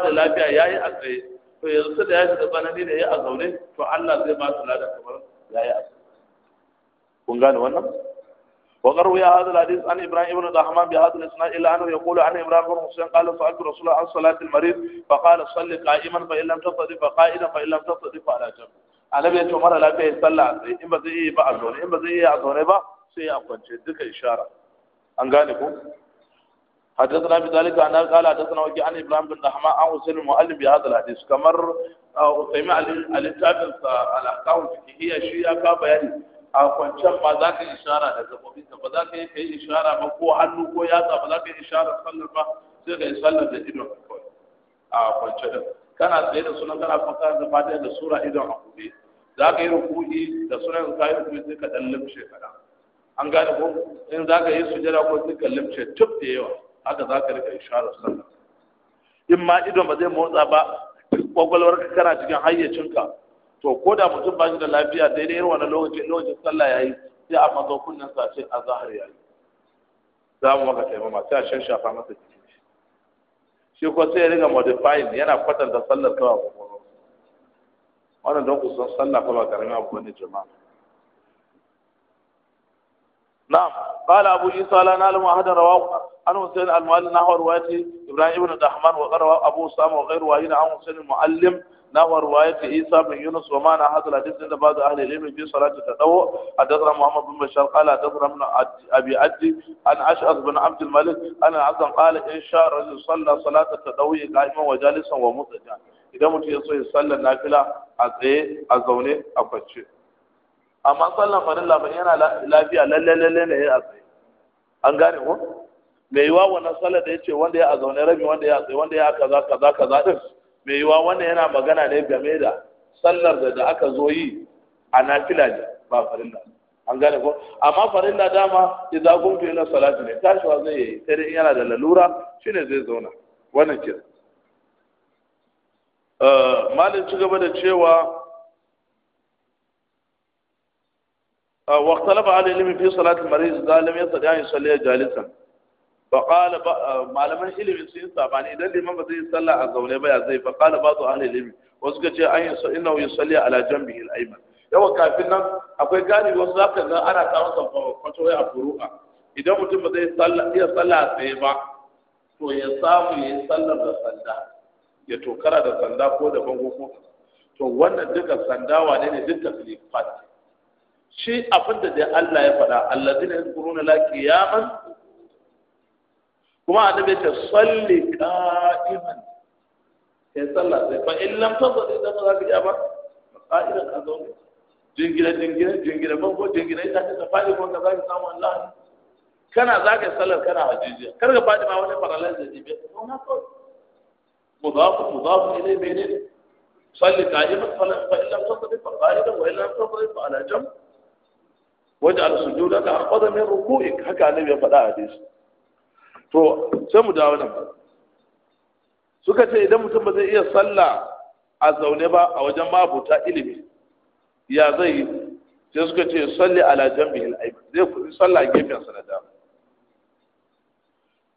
da lafiya yayi azumi to yanzu da ya shiga tsanani da ya a zaune to Allah zai ba su ladan kamar yayi azumi kun gane wannan وقروا هذا الحديث عن ابراهيم بن الرحمن بهذا الاسناد الا انه يقول عن عمران بن حسين قال سالت رسول الله عن صلاه المريض فقال صل قائما فان لم تصل فقائدا فان لم تصل فعلى جنب annabi ya ce mara lafiya ya sallah a tsaye in ba zai iya ba a zaune in ba zai iya a zaune ba حدثنا بذلك أن قال حدثنا وكي عن إبراهيم بن رحمة عن حسين المؤلف بهذا الحديث كمر آه، او أسيمة الإنتاج الأحكام آه، الفقهية شيئا يعني a kwancen ba za ka ishara da gabobinka ba za ka yi ka yi ishara ba ko hannu ko yatsa ba za ka yi ishara sallar ba sai ka yi sallar da idon a kwance din kana tsaye da sunan kana faka da fata da sura idon a kuɗi za ka yi rukuɗi da sunan ka yi rukuɗi sai ka ɗan lumshe kaɗan an gane ko in za ka yi sujada ko sai ka lumshe tuf da yawa haka za ka rika ishara sallar in ma idon ba zai motsa ba ka kana cikin hayyacinka to ko da mutum ba shi da lafiya daidai irin wani lokaci lokacin sallah yayi sai a mazo kunnen sa ce a zahar yi. za mu maka taimama sai a shafa masa jiki shi ko sai ya riga modifying yana kwatanta sallar kawai kwakwalwa wannan don san sallah ko ba karamin abu ne jama'a na'am qala abu isa la na'lamu ahada rawa an husayn al-mu'allim nahwa riwayati ibrahim ibn dahman wa qara abu usama wa ghayru wa an husayn al-mu'allim نحو رواية عيسى بن يونس ومعنى هذا الحديث عند بعض أهل العلم في صلاة التطوع حدثنا محمد بن بشار قال حدثنا ابن أبي عدي عن أشعث بن عبد الملك أن عبدا قال إن شاء رجل صلى صلاة التطوع قائما وجالسا ومضجعا idan mutum ya so ya sallar nafila a tsaye a zaune a kwance amma sallar farilla ba yana lafiya lalle lalle ne ya tsaye an gane ko mai yiwa wannan sallar da ya ce wanda ya a zaune rabi wanda ya tsaye wanda ya kaza kaza kaza din mai yiwa wannan yana magana ne game da sallar da aka zo yi a nafila ne ba farilla an gane ko amma farilla dama idza kuntu ila salati ne wa zai yi sai dai yana da lalura shine zai zauna wannan ke eh, malin ci gaba da cewa ah, waqtalaba على العلم في صلاة المريض إذا da يستطع أن يصلي جالسا فقال malaman ilimin sun sabani idan liman ba zai sallah a zaune ba ya zai fa ba su ahli ilmi wasu ka ce ayin sa innahu yusalli ala janbihi al-ayman yawa kafin nan akwai gani wasu zaka ga ana kawo sa kwato ya furu'a idan mutum ba zai sallah iya sallah tsaye ba to ya samu ya yi sallar da sanda ya tokara da sanda ko da bango ko to wannan duka sanda wane ne duk taklifat shi abinda da Allah ya faɗa Allah allazina yadkuruna la qiyaman kuma a dabe ta tsalli qa'iman ya tsalla sai fa in lam zai da za ka ba qa'ida ka zo jingina jingina jingina ban ko jingina ita ce ta fadi ko ka za ka samu Allah kana za ka sallar kana hajijiya kar ka fadi ma wani paralysis da jibe ko na ko mudaf mudaf ilai bai ne salli qa'iman fa in lam zai fa qa'ida wa in lam tazali fa ala jamb waj'al sujudaka aqda min ruku'ik haka annabi ya faɗa hadisi to sai mu dawo nan suka ce idan mutum ba zai iya sallah a zaune ba a wajen mabuta ilimi ya zai yi sai suka ce salli ala jambihi al zai kuɗi sallah a gefen sa na da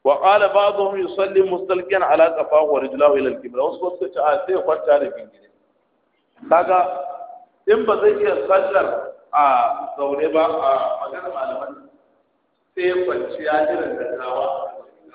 wa qala ba'dhum yusalli mustalqiyan ala qafahu wa rijlahu ila al-qibla wasu suka ce a ah, sai kwanta da bingire kaga in ba zai iya sallar a zaune ba a maganar malaman sai kwanciya jiran gaggawa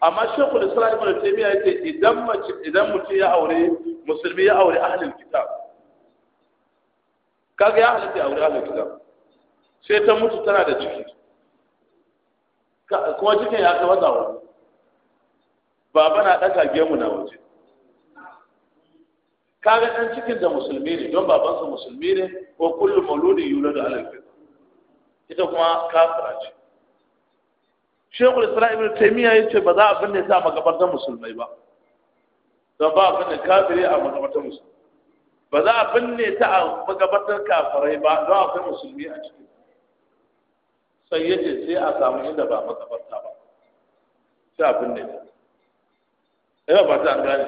amma shekul islam ibn taymiya yace idan mace idan mutum ya aure musulmi ya aure ahlul kitab kaga ya halatta aure ahlul kitab sai ta mutu tana da ciki kuma cikin ya kai wata baba na ɗaga gemu na waje kaga ɗan cikin da musulmi ne don babansa musulmi ne ko kullum mauludin da alal kitab ita kuma kafira ce shekul islam ibn ya ce ba za a binne ta a makabartar musulmai ba don ba a binne kafiri a makabartar musulmai ba za a binne ta a makabartar kafirai ba don kai musulmi a ciki sai yace sai a samu inda ba makabarta ba sai a binne ta yawa ba ta gane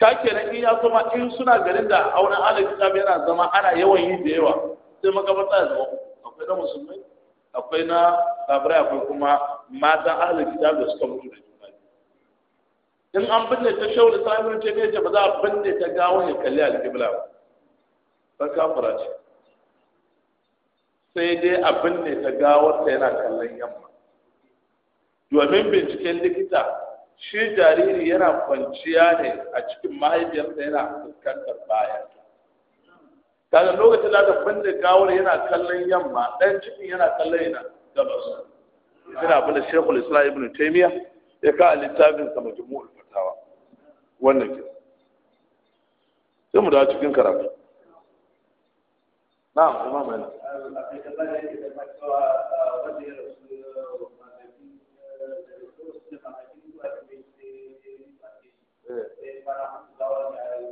ka kenan in ya kuma in suna garin da auren alaƙi yana zama ana yawan yi da yawa sai makabarta ya zama akwai na musulmai akwai na kafirai akwai kuma matan ahalin kitab da suka mutu da juna in an binne ta shau da samun ce ne ba za a binne ta gawo ya kalli alƙibla ba ta kafira ce sai dai a binne ta gawar ta yana kallon yamma domin binciken likita shi jariri yana kwanciya ne a cikin mahaifiyarsa yana fuskantar bayan kaga lokacin da aka binne gawar yana kallon yamma dan cikin yana kallon yana gabas ina abin da shekul islam ibn taymiya ya ka a littafin sa majmu'ul fatawa wannan ke sai mu da cikin karatu na'am kuma mai Yeah.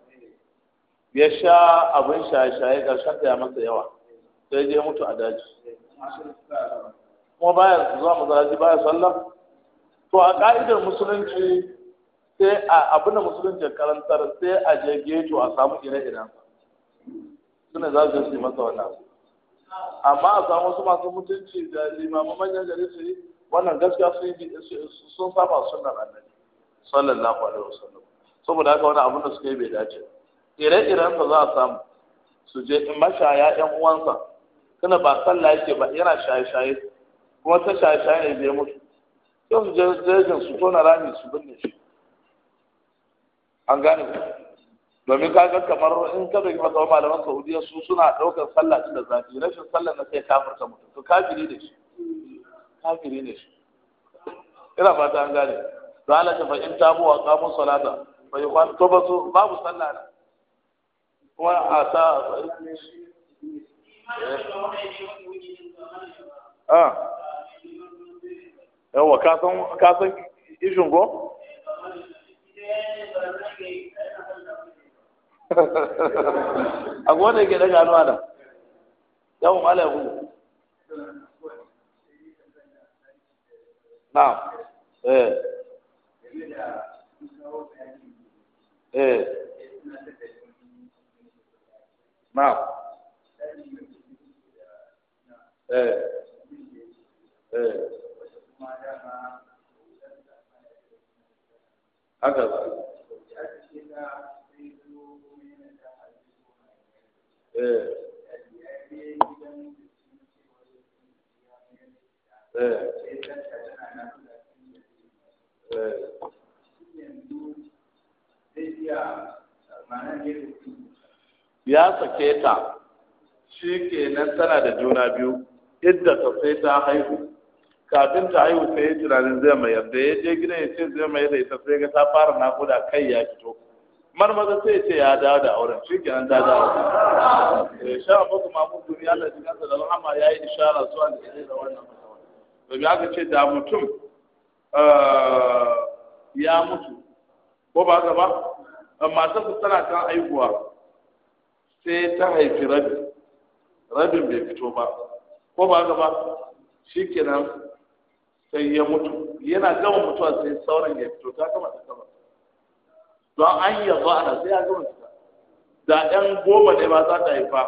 ya sha abin shaye-shaye ga shafi ya masa yawa sai je mutu a daji kuma baya zuwa masallaci baya sallah to a ka'idar musulunci sai a abin da musulunci karantar sai a je geto a samu ire-iren suna za su yi masa wannan amma a samu wasu masu mutunci da limaman manyan gari su yi wannan gaskiya su yi sun saba sunan annabi sallallahu alaihi wasallam saboda haka wani abin da suka yi bai dace ire-irensa za a samu su je mashaya yan uwansa tana ba sallah yake ba yana shaye-shaye kuma ta shaye-shaye ne zai mutu sai su je jejin su tona rami su binne shi an gane ku domin kaga kamar in ka bai masa malaman saudiya su suna ɗaukar sallah din da zafi rashin sallah na sai kafirta mutum to kafiri ne shi kafiri ne shi ina fata an gane to Allah ta fa in tabu wa qamu salata fa yuqan to su babu sallah kuma a sa a yawa kasan ishin ko? ke daga hannu adam na eh, eh. na'am eh eh haka ba eh eh eh zai ya sake ta shi ke nan tana da juna biyu idda ta sai ta haihu kafin ta haihu sai ya tunanin zai mayar da ya je gidan ya ce zai mayar da ita sai ga ta fara nakuda kai ya fito marmaza sai ce ya dawo da auren shi ke nan ta dawo da eh, sha abu kuma mun duniya da jikin sa da rahama ya yi isharar zuwa da zai da wannan to ya ga ce da mutum eh, ya mutu ko ba haka ba eh, matarsa tana kan haihuwa. sai ta haifi rabin rabin bai fito ba ko ba haka ba kenan sai ya mutu yana gama mutuwa sai sauran ya fito ta gama ta gama don an yi ana sai ya gama ta da 'yan goma ne ba za ta haifa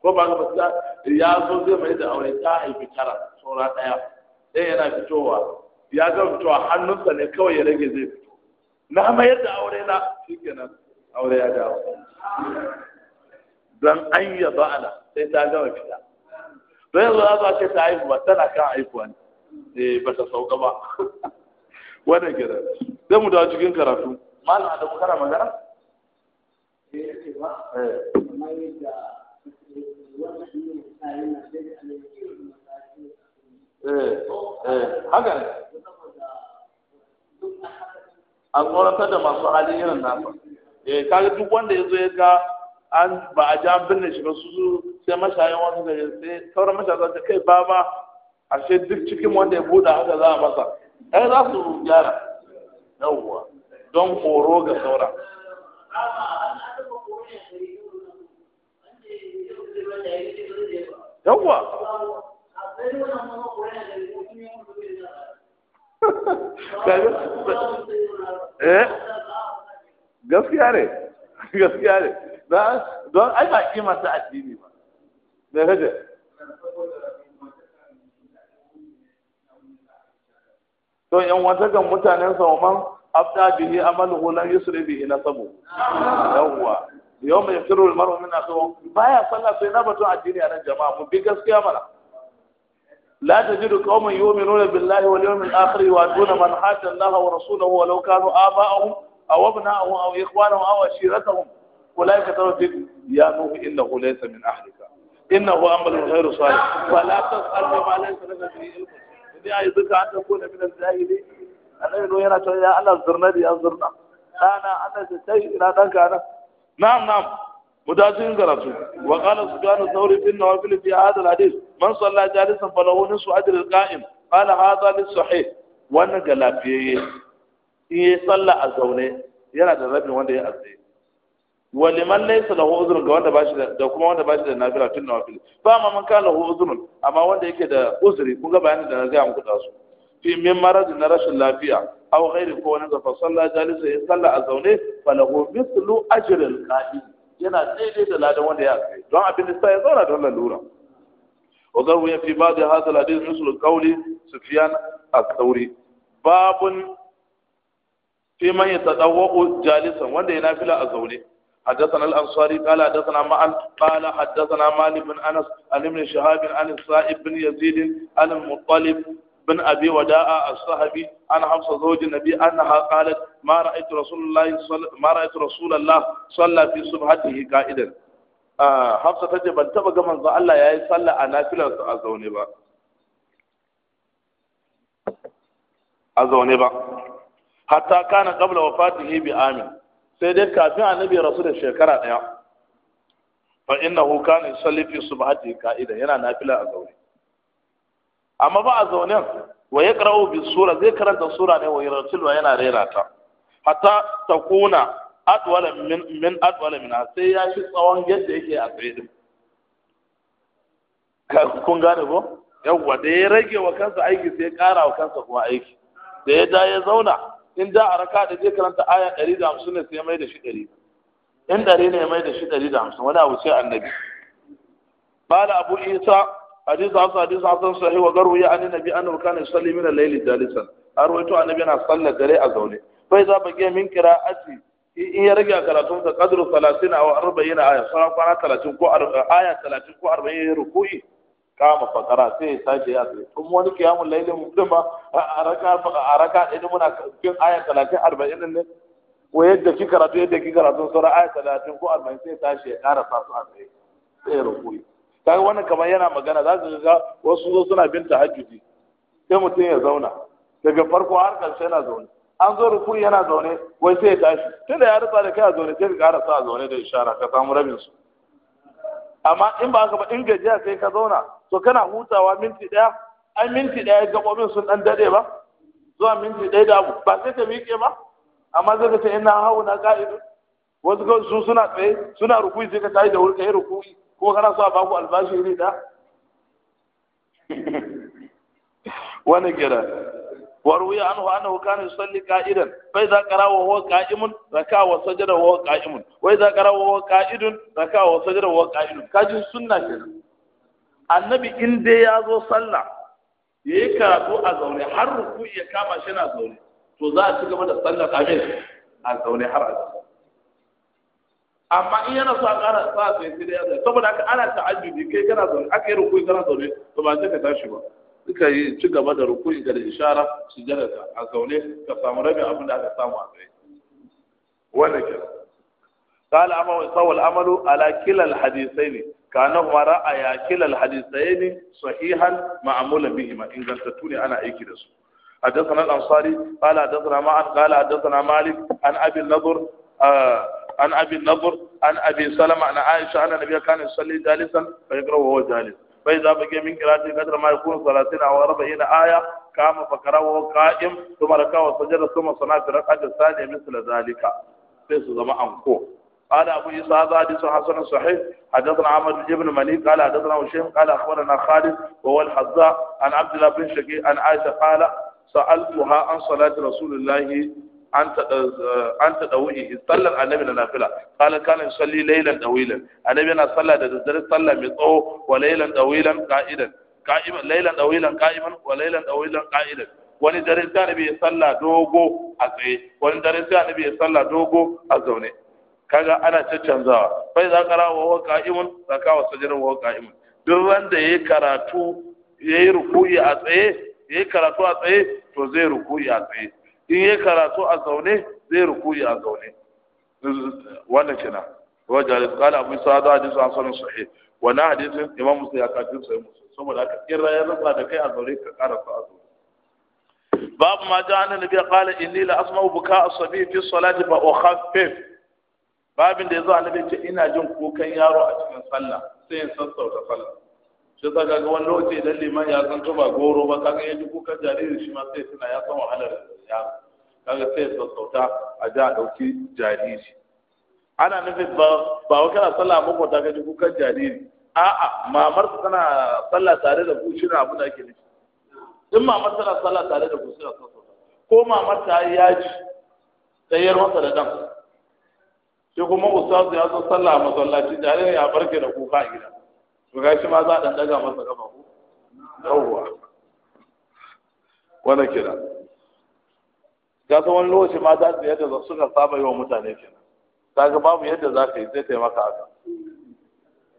ko ba gaba ba ya zo zai mai da aure ta haifi tara saura ɗaya sai yana fitowa ya gama fitowa hannunsa ne kawai ya rage zai fito na mayar da aure na shi kenan aure ya dawo don an yi ana sai ta gama fita don yanzu za su ce ta haihu ba tana kan haihuwa ne eh, ba ta sauka ba wannan gida zai mu dawo cikin karatu malam eh, eh. da kara magana haka ne a E, da masu hali irin nasa kaga duk wanda ya zo ya ga an ba a ji an binne shi ba su sai mashayin wani da sai sauran mashaya da kai ba ba a ce duk cikin wanda ya buɗe haka za a masa ai eh, za su gyara yawwa don horo ga sauran yawwa eh? gaskiya ne gaskiya ne don ai ba kimar ta addini ba da to yan wata kan mutanen sauman abda bihi amaluhu lan yusri bihi nasabu yawwa yau mai firu min baya sallah sai na batun addini a nan jama'a mu bi gaskiya mana لا تجد قوما يؤمنون بالله واليوم الآخر يوادون من حاد الله ورسوله ولو كانوا آباءهم أو أبناءهم أو إخوانهم أو عشيرتهم أولئك ترى يا نوح إنه ليس من أهلك إنه أمر غير صالح فلا تسأل ما ليس لك به علم إني أعظك أن تكون من الجاهلين أنا إنه هنا يا أنا أنظرنا لي أنظرنا أنا أنا شيء إلى ذاك أنا نعم نعم مدازين قرأتوا وقال سبحان الثوري في النوافل في هذا الحديث من صلى جالسا فله نصف أجر القائم قال هذا للصحيح وأنا قال في إيه, إيه، صلى أزوني يلا ربي وأنا يأذي waliman laysa lahu uzrun ga wanda bashi da kuma wanda bashi da nafila tun nawafil ba amma man kana lahu uzrun amma wanda yake da uzuri kun ga bayanin da na amku da su fi min maradin na rashin lafiya aw ghairi ko wani zafa salla jalisa ya salla a zaune fa lahu mithlu ajrin qa'im yana daidai da ladan wanda ya kai don abin da sai ya zauna don lalura wa garu ya fi ba'd hadha al-hadith misl qawli sufyan al-thawri babun fi man yatadawwa jalisan wanda ya fila a zaune حدثنا الأنصاري قال حدثنا معن قال حدثنا مالك بن أنس عن ابن شهاب عن السائب بن يزيد عن المطلب بن أبي وداء الصحابي عن حفصة زوج النبي أنها قالت ما رأيت رسول الله صل... ما رأيت رسول الله صلى في صبحته قائدا آه حفصة تجي بن تبقى من الله يا صلى أنا كلا أزوني با أزوني با حتى كان قبل وفاته بآمن sai dai kafin annabi ya rasu da shekara ɗaya fa innahu kana yusalli fi subhati qa'ida yana nafila a zaune amma ba a zaune wa yaqra'u bi sura zai karanta sura ne wa yartilu yana rera ta hatta takuna atwala min min atwala sai ya shi tsawon yadda yake a tsaye din kun gane ko yawwa da ya rage wa kansa aiki sai ya kara wa kansa kuma aiki da ya da ya zauna in da a raka da zai karanta aya ɗari da hamsin ne sai ya mai da shi ɗari in ɗari ne mai da shi ɗari da hamsin wani abu sai annabi bala abu isa hadisi hasu hadisi hasu sahih wa garu ya ani nabi annahu kana yusalli min al-layli jalisan arwaito annabi yana sallar dare a zaune za ba baqiya min kira aji? in ya rage karatun sa qadru 30 aw 40 aya sana kwana 30 ko aya 30 ko 40 ruku'i kama fakara sai ya sace ya tsaye Kuma wani kiyamun laifin mutum ba a raka ɗaya muna bin aya talatin arba'in ne ko yadda ki karatu yadda ki karatu sauran aya talatin ko arba'in sai tashi ya ƙara sa su a tsaye sai ya rukuri kaga wannan kamar yana magana za su ga wasu zo suna bin tahajjudi sai mutum ya zauna daga farko har ƙarshe yana zaune an zo rukuri yana zaune wai sai ya tashi tunda ya rufa da kai a zaune sai ka ƙara sa a zaune da ishara ka samu rabin su amma in ba ka ba in gajiya sai ka zauna to kana hutawa minti daya ai minti daya min sun dan dade ba zuwa minti daya da ba sai ta miƙe ba amma zaka ta ina hawo na qa'idu wasu ga su suna tsaye suna rukui sai ka tayi da wurka yi rukui ko kana so a ba ku albashi ne da wani gida waruwi an hu an hu kana yusalli qa'idan fa idza qara'a wa huwa qa'imun raka wa sajada wa huwa qa'imun wa idza qara'a wa huwa qa'idun raka wa sajada wa huwa qa'imun kaji sunna kenan annabi in dai ya zo sallah ya yi karatu a zaune har ruku ya kama shi na zaune to za a ci gaba da sallah amin a zaune har a zaune amma in yana so a ƙara sa sai sai da yaza saboda aka ana ta'ajjudi kai kana zaune aka yi ruku kana zaune to ba ka tashi ba suka yi ci gaba da ruku da ishara su jarata a zaune ka samu rabin abin da aka samu a tsaye wannan kenan قال أما سوى الأمل على كلا الحديثين kana kuma ra'aya kilal hadithaini sahihan ma'amulan bihima ingantattu ne ana aiki da su حدثنا الأنصاري قال حدثنا معن قال حدثنا مالك عن أبي النضر آه عن أبي النضر عن أبي سلمة عن عائشة أن النبي كان يصلي جالسا فيقرأ وهو جالس فإذا بقي من قراءته قدر ما يكون ثلاثين أو أربعين آية قام فقرأ وهو قائم ثم ركع وسجد ثم صنع في الركعة الثانية مثل ذلك فيس زمان أنكو قال أبو عيسى هذا حديث حسن صحيح حدثنا عمر بن مليك قال حدثنا هشام قال أخبرنا خالد وهو الحذاء عن عبد الله بن شقيق عن عائشة قال سألتها عن صلاة رسول الله an ta ɗau'i sallar annabi na nafila kala kana salli laylan dawilan annabi yana sallah da daddare sallah mai wa laylan dawilan qa'idan qa'iman laylan wa laylan wani dare sai annabi ya sallah dogo a tsaye wani dare sai annabi ya sallah dogo a zaune kaga ana canzawa. fa za kara wa wa ka'imun zaka wa sajada wa ka'imun duk wanda yayi karatu yayi ruku'i a tsaye yayi karatu a tsaye to zai ruku'i a tsaye in yayi karatu a zaune zai ruku'i a zaune wannan kenan wajen qala abu sa'ad hadith an sunan sahih na hadisin imam muslim ya kafin sahih musu? saboda haka in rayar rufa da kai a zaune ka karatu a zaune باب ما جاء النبي قال اني لا اسمع بكاء الصبي في الصلاه فاخفف babin da yazo annabi ce ina jin kukan yaro a cikin sallah sai in sassauta sallah shi ta ga wani lokaci idan liman ya san ba goro ba kaga ya ji kukan jariri shi ma sai suna ya san wahalar ya kaga sai sassauta a ji a dauki jariri ana nufin ba ba wa kana sallah ba ko ta ga ji kukan jariri a'a mamar tana sallah tare da ku shi abu da ake nufi in mamar tana sallah tare da ku suna sassauta ko mamar ta yi yaji tsayar masa da dan shi kuma ustazu ya zo sallah masallaci jaririn ya barke da kuka a gida to ga shi ma za a dan daga masa gaba ko yawwa wani kira ga ta wani lokaci ma za su yadda suka saba yi wa mutane kenan ta babu yadda za ka yi sai taimaka haka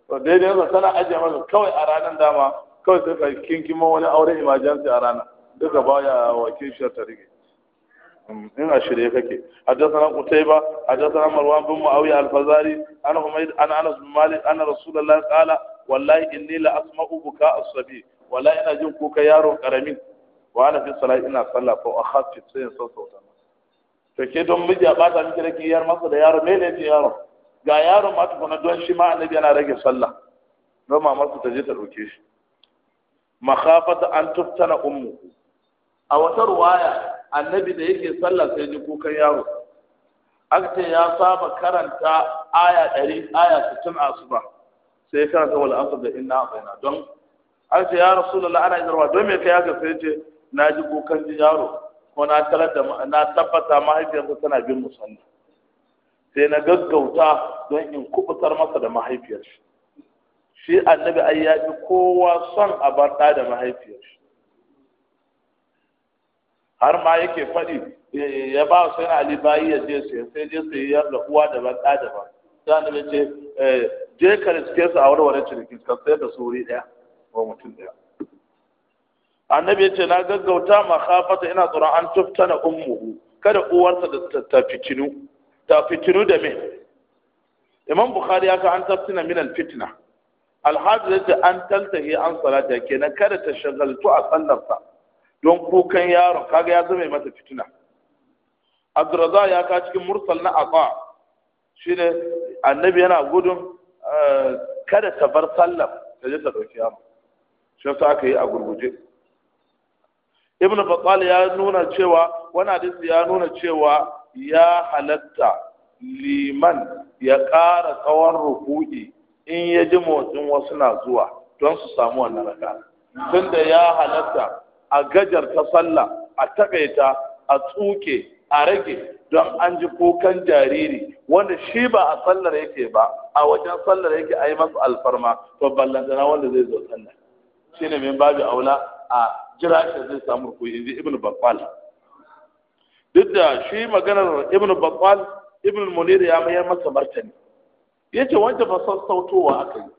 to daidai yanzu tana ajiye masa kawai a ranar dama kawai sai ka kinkimo wani aure imajansi a ranar duka ba ya wakil shi ta rige in a shirye kake haddathana qutayba haddathana marwan bin muawiya al-fazari Ana humayd an anas bin malik anna rasulullah qala wallahi inni la asma'u buka as-sabi wallahi ina jin kuka yaro karamin wa ana fi salati ina salla fa akhafti sai in sauta ta to ke don miji a bata miki rake yar masa da yaro mene ne yaro ga yaro ma ta kuma don shi ma annabi yana rage salla don mamar ta je ta dauke shi makhafata an tuftana ummu a wata ruwaya annabi da yake sallah sai ji kukan yaro akta ya saba karanta aya ɗari aya sittin asuba sai karanta wal asr da inna abaina don akta ya rasulullah ana izarwa don me kai haka sai ce na ji kukan ji yaro ko na tarar na tabbata mahaifiyarsa tana bin musalli sai na gaggauta don in kubutar masa da mahaifiyar shi shi annabi ai ya fi kowa son a bar da mahaifiyar shi har ma yake faɗi eh, ya ba sai na ali bayi ya je sai sai je sai ya da uwa da ban da daban sai annabi ce eh, je ka riske su a warware ciniki ka sai da su wuri daya ko mutum daya annabi ya ce na gaggauta makhafata ina tsoron an tuftana ummuhu kada uwarsa da ta fitinu ta fitinu da me imam bukhari ya ka an tafsina min al fitna al hadith an taltahi an salata kenan kada ta shagaltu a sallarsa don kukan yaron kaga ya zama masa fitina abdurraza ya ka cikin mursal na aqa shine annabi yana gudun eh, kada ta bar sallam ta je ta dauki yaro shi yasa aka yi a gurguje ibn batal ya nuna cewa wani hadisi ya nuna cewa ya halatta liman ya ƙara tsawon ruku'i in ya ji motsin wasu na zuwa don su samu wannan raka tunda ya halatta a gajarta sallah a takaita a tsuke a rage don an ji kukan jariri wanda shi ba a sallar yake ba a wajen sallar yake a yi masa alfarma to ballantana wanda zai zo sallar shi ne min babu aula a jira shi zai samu ku inji ibn bakwal duk da shi maganar ibn bakwal ibn munir ya mayar masa martani ya ce wanda ba sassautowa aka yi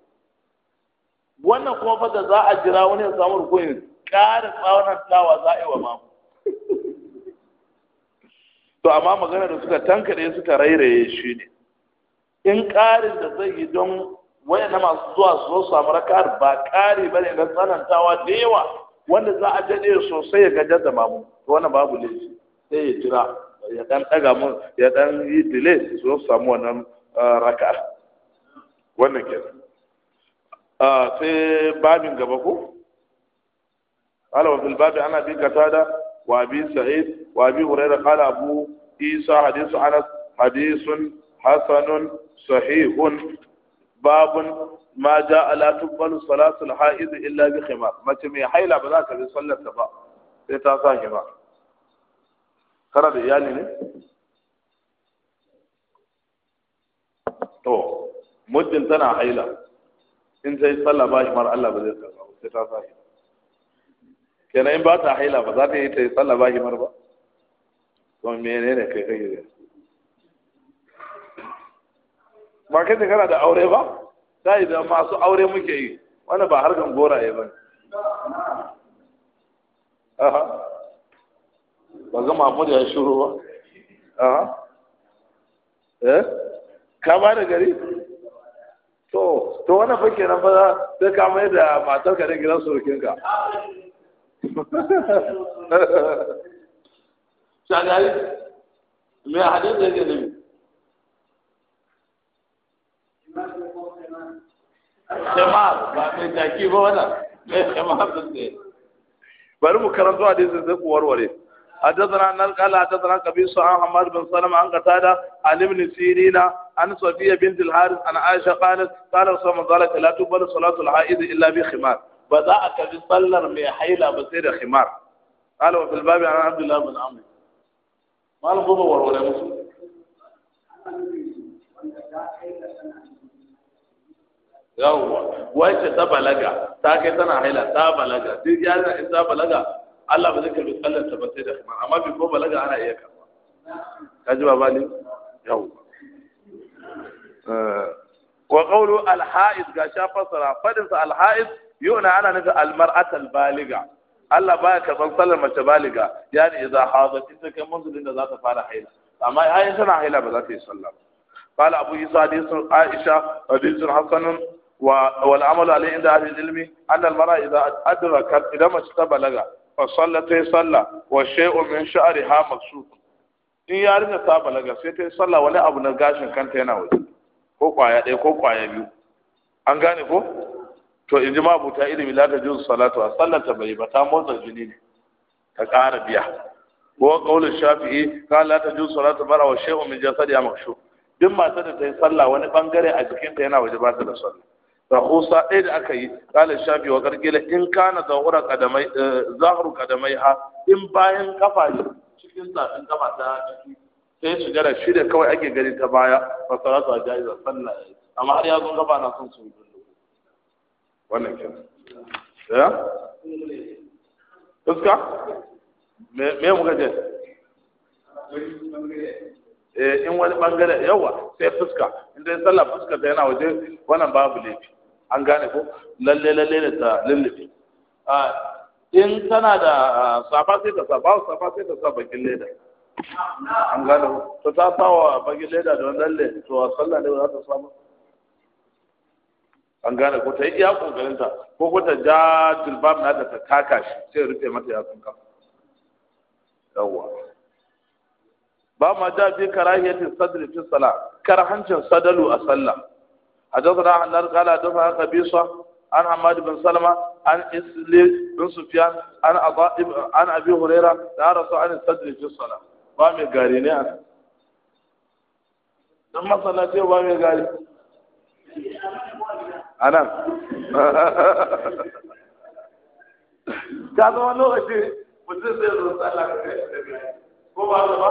wannan kuma fa da za a jira wani ya samu rukunin ƙara tawa za a yi wa mamu to amma magana da suka tankaɗe suka rairaye shi ne in ƙarin da zai yi don waya na masu zuwa su zo samu rakar, ba ƙari ba ne na tsanantawa da yawa wanda za a jade sosai ya gajar da mamu to wani babu laifi sai ya jira ya ɗan ɗaga mu ya ɗan yi delay su zo samu wannan ah, rakar, wannan kenan ah, sai babin gaba ko قال وفي الباب عن أبي قتادة وأبي سعيد وأبي هريرة قال أبو عيسى حديث أنس حديث حسن صحيح باب ما جاء لا تقبل صلاة الحائض إلا بخمار ما تم حيلة بذاك اللي صلى تتاسا خمار كرا يعني خمار ne يعني muddin tana haila حيله sai sallah ba shi mar Allah ba zai tsaka kenan in ba ta haila ba za ta yi ta yi tsalla ba himar ba to menene kai kai ne ba kai da kana da aure ba ta yi da masu aure muke yi wani ba harkan goraye ba ne aha ba ga mahmud ya shuru ba aha eh ka ba da gari to to wannan fa kenan fa sai ka mai da matar ka da gidan surukinka شغال مې حدیث دې نه شمال باندې تاکي وونه مې شمال دې بل مکرم دو حدیث دې ور حدثنا عن قال حدثنا قبيص عن عمار بن سلمة عن قتادة عن ابن سيرين عن صفية بنت الحارث عن عائشة قالت قال رسول الله لا تقبل صلاة العائد إلا بخمار ba za a karbi sallar mai haila ba sai da khimar qala wa fil babi an abdullah bin amr malam ko ba warware musu yawwa wace ta balaga ta kai tana haila ta balaga duk in ta balaga Allah ba zai karbi sallar ta ba sai da khimar amma bi ko balaga ana ba eh, ga fasara يؤنى على نفس المرأة البالغة الله باك صلصل المرأة البالغة يعني إذا حاضر إنك منذ لنا ذات فارا حيلة أما هاي إنسان حيلة بذاته صلى الله قال أبو يسا حديث عائشة حديث حسن والعمل عليه عند أهل العلم أن المرأة إذا أدركت إذا ما استبلغ فصلت صلى وشيء من شعرها مكسوك in yarinya ta balaga sai ta sallah wani abu na gashin kanta yana waje ko kwaya ɗaya ko kwaya biyu an gane ko to in ji ma mabuta ilimi la ta jin salatu a sallata bai ba ta motsa jini ne ta ƙara biya ko kaula shafi'i ka la ta jin salatu bara wa shehu min jasadi makshu duk matar da ta yi sallah wani bangare a jikinta yana waje ba ta da sallah rahusa ɗaya da aka yi kalin shafi wa karkila in kana zahura kadamai eh, zahuru kadamai ha in bayan kafa ne cikin zafin kafa ta ciki sai su da shida kawai ake gani ta baya fa salatu a jaiza sallah amma har ya zo gaba na son su yi wannan kenan da fuska me muka je eh in wani bangare yawa sai fuska in dai sallah fuska da yana waje wannan babu laifi an gane ko lalle lalle ne ta lullufi ah, in tana da ah, safa sai ta saba safa sai ta safa bakin leda an gane ko to ta sa bakin leda da wannan lalle to sallah ne ba za ta samu an gane ko ta yi iya ta ko ko ta ja jilbab na ta taka shi sai rufe mata ya kafa yawwa ba ma ja bi karahiyatin sadri fi sala hancin sadalu a sallah hadathana hanar qala dafa qabisa an hamad bin salama an isli bin sufyan an aba an abi hurayra da rasu an sadri fi sala ba mai gari ne an dan masallaci ba mai gari anan nan ka lokaci mutum zai zo sallah ko ba ba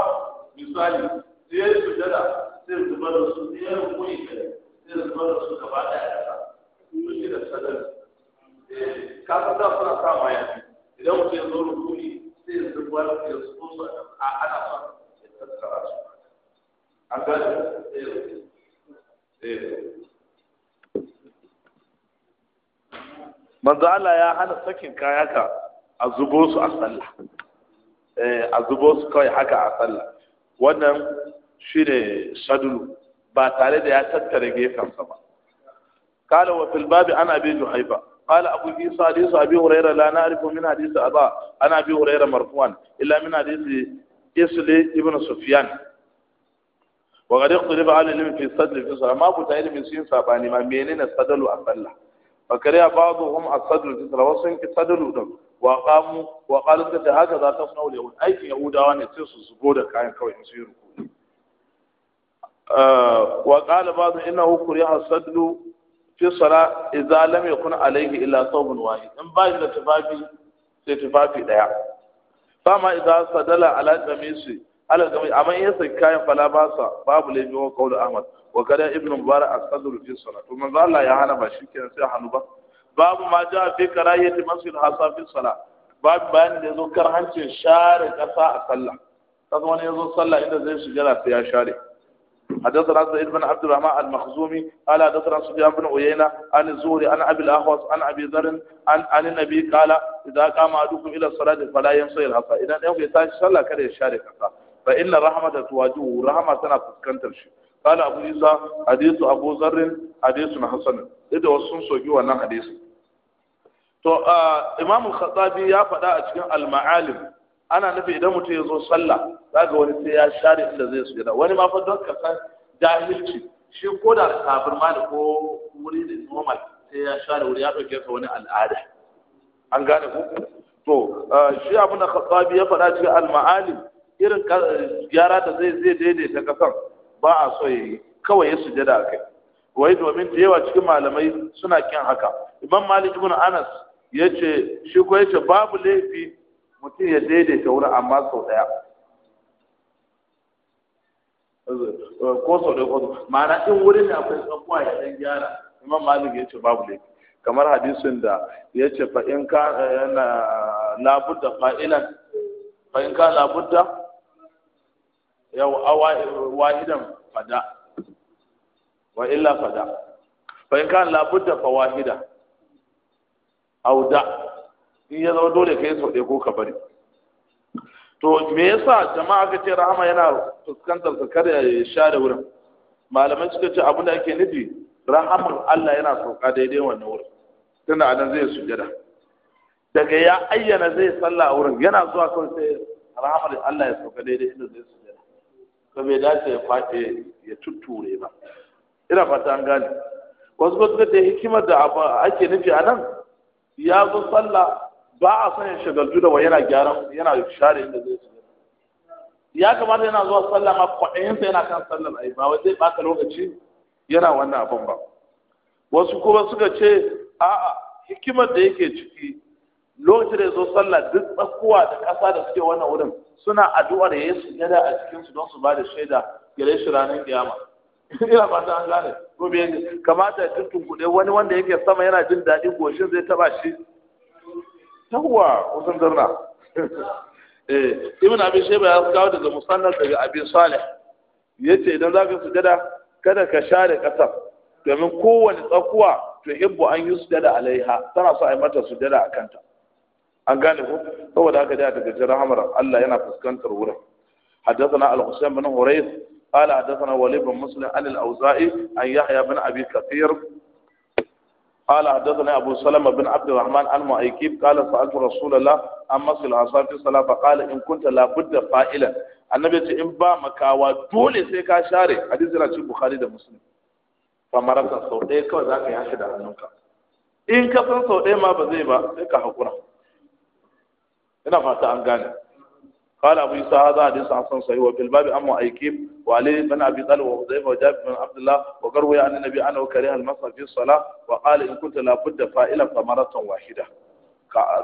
misali sai ya yi sujada sai zuba da su sai ya rukuni sai zuba da su gaba da ya eh, ka shi da sadar ka da suna sa ma yafi idan mutum ya zo rukuni sai zuba da ya zuba su a ana son ya tattara su an gane sai ya manzo Allah ya hana sakin kaya ka a zubo su a sallah eh a zubo su kai haka a sallah wannan shine sadulu ba tare da ya tattare gefen sa ba قال وفي الباب عن ابي جحيفه قال ابو عيسى حديث ابي هريره لا نعرف من حديث ابا انا ابي هريره مرفوعا الا من حديث اسل ابن سفيان وقد اختلف اهل العلم في الصدر في الصلاه ما ابو تعالى من سين صاباني ما منين a Sallah? fa kariya ba'dhum as-sadr da wasu sun ki sadru din wa qamu wa haka za ta sunau yahud aikin yahudawa ne sai su zugo da kayan kawai in su yi ruku wa qala ba'd innahu kariya as-sadr fi sala idza lam yakun illa thawbun wahid in ba da tufafi sai tufafi daya fama idza sadala ala qamisi ala qamisi amma in yasa kayan fala ba babu laifi wa qawlu ahmad wa kada ibnu mubarak as fi salat to manzo Allah ya hana ba shikenan sai hannu ba babu ma ja fi karayati masjid hasa fi salat babu bayani da yazo karhancin share kasa a sallah kaga wani yazo sallah inda zai shiga sai ya share حدثنا سعيد بن عبد الرحمن المخزومي قال حدثنا سفيان بن عيينة عن الزهري عن أبي الأحوص عن أبي ذر عن عن النبي قال إذا قام أحدكم إلى الصلاة فلا يمسي الحصى إذا يوم يتاج صلى كذا يشارك فإن الرحمة تواجهه رحمة تنا تسكنتر شيء abu Isa, أبو عيسى حديث أبو ذر حديث حسن إذا وصن سوكي وانا حديث to Imam al ya faɗa a cikin al-Ma'alim ana nufi idan mutum ya zo sallah zaka wani sai ya share inda zai su sujada wani ma fa don ka san jahilci shi ko da kafir ma da ko wuri da normal sai ya share wuri ya dauke ka wani al'ada an gane ku? to shi abin da ya faɗa cikin al-Ma'alim irin gyara da zai zai daidaita kasan ba a so yayi kawai ya sujada a kai wai domin da yawa cikin malamai suna kin haka imam malik ibn anas ya ce shi ko ya ce babu laifi mutum ya daidaita wurin amma sau ɗaya ko sau ɗaya ko ma'ana in wurin da akwai tsakuwa ya dan gyara imam malik ya ce babu laifi kamar hadisin da ya ce fa in ka eh, yana labudda fa'ilan fa in ka labudda yau wahidan fada wa illa fada fa in kan labudda fa wahida aw da in ya zama dole kai sau ɗaya ko ka bari to me yasa jama'a ka ce rahama yana fuskantar ka kada ya share wurin malamai suka ce abin da ake nufi rahamar Allah yana sauka daidai wannan wurin tunda anan zai sujada daga ya ayyana zai sallah a wurin yana zuwa kawai sai rahamar Allah ya sauka daidai inda zai sujada ba bai dace ya kwace ya tutture ba ina fata an gane wasu ba suka ce hikimar da ake nufi a nan ya zo sallah ba a son ya shagaltu da wani yana gyaran yana share inda zai shiga ya kamata yana zuwa sallah ma kwaɗayinsa yana kan sallar ai ba zai baka lokaci yana wannan abin ba wasu kuma suka ce a'a hikimar da yake ciki lokacin da ya zo sallah duk tsakuwa da ƙasa da suke wannan wurin suna addu'ar ya yi sujada a cikinsu don su ba da shaida gare shi ranar kiyama ina ba ta an gane ko bai kamata ya tunkuɗe wani wanda yake sama yana jin daɗi goshin zai taɓa shi Tawwa, kusan zarna eh ibn abi shayba ya kawo daga musannad daga abi salih yace idan zaka sujada kada ka share kasar domin kowane tsakuwa to hibbu an yi sujada alaiha tana so a yi mata sujada a kanta an gane ko saboda haka da daga jira hamara Allah yana fuskantar wurin حدثنا الحسين بن هريث قال حدثنا وليد بن مسلم عن الأوزاعي عن يحيى بن أبي كثير قال حدثنا أبو سلمة بن عبد الرحمن عن مؤيكيب قال سألت رسول الله عن مصر العصار في الصلاة فقال إن كنت لابد فائلا النبي يقول إن با مكاوى دولي سيكا شاري حديث لا تشيب بخاري ده مسلم فمرت الصوت إيه كوى ذاك يحشد عنك إن كفن صوت إيه ما بزيبا سيكا حقنا ina fata an gane قال أبو يسوع هذا حديث حسن صحيح وفي الباب عن مؤيكيب وعلي بن أبي طالب وحذيفة وجابر بن عبد الله وقروي عن النبي أنه كره المسح في الصلاة وقال إن كنت لابد فائلا فمرة واحدة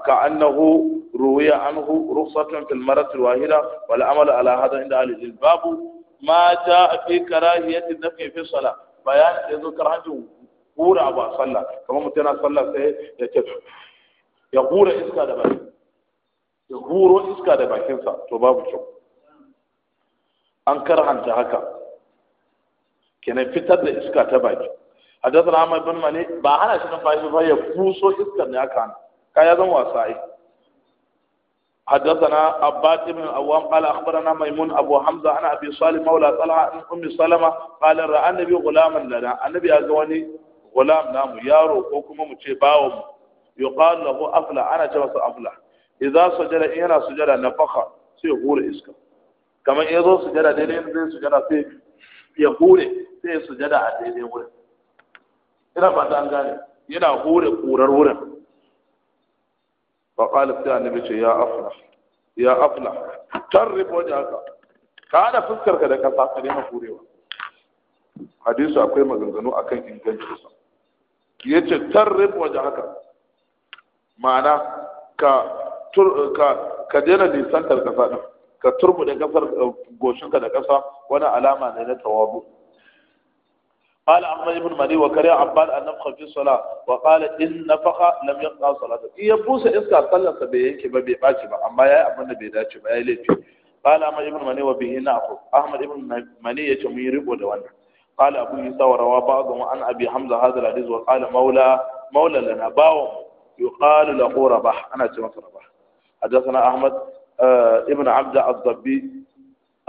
كأنه روي عنه رخصة في المرة الواحدة والعمل على هذا عند أهل الباب ما جاء في كراهية النفي في الصلاة بيان إذا كراهية هورا أبو صلى كما متنا صلى سيه يتبع يقول إسكا دبالي ya huro iska da bakinsa to babu kyau an karhanta haka kenan fitar da iska ta baki حدثنا عمر بن مالك با انا شنو fuso فايز فوسو aka hana كان zan wasa واساي حدثنا عباد بن الأوام قال أخبرنا ميمون أبو حمزة عن أبي صالح مولى طلحة عن أم سلمة قال رأى النبي غلاما لنا النبي أزواني غلام نام يارو وكما متشباوم يقال له أفلح أنا جبس أفلح idza sujada in yana sujada na nafakha sai hura iska kamar in yazo sujada daidai in zai sujada sai ya hure sai ya sujada a daidai wurin ina fata an gane yana hure kurar wurin fa qala sai annabi ce ya afla. ya aflah tarrif wajhaka ka hada fuskarka da kasa ka daina hurewa hadisu akwai maganganu akan ingancinsa yace tarrif wajhaka ma'ana ka ka daina nisantar kasa din ka turbuɗe kasar eh, ka da kasa wani alama ne na tawabu قال عمر بن مري وكره عباد ان نفخ في الصلاه وقال ان نفخ لم يقطع صلاته iya busa iska sallarsa bai yanke ba bai baci ba amma yayi abin da bai dace ba yayi laifi قال عمر بن مري وبه ناخذ احمد بن مري yace mun riko da wannan قال ابو يسا وروى Hamza عن ابي حمزه هذا الحديث وقال مولى مولى لنا باو يقال له رباح انا ce masa رباح حدثنا أحمد آه، ابن عبد الضبي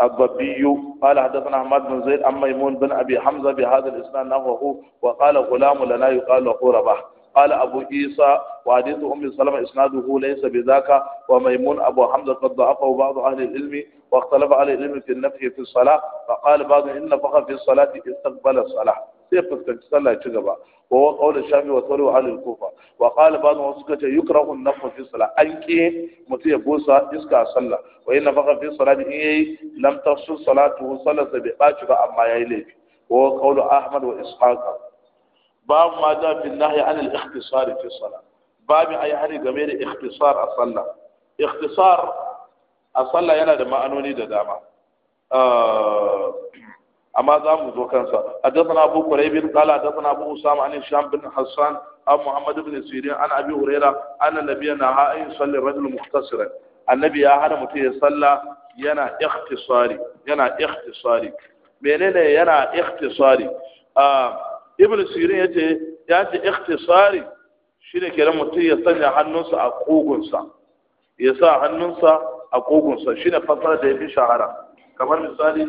الضبي قال حدثنا أحمد بن زيد عن ميمون بن أبي حمزة بهذا الإسناد نحوه وقال غلام لنا يقال له رباح قال أبو عيسى وحديث أم سلمة إسناده ليس بذاك وميمون أبو حمزة قد ضعفه بعض أهل العلم واختلف أهل العلم في النفي في الصلاة فقال بعض إن فقط في الصلاة استقبل الصلاة sai fuskanci sallah ci gaba wa wa qawlu shafi wa sawru ahli kufa wa qala ba'd wasu kace yukrahu an-nafsu fi salat an ki mutu ya busa iska sallah wa inna faqa fi salati in yayi lam tafsu wa sallata bi baci ba amma yayi laifi wa qawlu ahmad wa ishaq babu ma da fi nahyi an al-ikhtisar fi salah babu ayi hari game da ikhtisar a sallah ikhtisar a sallah yana da ma'anoni da dama ah, amma za mu zo kansa hadathana abu quraib qala hadathana abu usama an sham bin hassan an muhammadu bin sirin an abi huraira nabiya na ha ay yusalli rajul muhtasiran annabi ya hana mutum ya salla yana ikhtisari yana ikhtisari menene yana ikhtisari ah, ibn sirin yace ya ce ikhtisari shine kenan mutum ya sanya hannunsa a kogunsa ya sa hannunsa a kogunsa shine fasara da ya fi shahara kamar misali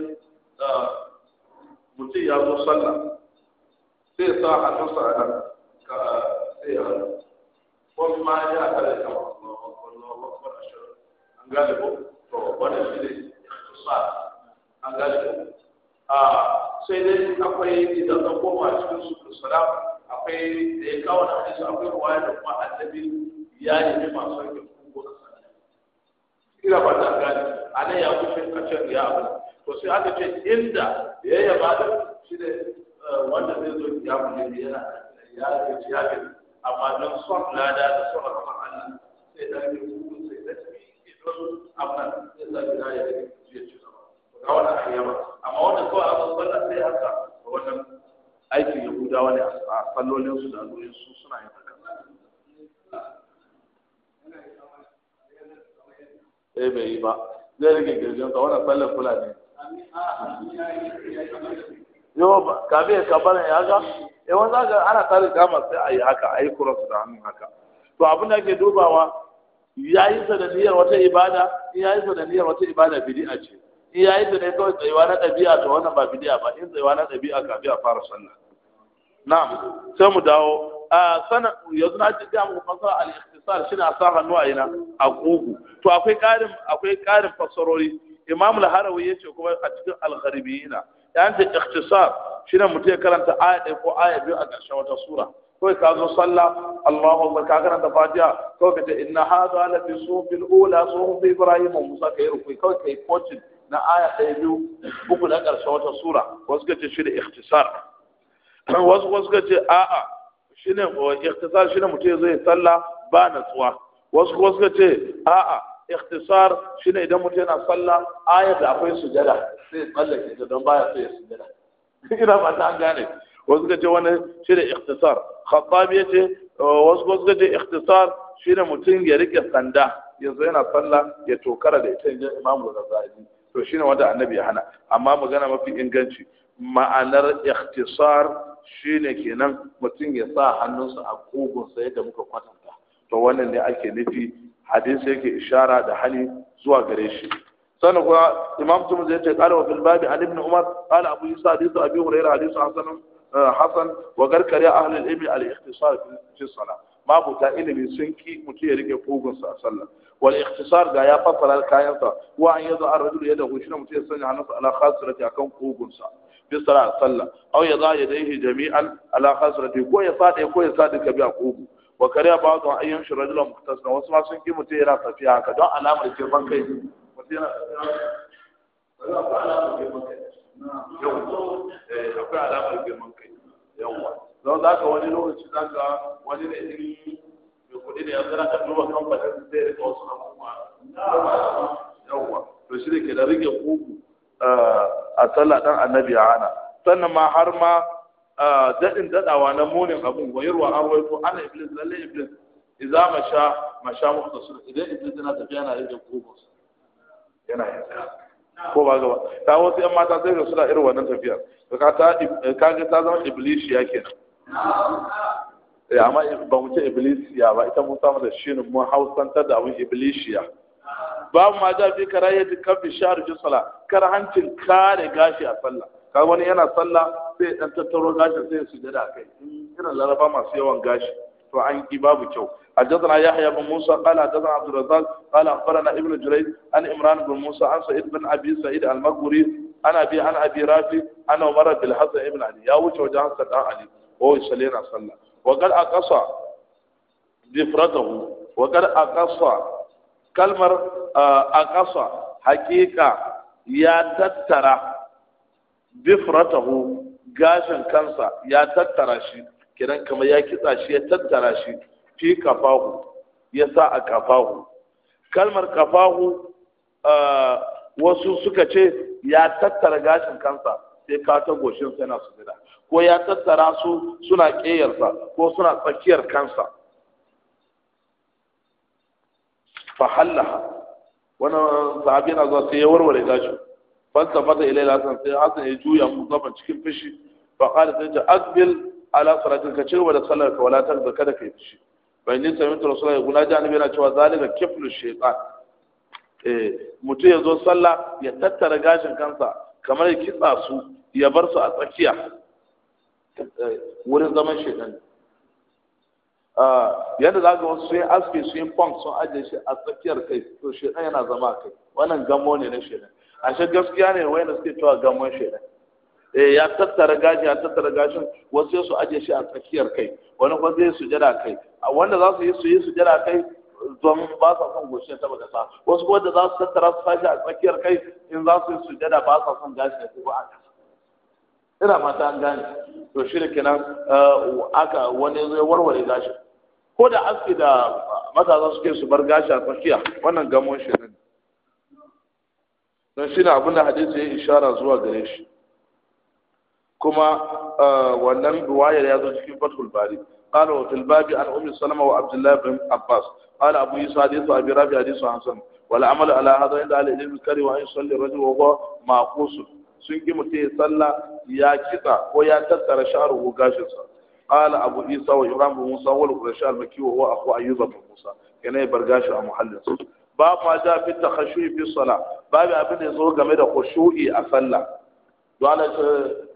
ah, mutum ya zo sallah sai sa hannunsa a nan ka sai ya hannu ko ma ya kare ka wallahu akbar ashar an gane ko to wannan shi ne sa an gane ko a sai dai akwai idan an koma cikin su salam akwai da ya kawo na hadisi akwai ruwaya da kuma annabi ya nemi masu rike kungo a sanin kira ba ta gane a nan ya kushe a ya abu to sai aka ce inda biyayya ba da shi ne eh, wanda zai zo ya mu ne yana ya ce ya ce amma don son lada da son rahmar Allah sai da ke ku sai da ke don amma sai da ya ya ce ya ce ga wannan ayyama amma wannan kawai abin wannan sai haka wannan aikin Yahudawa ne a sallolin su da alolin su suna yin haka eh bai yi ba zai rage girgin sa wannan sallar ne yau kafin ya kabarin ya haka yawan eh, za ka ana tare kama sai a yi haka a yi kuransu da hannun haka to abin da ake dubawa ya yi sanadiyar wata ibada ya yi sanadiyar wata ibada bidi'a ce in ya yi da ne kawai tsayuwa na ɗabi'a to wannan ba bidi'a ba in tsayuwa na ɗabi'a kafin a fara sallah na'am sai mu dawo a sana yanzu na ji ga muku fasara al-ikhtisar shine sa hannu a ina a kugu to akwai ƙarin akwai ƙarin fasarori imam al-harawi yace kuma a cikin al-gharibiyina yan ta ikhtisar shine mutum ya karanta aya ɗaya ko aya biyu a ƙarshen wata sura kawai ka zo sallah Allahu akbar ka karanta Fatiha kawai ka ce inna hadha la fi sufil ula sufi Ibrahim wa Musa kai rukui kawai kai coaching na aya ɗaya biyu uku na ƙarshen wata sura wasu ka ce shi da ikhtisar wasu wasu ka ce a'a shine ikhtisar shine mutum zai sallah ba natsuwa wasu wasu ka ce a'a ikhtisar shine idan mutum yana sallah ayar da akwai sujada sai tsallake ta don baya sai ya sujada ina ba ta gane wasu ka ce wani shine ikhtisar khattabi ya ce oh, wasu wasu ka ce ikhtisar shine mutum ya rike sanda yanzu yana sallah ya tokara da ita injin imamu ghazali to shine wanda annabi ya hana amma magana mafi inganci ma'anar ikhtisar shine kenan mutum ya sa hannunsa a kogonsa yadda muka kwatanta to wannan ne ake nufi hadisi yake ishara da hali zuwa gare shi sannan kuma imam tumu zai ce qala wa fil babi an umar qala abu isa hadithu abi hurairah hadithu hasan eh, hasan wa garkari ahli al-ilmi al ilimi sun ki mutu ya rike kogonsa a sallah wal ikhtisar ga ya fassara kayansa wa an yazo an rajulu yadahu shi mutu ya sanya hannunsa ala khasirati akan kogonsa bi sala sallah aw yaza yadayhi jami'an ala ko ya fada ko ya sadika bi a kogo wa kariya ba zuwa ayyun shi rajulan muktas na wasu ma sun ki mutum yana tafiya Ka don alamar girman kai mutum girman kai eh, akwai alamar girman kai don za ka wani lokaci za ka wani da iri mai kuɗi da yanzu na ka duba kamfanin zai rika wasu abubuwa yawwa to shi da ke da rike kugu eh, a sallah dan annabi ana sannan ma har ma daɗin daɗawa na munin abin wa an rawaito ana iblis lalle iblis idza masha masha muhtasir idan iblis yana tafiya yana rage gobos yana yanka ko ba gaba ta wasu yan mata sai da suna irin wannan tafiya ka ta kage ta zama iblis ya kenan ya amma ba mu ce iblis ya ba ita mun samu da shi ne mun ta da abin iblis ya babu ma ja fi karayati kafi shahar fi sala karahancin kare gashi a sallah ka wani yana sallah sai dan tattaro gashin sai su jada kai irin laraba masu yawan gashi to an ki babu kyau حدثنا يحيى بن موسى قال حدثنا عبد الرزاق قال اخبرنا ابن جريج عن عمران بن موسى عن سعيد بن ابي سعيد المقبري عن ابي عن ابي رافي عن عمر بن الحسن ابن علي يا وجه وجه حسن علي وهو يصلينا صلى وقال اقصى ضفرته وقال اقصى كلمه اقصى حقيقه يا تترى bifratahu gashin kansa ya tattara shi kiran kamar ya kitsa shi ya tattara shi fi kafahu ya sa a kafahu kalmar kafahu wasu suka ce ya tattara gashin kansa sai ka ta goshin sai na gida ko ya tattara su suna ƙeyarsa ko suna tsakiyar kansa fahallaha wannan sahabi na zuwa sai ya warware gashin ilai إليه الحسن سي حسن juya يا مصطفى cikin fishi فقال سيجا da على ka wala ولا kada ka yi كذا كيفشي bayan sami tura sallar ya guna janibi yana cewa zalika kiflu shaitan eh, mutum ya zo sallah ya tattara gashin kansa kamar ya kitsa su ya bar su a tsakiya eh, wurin zaman shaitan ah, yadda za ka wasu sun aske sun yi punk sun ajiye shi a tsakiyar kai to shaitan yana zama kai wannan gamo ne na shaitan ashe gaskiya ne na suke cewa gamon ne eh ya tattara gashi ya tattara gashin wasu su aje shi a tsakiyar kai wani kuma zai su jira kai wanda za su yi su yi jira kai don ba sa son goshi ta baka sa wasu kuma da za su tattara su sashi a tsakiyar kai in za su yi su jira ba sa son gashi ya ko aka. ina mata an gane to shi da kenan eh, aka wani zai warware gashi ko da aski da matasa suke su bar gashi a tsakiya wannan gamon shi ne don shi ne abin da hadisi ya ishara zuwa gare shi kuma wannan ruwayar ya zo cikin fatul bari قال وفي الباب عن ام سلمة وعبد الله بن عباس قال ابو يوسف حديث ابي رافع حديث حسن والعمل على هذا عند اهل العلم الكريم وان يصلي الرجل وهو معقوس sun ki mutum ya salla ya kitsa ko ya tattara sharuhu gashinsa qala abu isa wa ibrahim musa wal qurashi al-makki wa huwa akhu ayyub bin musa bar gashi a muhallin باب ما جاء في takhashu'i في الصلاة باب أبن يزور yazo game da khushu'i a sallah wala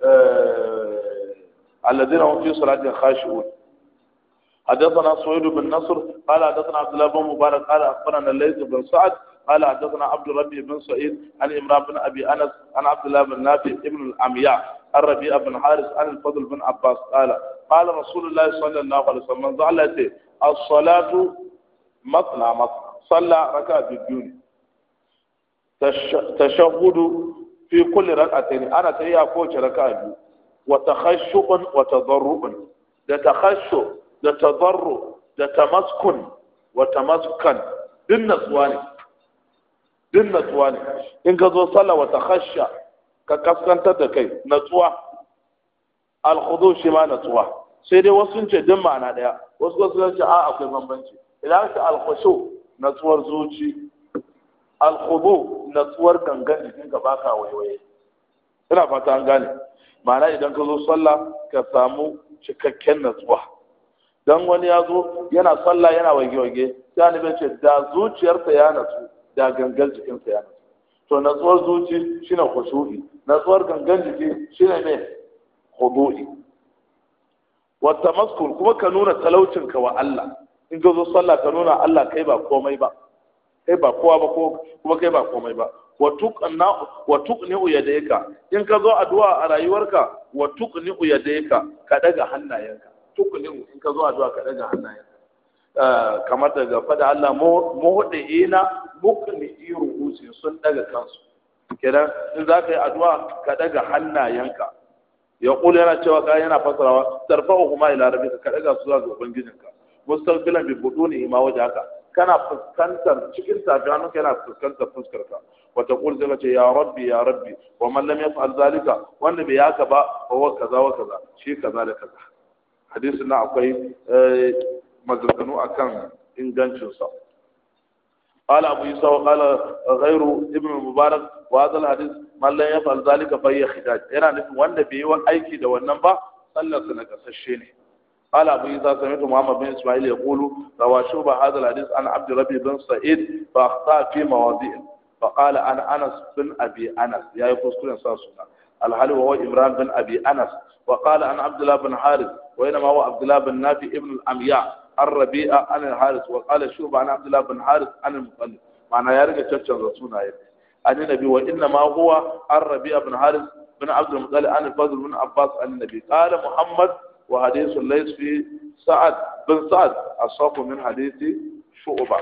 eh, alladhina hum حدثنا سويد بن نصر قال حدثنا عبد الله بن مبارك قال اخبرنا الليث بن سعد قال حدثنا عبد ربي بن سعيد عن إمرأة بن ابي انس عن عبد الله بن نافع ابن الامياء الربيع بن حارث عن الفضل بن عباس قال قال رسول الله صلى الله عليه وسلم ظلت الصلاه مثنى مثنى salla raka biyu ne tashahhudu fi kulli rak'atayn ana tayya kowace raka biyu wa takhashshu'un wa tadarru'un da ta takhashshu da ta zarru, da ta maskun, wa tamaskan din natsuwa ne din natsuwa ne in ka zo sallah wa takhashsha ka kaskantar da kai natsuwa al-khudu shi ma natsuwa sai dai wasu sun ce din ma'ana ɗaya, wasu wasu sun ce a akwai bambanci idan ka al-khushu natsuwar zuci alkhudu natsuwar gangan jikin ka baka waiwaye ina fata an gane ma'ana idan ka zo sallah ka samu cikakken natsuwa dan wani ya zo yana sallah yana wage-wage sai annabi ce da zuciyarsa ya natsu da gangan jikinsa ya natsu to natsuwar zuci shine khushu'i natsuwar gangan jiki shine ne khudu'i wa tamaskur kuma ka nuna talaucin ka wa Allah in ka zo sallah ka nuna Allah kai ba komai ba kai ba kowa ba ko kuma kai ba komai ba wa tuqna wa tuqni yadayka in ka zo addu'a a rayuwarka wa tuqni yadayka ka daga hannayenka tuqni in ka zo addu'a ka daga hannayenka eh, kamar daga fada Allah muhdiina mukni ruhusi sun daga kansu kenan in za ka yi addu'a ka daga hannayenka ya kula yana cewa ka yana fasarawa tarfa'u kuma ila rabbika ka daga su zuwa ga ubangijinka mustaqbilan bi ne ma haka. kana fuskantar cikin safi hannunka Kana fuskantar fuskarka wa taqul zaka ce ya rabbi ya rabbi wa man lam yaf'al zalika wanda bai haka ba wa kaza wa kaza shi kaza da kaza hadisin na akwai eh, maganganu akan ingancinsa sa قال أبو يوسف وقال غير ابن المبارك وهذا الحديث من لا يفعل ذلك فهي خداج إيران وأن da wannan ba? النبا صلى الله عليه وسلم قال أبو إيسا سمعت محمد بن إسماعيل يقول روى شوبة هذا الحديث عن عبد ربي بن سعيد فأخطأ في مواضيع فقال أنا أنس بن أبي أنس يا يقول كل إنسان سنة الحال وهو إمران بن أبي أنس وقال عن عبد الله بن حارث وإنما هو عبد الله بن نافي ابن الأمياء الربيع عن الحارث وقال شوبة عن عبد الله بن حارث عن المطلب معنى يرجع تشجع رسولنا عن النبي وإنما هو الربيع بن حارث بن عبد المطلب عن الفضل بن عباس عن النبي قال محمد wa hadithu lays fi sa'ad bin sa'ad asafu min hadithi shu'ba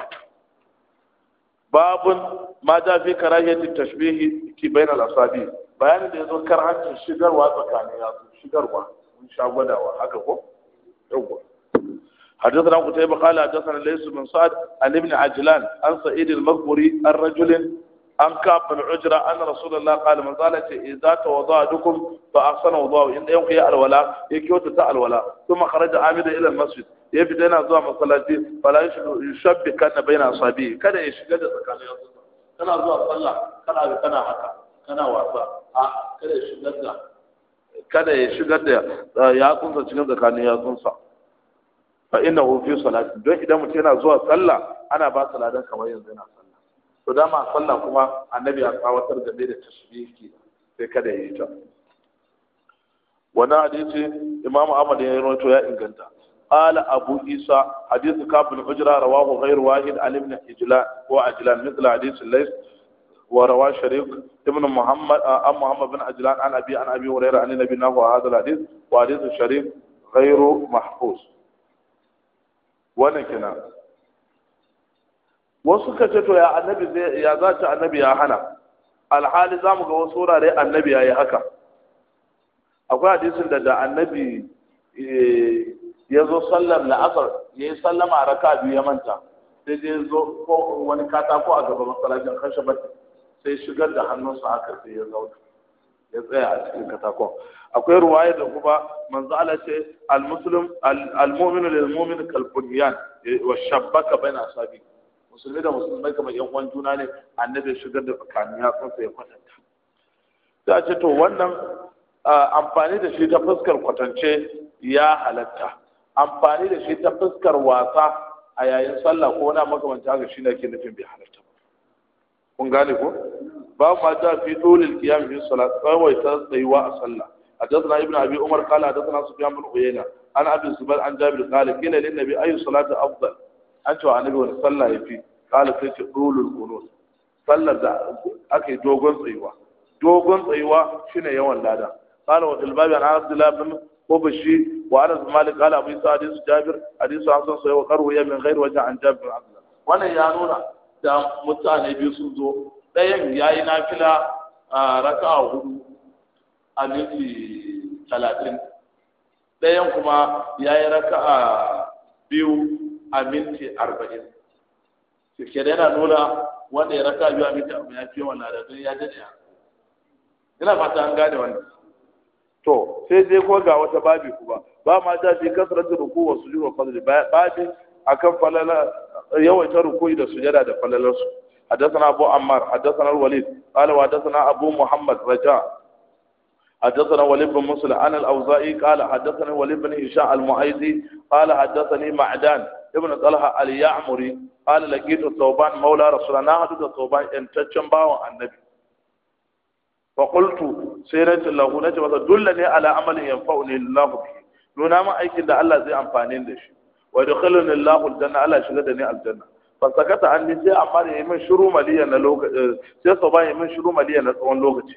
babun ma ja fi karahiyati tashbihi ki bayna al-asabi bayanin da yazo karhancin shigarwa tsakanin yatsu shigarwa mun sha gwadawa haka ko yawwa حدثنا قتيبة قال حدثنا ليس بن سعد عن ابن عجلان عن سعيد المقبري عن رجل an kafa al'ujra an rasulullah qala man zala ce idza tawadda dukum fa ahsana wudu in da ku ya alwala ya kyauta ta alwala kuma kharaja amida ila masjid ya fita yana zuwa masallaci fala yushabbi kana baina asabi kada ya shiga da tsakanin kana zuwa sallah kana kana haka kana wasa a kada ya shigar da kada ya shigar da yatsunsa cikin tsakanin yatsunsa fa innahu fi salati don idan mutum yana zuwa sallah ana ba ladan kamar yanzu yana sallah to dama a sallah kuma annabi a tsawatar da bai da tashbihi sai kada yi ta wannan hadisi imam ahmad ya yi rawaito ya inganta qala abu isa hadith kab bin hujra rawahu ghayr wahid an ibn ijla wa ajlan mithla hadith lays wa rawa shariq ibn muhammad a am muhammad bin ajlan an abi an abi hurayra an nabi nahu hadha hadith wa hadith shariq ghayr mahfuz wannan kenan wasu ka ce to ya annabi ya za ta annabi ya hana alhali za mu ga wasu wurare annabi ya yi haka akwai hadisin da da annabi eh, ya zo sallar la'asar ya yi sallama a raka biyu ya manta sai ya zo ko wani katako a gaban masallacin kashe bata sai shigar da hannunsa haka sai ya zauna ya tsaya a cikin katakon akwai ruwaya da kuma manzo Allah ce al-muslim al-mu'minu lil-mu'min kal-bunyan wa shabbaka baina sabiq musulmi da musulmai kamar yan uwan juna ne annabi shigar da tsakanin yatsunsa ya kwatanta za ce to wannan amfani da shi ta fuskar kwatance ya halatta amfani da shi ta fuskar wasa a yayin sallah ko na makamanta haka shi ne ke nufin bai halatta kun gane ko ba ma ta fi dolil qiyam fi salat kawai ta tsayuwa a sallah حدثنا ابن ابي عمر قال حدثنا سفيان بن abin عن ابي an jabir جابر قال lin nabi ayu Salatu afdal an cewa annabi wani sallah ya fi kala sai ce dolul kunut sallar da aka yi dogon tsayuwa dogon tsayuwa shine yawan lada kala wa dalbabi an abdullah bin ubashi wa anas malik kala abu isa hadis jabir hadis hasan sai wa qarhu ya min ghairi wajh an jabir abdullah wannan ya nuna da mutane biyu sun zo ɗayan yayi nafila raka'a hudu a minti talatin ɗayan kuma ya yi raka'a biyu a minti arba'in shirke yana nuna wanda ya raka biyu a minti arba'in ya fiye wannan da ya jade ya ina fata an gane wani to sai dai ko ga wata babi kuma ba ma ta fi kasarar da ruku wa sujud wa fadl babi a kan falala yawaita ruku da sujada da falalar su حدثنا أبو عمار حدثنا الوليد قال وحدثنا أبو محمد رجاء حدثنا وليد بن مسلم عن الأوزائي قال حدثنا وليد بن هشام المعيزي قال حدثني معدان ibn talha al-ya'muri qala laqitu thawban maula rasulana hadu da thawban yantaccen bawan annabi fa qultu sayratu lahu nace masa dullani ala amalin yanfa'uni lillahu bihi nuna ma aikin da Allah zai amfani da shi wa yadkhuluni lillahu aljanna Allah shiga da ni aljanna fa sakata anni sai amma da yayin shiru maliya na lokaci eh, sai thawban yayin shiru maliya na tsawon lokaci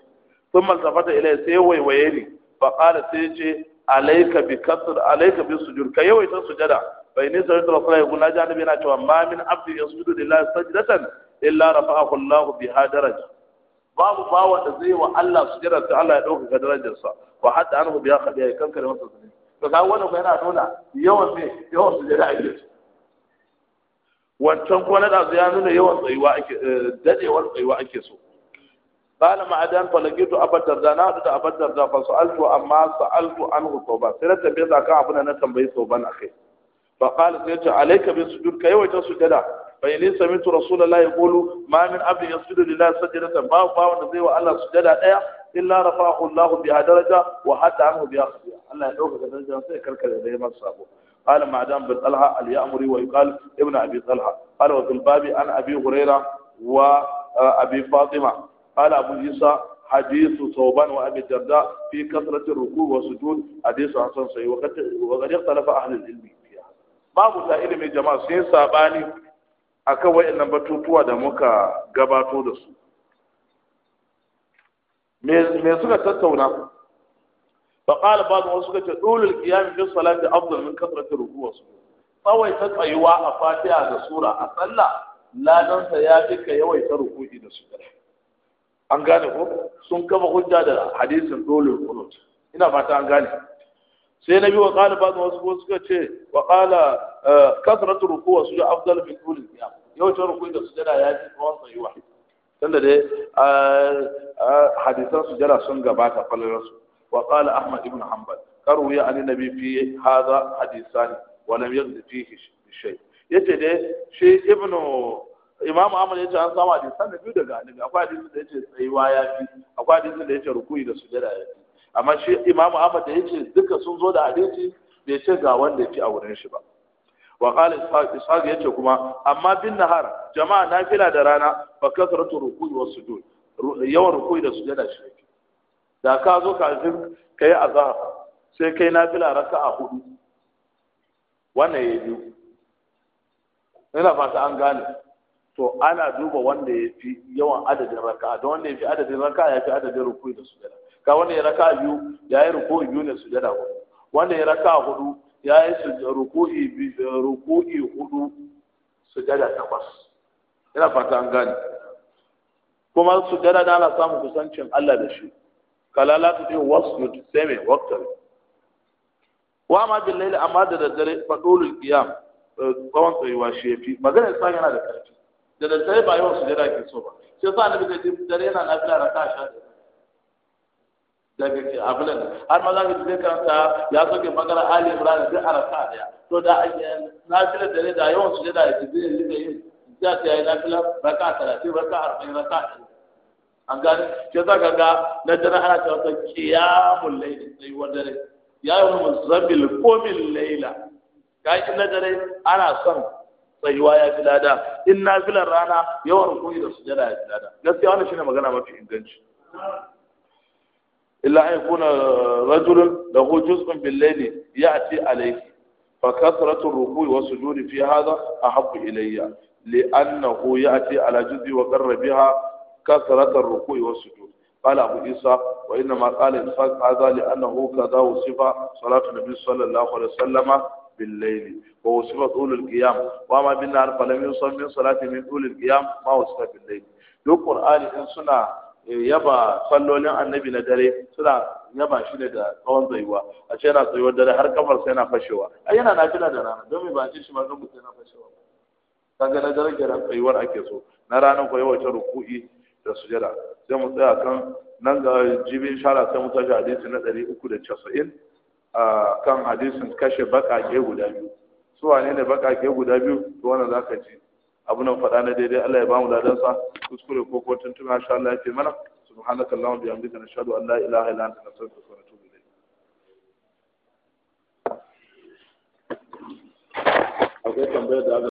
ثم التفت إليه sai waiwaye ni فقال sai ce alaika bi kasr alaika bi sujud ka sujada fa inni sami'tu rasulullahi yaqul naji yana cewa ma min abdin yasjudu lillahi sajdatan illa rafa'ahu Allahu biha daraja babu bawa da zai wa Allah sujada sai Allah ya dauka ga darajarsa wa hatta anhu biha khadiya kankare masa zunubi to ga wannan ko yana nuna yawan ne yawan wancan ko na dazu ya nuna yawan tsayuwa ake eh, dadewar ake so قال ما أدان فلقيت أبا الدرداء نادت أبا الدرداء فسألت أما سألت عنه توبة سنة بيضا كعبنا نتنبيه توبة أخي فقال سيدنا عليك بالسجود كي وجه سجدا فإن سمعت رسول الله يقول ما من عبد يسجد لله سجدة ما باو نزي وعلى سجدا إلا رفعه الله بها درجة وحتى عنه بها خطيئة الله يدعوك درجة سيكرك لديه ما تصابه قال معدام بن طلحة اليأمري ويقال ابن أبي طلحة قال وفي الباب عن أبي هريرة وأبي آه، فاطمة قال أبو عيسى حديث صوبان وأبي الدرداء في كثرة الركوع والسجود حديث حسن صحيح وقد اختلف أهل العلم babu ta ilimin jama'a sun yi sabani akan waɗannan batutuwa da muka gabato da su me suka tattauna fa qala ba wasu suka ce dulul qiyam bi salati afdal min kasrati ruku'i wasu ta tsayuwa a fatiha da sura a sallah ladansa ya fi ka yawaita ruku'i da su. an gane ko sun kafa hujja da hadisin dulul qunut ina fata an gane sai na biyu wa ƙala ba wasu ko suka ce wa ƙala eh, kasratu rukuwa su da afdal min kulli qiyam yawancin rukuwa da sujada ya fi tsawon wa? tunda dai eh, eh, hadisan sujada sun gabata falalarsu wa ƙala ahmad ibn hanbal karu ya ali nabi fi hadha hadisan wa lam yaghdi fihi shay yace dai shi ibn imam ahmad yace an samu hadisan da biyu daga annabi akwai hadisin da yace tsayuwa ya fi akwai hadisin da yace rukuyi da sujada ya fi amma shi imamu ahmad da ce duka sun zo da hadisi bai ce ga wanda yafi a wurin shi ba wa qala ishaq yace kuma amma bin nahar jama'a nafila da rana fa kasratu ruku'i wa sujud yawan ruku'i da sujada shi yake da ka zo kafin kai azhar sai kai nafila raka'a hudu wannan ya biyu ina fata an gane to ana duba wanda ya fi yawan adadin raka'a don wanda ya fi adadin raka'a ya fi adadin ruku'i da sujada ka wanda ya raka biyu ya yi ruku'i biyu ne sujada hudu wanda ya raka hudu ya yi ruku'i ruku'i hudu sujada takwas ina fata an gane kuma jada da ana samun kusancin Allah da shi kalala ta ce wasu sai mai waqtar wa ma bil laili amma da daddare fadulul qiyam eh, tsawon tsayuwa shi yafi magana sa yana da karfi da daddare ba yawan sujada ke so ba sai sa annabi da dare yana sha raka'a daga abin da har ma za ka ji karanta ya ke magana ali imran duk arasa daya to da na fila da ne da yawan su da ya ji zai da yin za ta yi nafila raka 30 raka 40 raka an ga ke za ka ga na jana ana cewa ta qiyamul layl sai wa dare ya yi zabil, komin laila. ka yi na dare ana son tsayuwa ya fi lada in na filar rana yawan koyi da sujada ya fi lada gaskiya shi shine magana mafi inganci إلا أن يكون رجل له جزء بالليل يأتي عليه فكثرة الركوع والسجود في هذا أحب إلي لأنه يأتي على جزء وقر بها كثرة الركوع والسجود قال أبو عيسى وإنما قال إسحاق هذا لأنه كذا وصف صلاة النبي صلى الله عليه وسلم بالليل ووصف طول القيام وما بنا فلم يوصف من صلاة من طول القيام ما وصف بالليل دو القرآن إن سنة yaba sallolin annabi na dare suna yaba shi ne da tsawon tsayuwa a ce yana tsayuwar dare har kamar sai yana fashewa ai yana nafila da rana don mai ba ce shi ma zan mutu yana fashewa ta na dare kenan tsayuwar ake so na ranar ko wace ruku'i da sujada sai mu tsaya kan nan ga jibin shara sai mu tashi hadisi na ɗari uku da casa'in a kan hadisin kashe baƙaƙe guda biyu su wane ne baƙaƙe guda biyu to wannan ka ji abu nan faɗa na daidai Allah ya bamu ladan sa kuskure ko ko tuntuma insha Allah ya fi mana subhanaka allahumma bihamdika nashhadu an la ilaha illa anta nastaghfiruka wa natubu ilayk akwai tambaya da